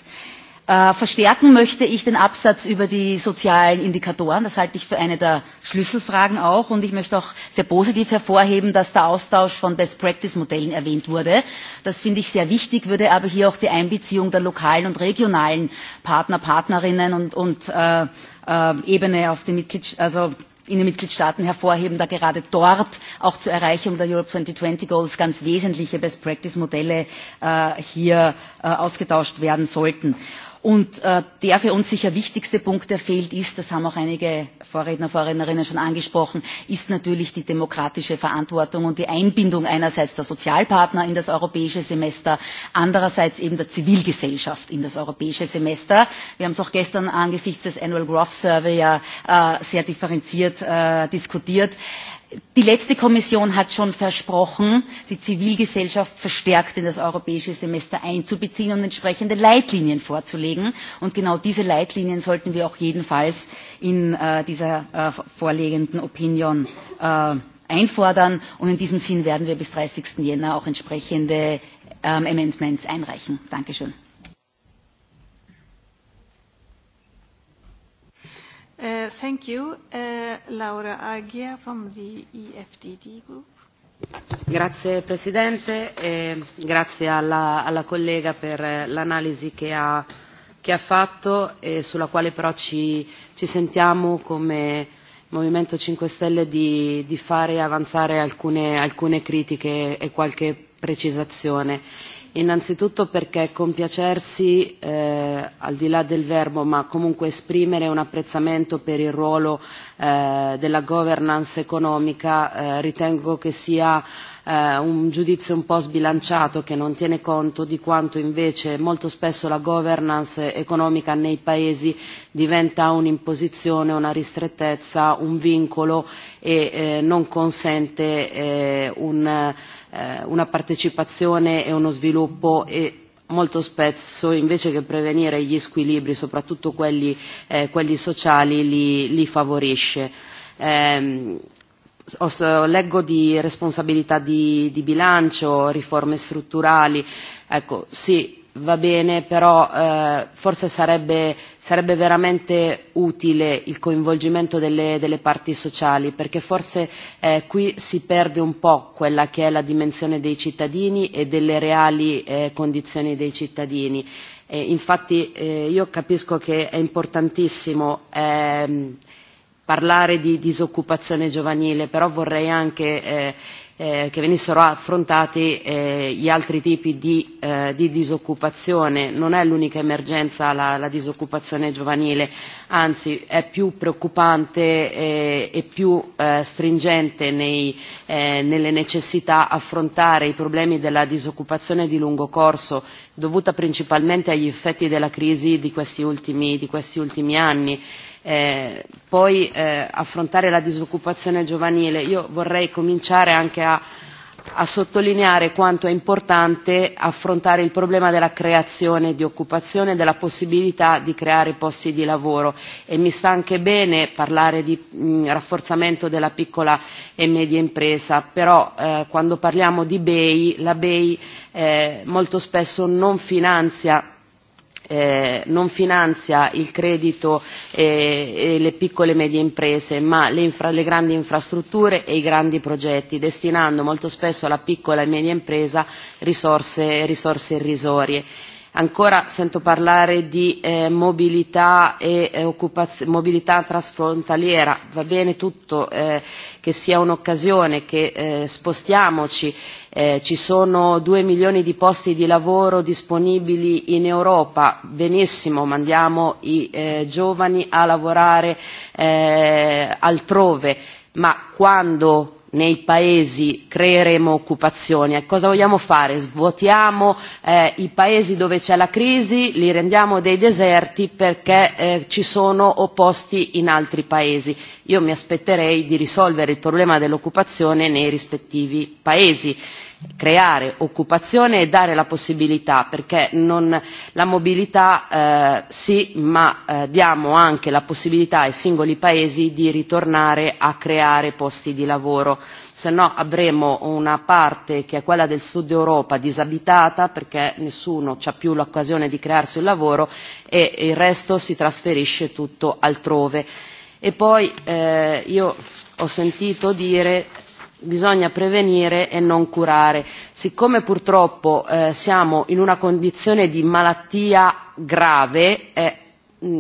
[SPEAKER 22] Äh, verstärken möchte ich den Absatz über die sozialen Indikatoren. Das halte ich für eine der Schlüsselfragen auch. Und ich möchte auch sehr positiv hervorheben, dass der Austausch von Best-Practice-Modellen erwähnt wurde. Das finde ich sehr wichtig, würde aber hier auch die Einbeziehung der lokalen und regionalen Partner, Partnerinnen und, und äh, äh, Ebene auf den Mitglied, also in den Mitgliedstaaten hervorheben, da gerade dort auch zur Erreichung der Europe 2020 Goals ganz wesentliche Best-Practice-Modelle äh, hier äh, ausgetauscht werden sollten. Und äh, der für uns sicher wichtigste Punkt, der fehlt, ist, das haben auch einige Vorredner, Vorrednerinnen schon angesprochen, ist natürlich die demokratische Verantwortung und die Einbindung einerseits der Sozialpartner in das europäische Semester, andererseits eben der Zivilgesellschaft in das europäische Semester. Wir haben es auch gestern angesichts des Annual Growth Survey ja äh, sehr differenziert äh, diskutiert. Äh, die letzte kommission hat schon versprochen die zivilgesellschaft verstärkt in das europäische semester einzubeziehen und entsprechende leitlinien vorzulegen und genau diese leitlinien sollten wir auch jedenfalls in äh, dieser äh, vorliegenden opinion äh, einfordern und in diesem sinn werden wir bis. dreißig jänner auch entsprechende änderungsanträge ähm, einreichen. danke schön.
[SPEAKER 6] Uh, thank you. Uh, Laura Aghia from the EFDD Group.
[SPEAKER 4] Grazie Presidente e grazie alla, alla collega per eh, l'analisi che ha, che ha fatto e sulla quale però ci, ci sentiamo come Movimento 5 Stelle di, di fare avanzare alcune, alcune critiche e qualche precisazione innanzitutto perché compiacersi, eh, al di là del verbo, ma comunque esprimere un apprezzamento per il ruolo eh, della governance economica, eh, ritengo che sia eh, un giudizio un po' sbilanciato che non tiene conto di quanto invece molto spesso la governance economica nei paesi diventa un'imposizione, una ristrettezza, un vincolo e eh, non consente eh, un eh, una partecipazione e uno sviluppo e molto spesso invece che prevenire gli squilibri, soprattutto quelli, eh, quelli sociali, li, li favorisce. Eh, leggo di responsabilità di, di bilancio, riforme strutturali, ecco sì, va bene, però eh, forse sarebbe, sarebbe veramente utile il coinvolgimento delle, delle parti sociali, perché forse eh, qui si perde un po' quella che è la dimensione dei cittadini e delle reali eh, condizioni dei cittadini. Eh, infatti eh, io capisco che è importantissimo ehm, parlare di disoccupazione giovanile, però vorrei anche eh, eh, che venissero affrontati eh, gli altri tipi di, eh, di disoccupazione. Non è l'unica emergenza la, la disoccupazione giovanile, anzi è più preoccupante eh, e più eh, stringente nei, eh, nelle necessità affrontare i problemi della disoccupazione di lungo corso dovuta principalmente agli effetti della crisi di questi ultimi, di questi ultimi anni Eh, poi eh, affrontare la disoccupazione giovanile. Io vorrei cominciare anche a, a sottolineare quanto è importante affrontare il problema della creazione di occupazione e della possibilità di creare posti di lavoro e mi sta anche bene parlare di mh, mm, rafforzamento della piccola e media impresa, però eh, quando parliamo di BEI, la BEI eh, molto spesso non finanzia eh, non finanzia il credito e, e le piccole e medie imprese ma le, infra, le grandi infrastrutture e i grandi progetti destinando molto spesso alla piccola e media impresa risorse, risorse irrisorie ancora sento parlare di eh, mobilità e eh, mobilità transfrontaliera va bene tutto eh, che sia un'occasione che eh, spostiamoci Eh, ci sono due milioni di posti di lavoro disponibili in Europa, benissimo, mandiamo i eh, giovani a lavorare eh, altrove, ma quando nei paesi creeremo occupazione. E cosa vogliamo fare? Svuotiamo eh, i paesi dove c'è la crisi, li rendiamo dei deserti perché eh, ci sono opposti in altri paesi. Io mi aspetterei di risolvere il problema dell'occupazione nei rispettivi paesi creare occupazione e dare la possibilità perché non, la mobilità eh, sì ma eh, diamo anche la possibilità ai singoli paesi di ritornare a creare posti di lavoro se no avremo una parte che è quella del sud Europa disabitata perché nessuno ha più l'occasione di crearsi un lavoro e il resto si trasferisce tutto altrove. E poi eh, io ho sentito dire bisogna prevenire e non curare. Siccome purtroppo eh, siamo in una condizione di malattia grave, eh,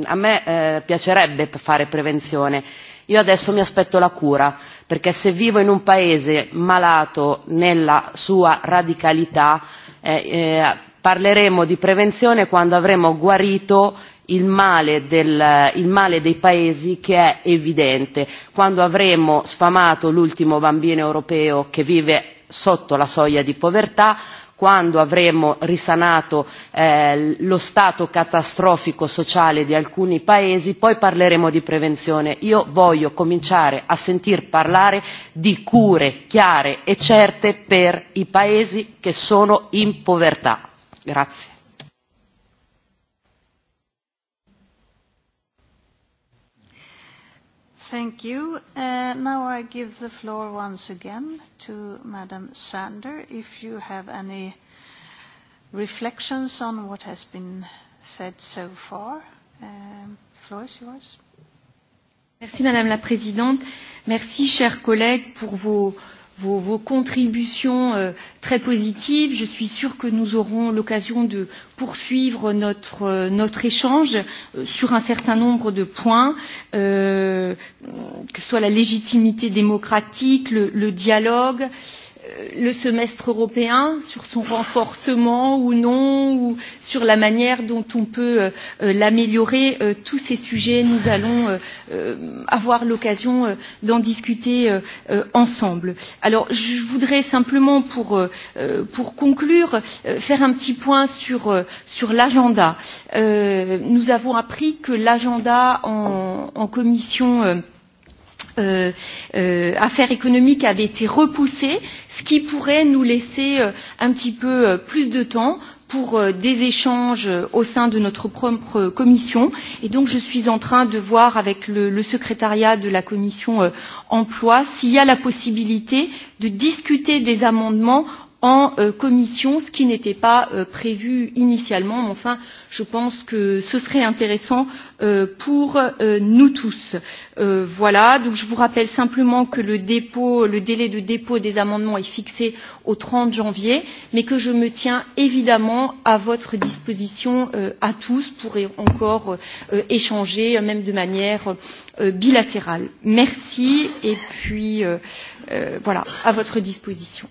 [SPEAKER 4] a me eh, piacerebbe fare prevenzione. Io adesso mi aspetto la cura, perché se vivo in un paese malato nella sua radicalità, eh, eh, parleremo di prevenzione quando avremo guarito il male, del, eh, il male dei paesi che è evidente. Quando avremo sfamato l'ultimo bambino europeo che vive sotto la soglia di povertà, quando avremo risanato eh, lo stato catastrofico sociale di alcuni paesi, poi parleremo di prevenzione. Io voglio cominciare a sentir parlare di cure chiare e certe per i paesi che sono in povertà. Grazie.
[SPEAKER 6] Thank you. Uh, now I give the floor once again to Madam Sander, if you have any reflections on what has been said so far. Uh, um, the floor is yours.
[SPEAKER 20] Merci Madame la Présidente. Merci, chers collègues, pour vos euh, vos, vos contributions euh, très positives. Je suis sûre que nous aurons l'occasion de poursuivre notre, euh, notre échange euh, sur un certain nombre de points, euh, que ce soit la légitimité démocratique, le, le dialogue. Euh, le semestre européen, sur son renforcement ou non, ou sur la manière dont on peut euh, euh, l'améliorer. Euh, tous ces sujets, nous allons euh, euh, avoir l'occasion euh, d'en discuter euh, euh, ensemble. Alors, je voudrais simplement, pour, euh, euh pour conclure, euh, faire un petit point sur, euh, sur l'agenda. Euh, nous avons appris que l'agenda en, en commission euh, euh, euh, affaires économiques avait été repoussée, ce qui pourrait nous laisser euh, un petit peu euh, plus de temps pour euh, des échanges euh, au sein de notre propre euh, commission. Et donc, je suis en train de voir avec le, le secrétariat de la commission euh, emploi s'il y a la possibilité de discuter des amendements en euh, commission, ce qui n'était pas euh, prévu initialement. Mais enfin, je pense que ce serait intéressant euh, pour euh, nous tous. Euh, voilà, donc je vous rappelle simplement que le, dépôt, le délai de dépôt des amendements est fixé au 30 janvier, mais que je me tiens évidemment à votre disposition euh, à tous pour e-, encore euh, échanger, euh, même de manière euh, bilatérale. Merci et puis euh, euh, voilà, à votre disposition.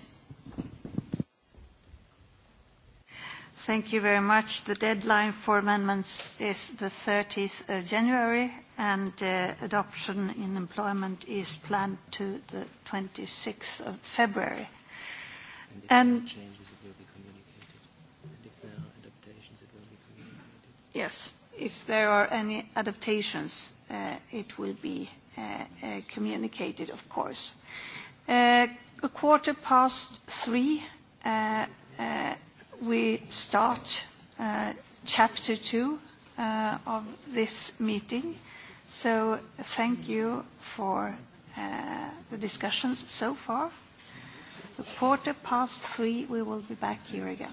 [SPEAKER 6] Thank you very much. The deadline for amendments is the 30th of January, and uh, adoption in employment is planned to the 26th of February. And, and changes, it will be
[SPEAKER 12] communicated. And if there are adaptations, it will be communicated.
[SPEAKER 6] Yes. If there are any adaptations, uh, it will be uh, uh, communicated, of course. Uh, a quarter past three, uh, uh, we start uh, chapter two uh, of this meeting. So thank you for uh, the discussions so far. The quarter past three, we will be back here again.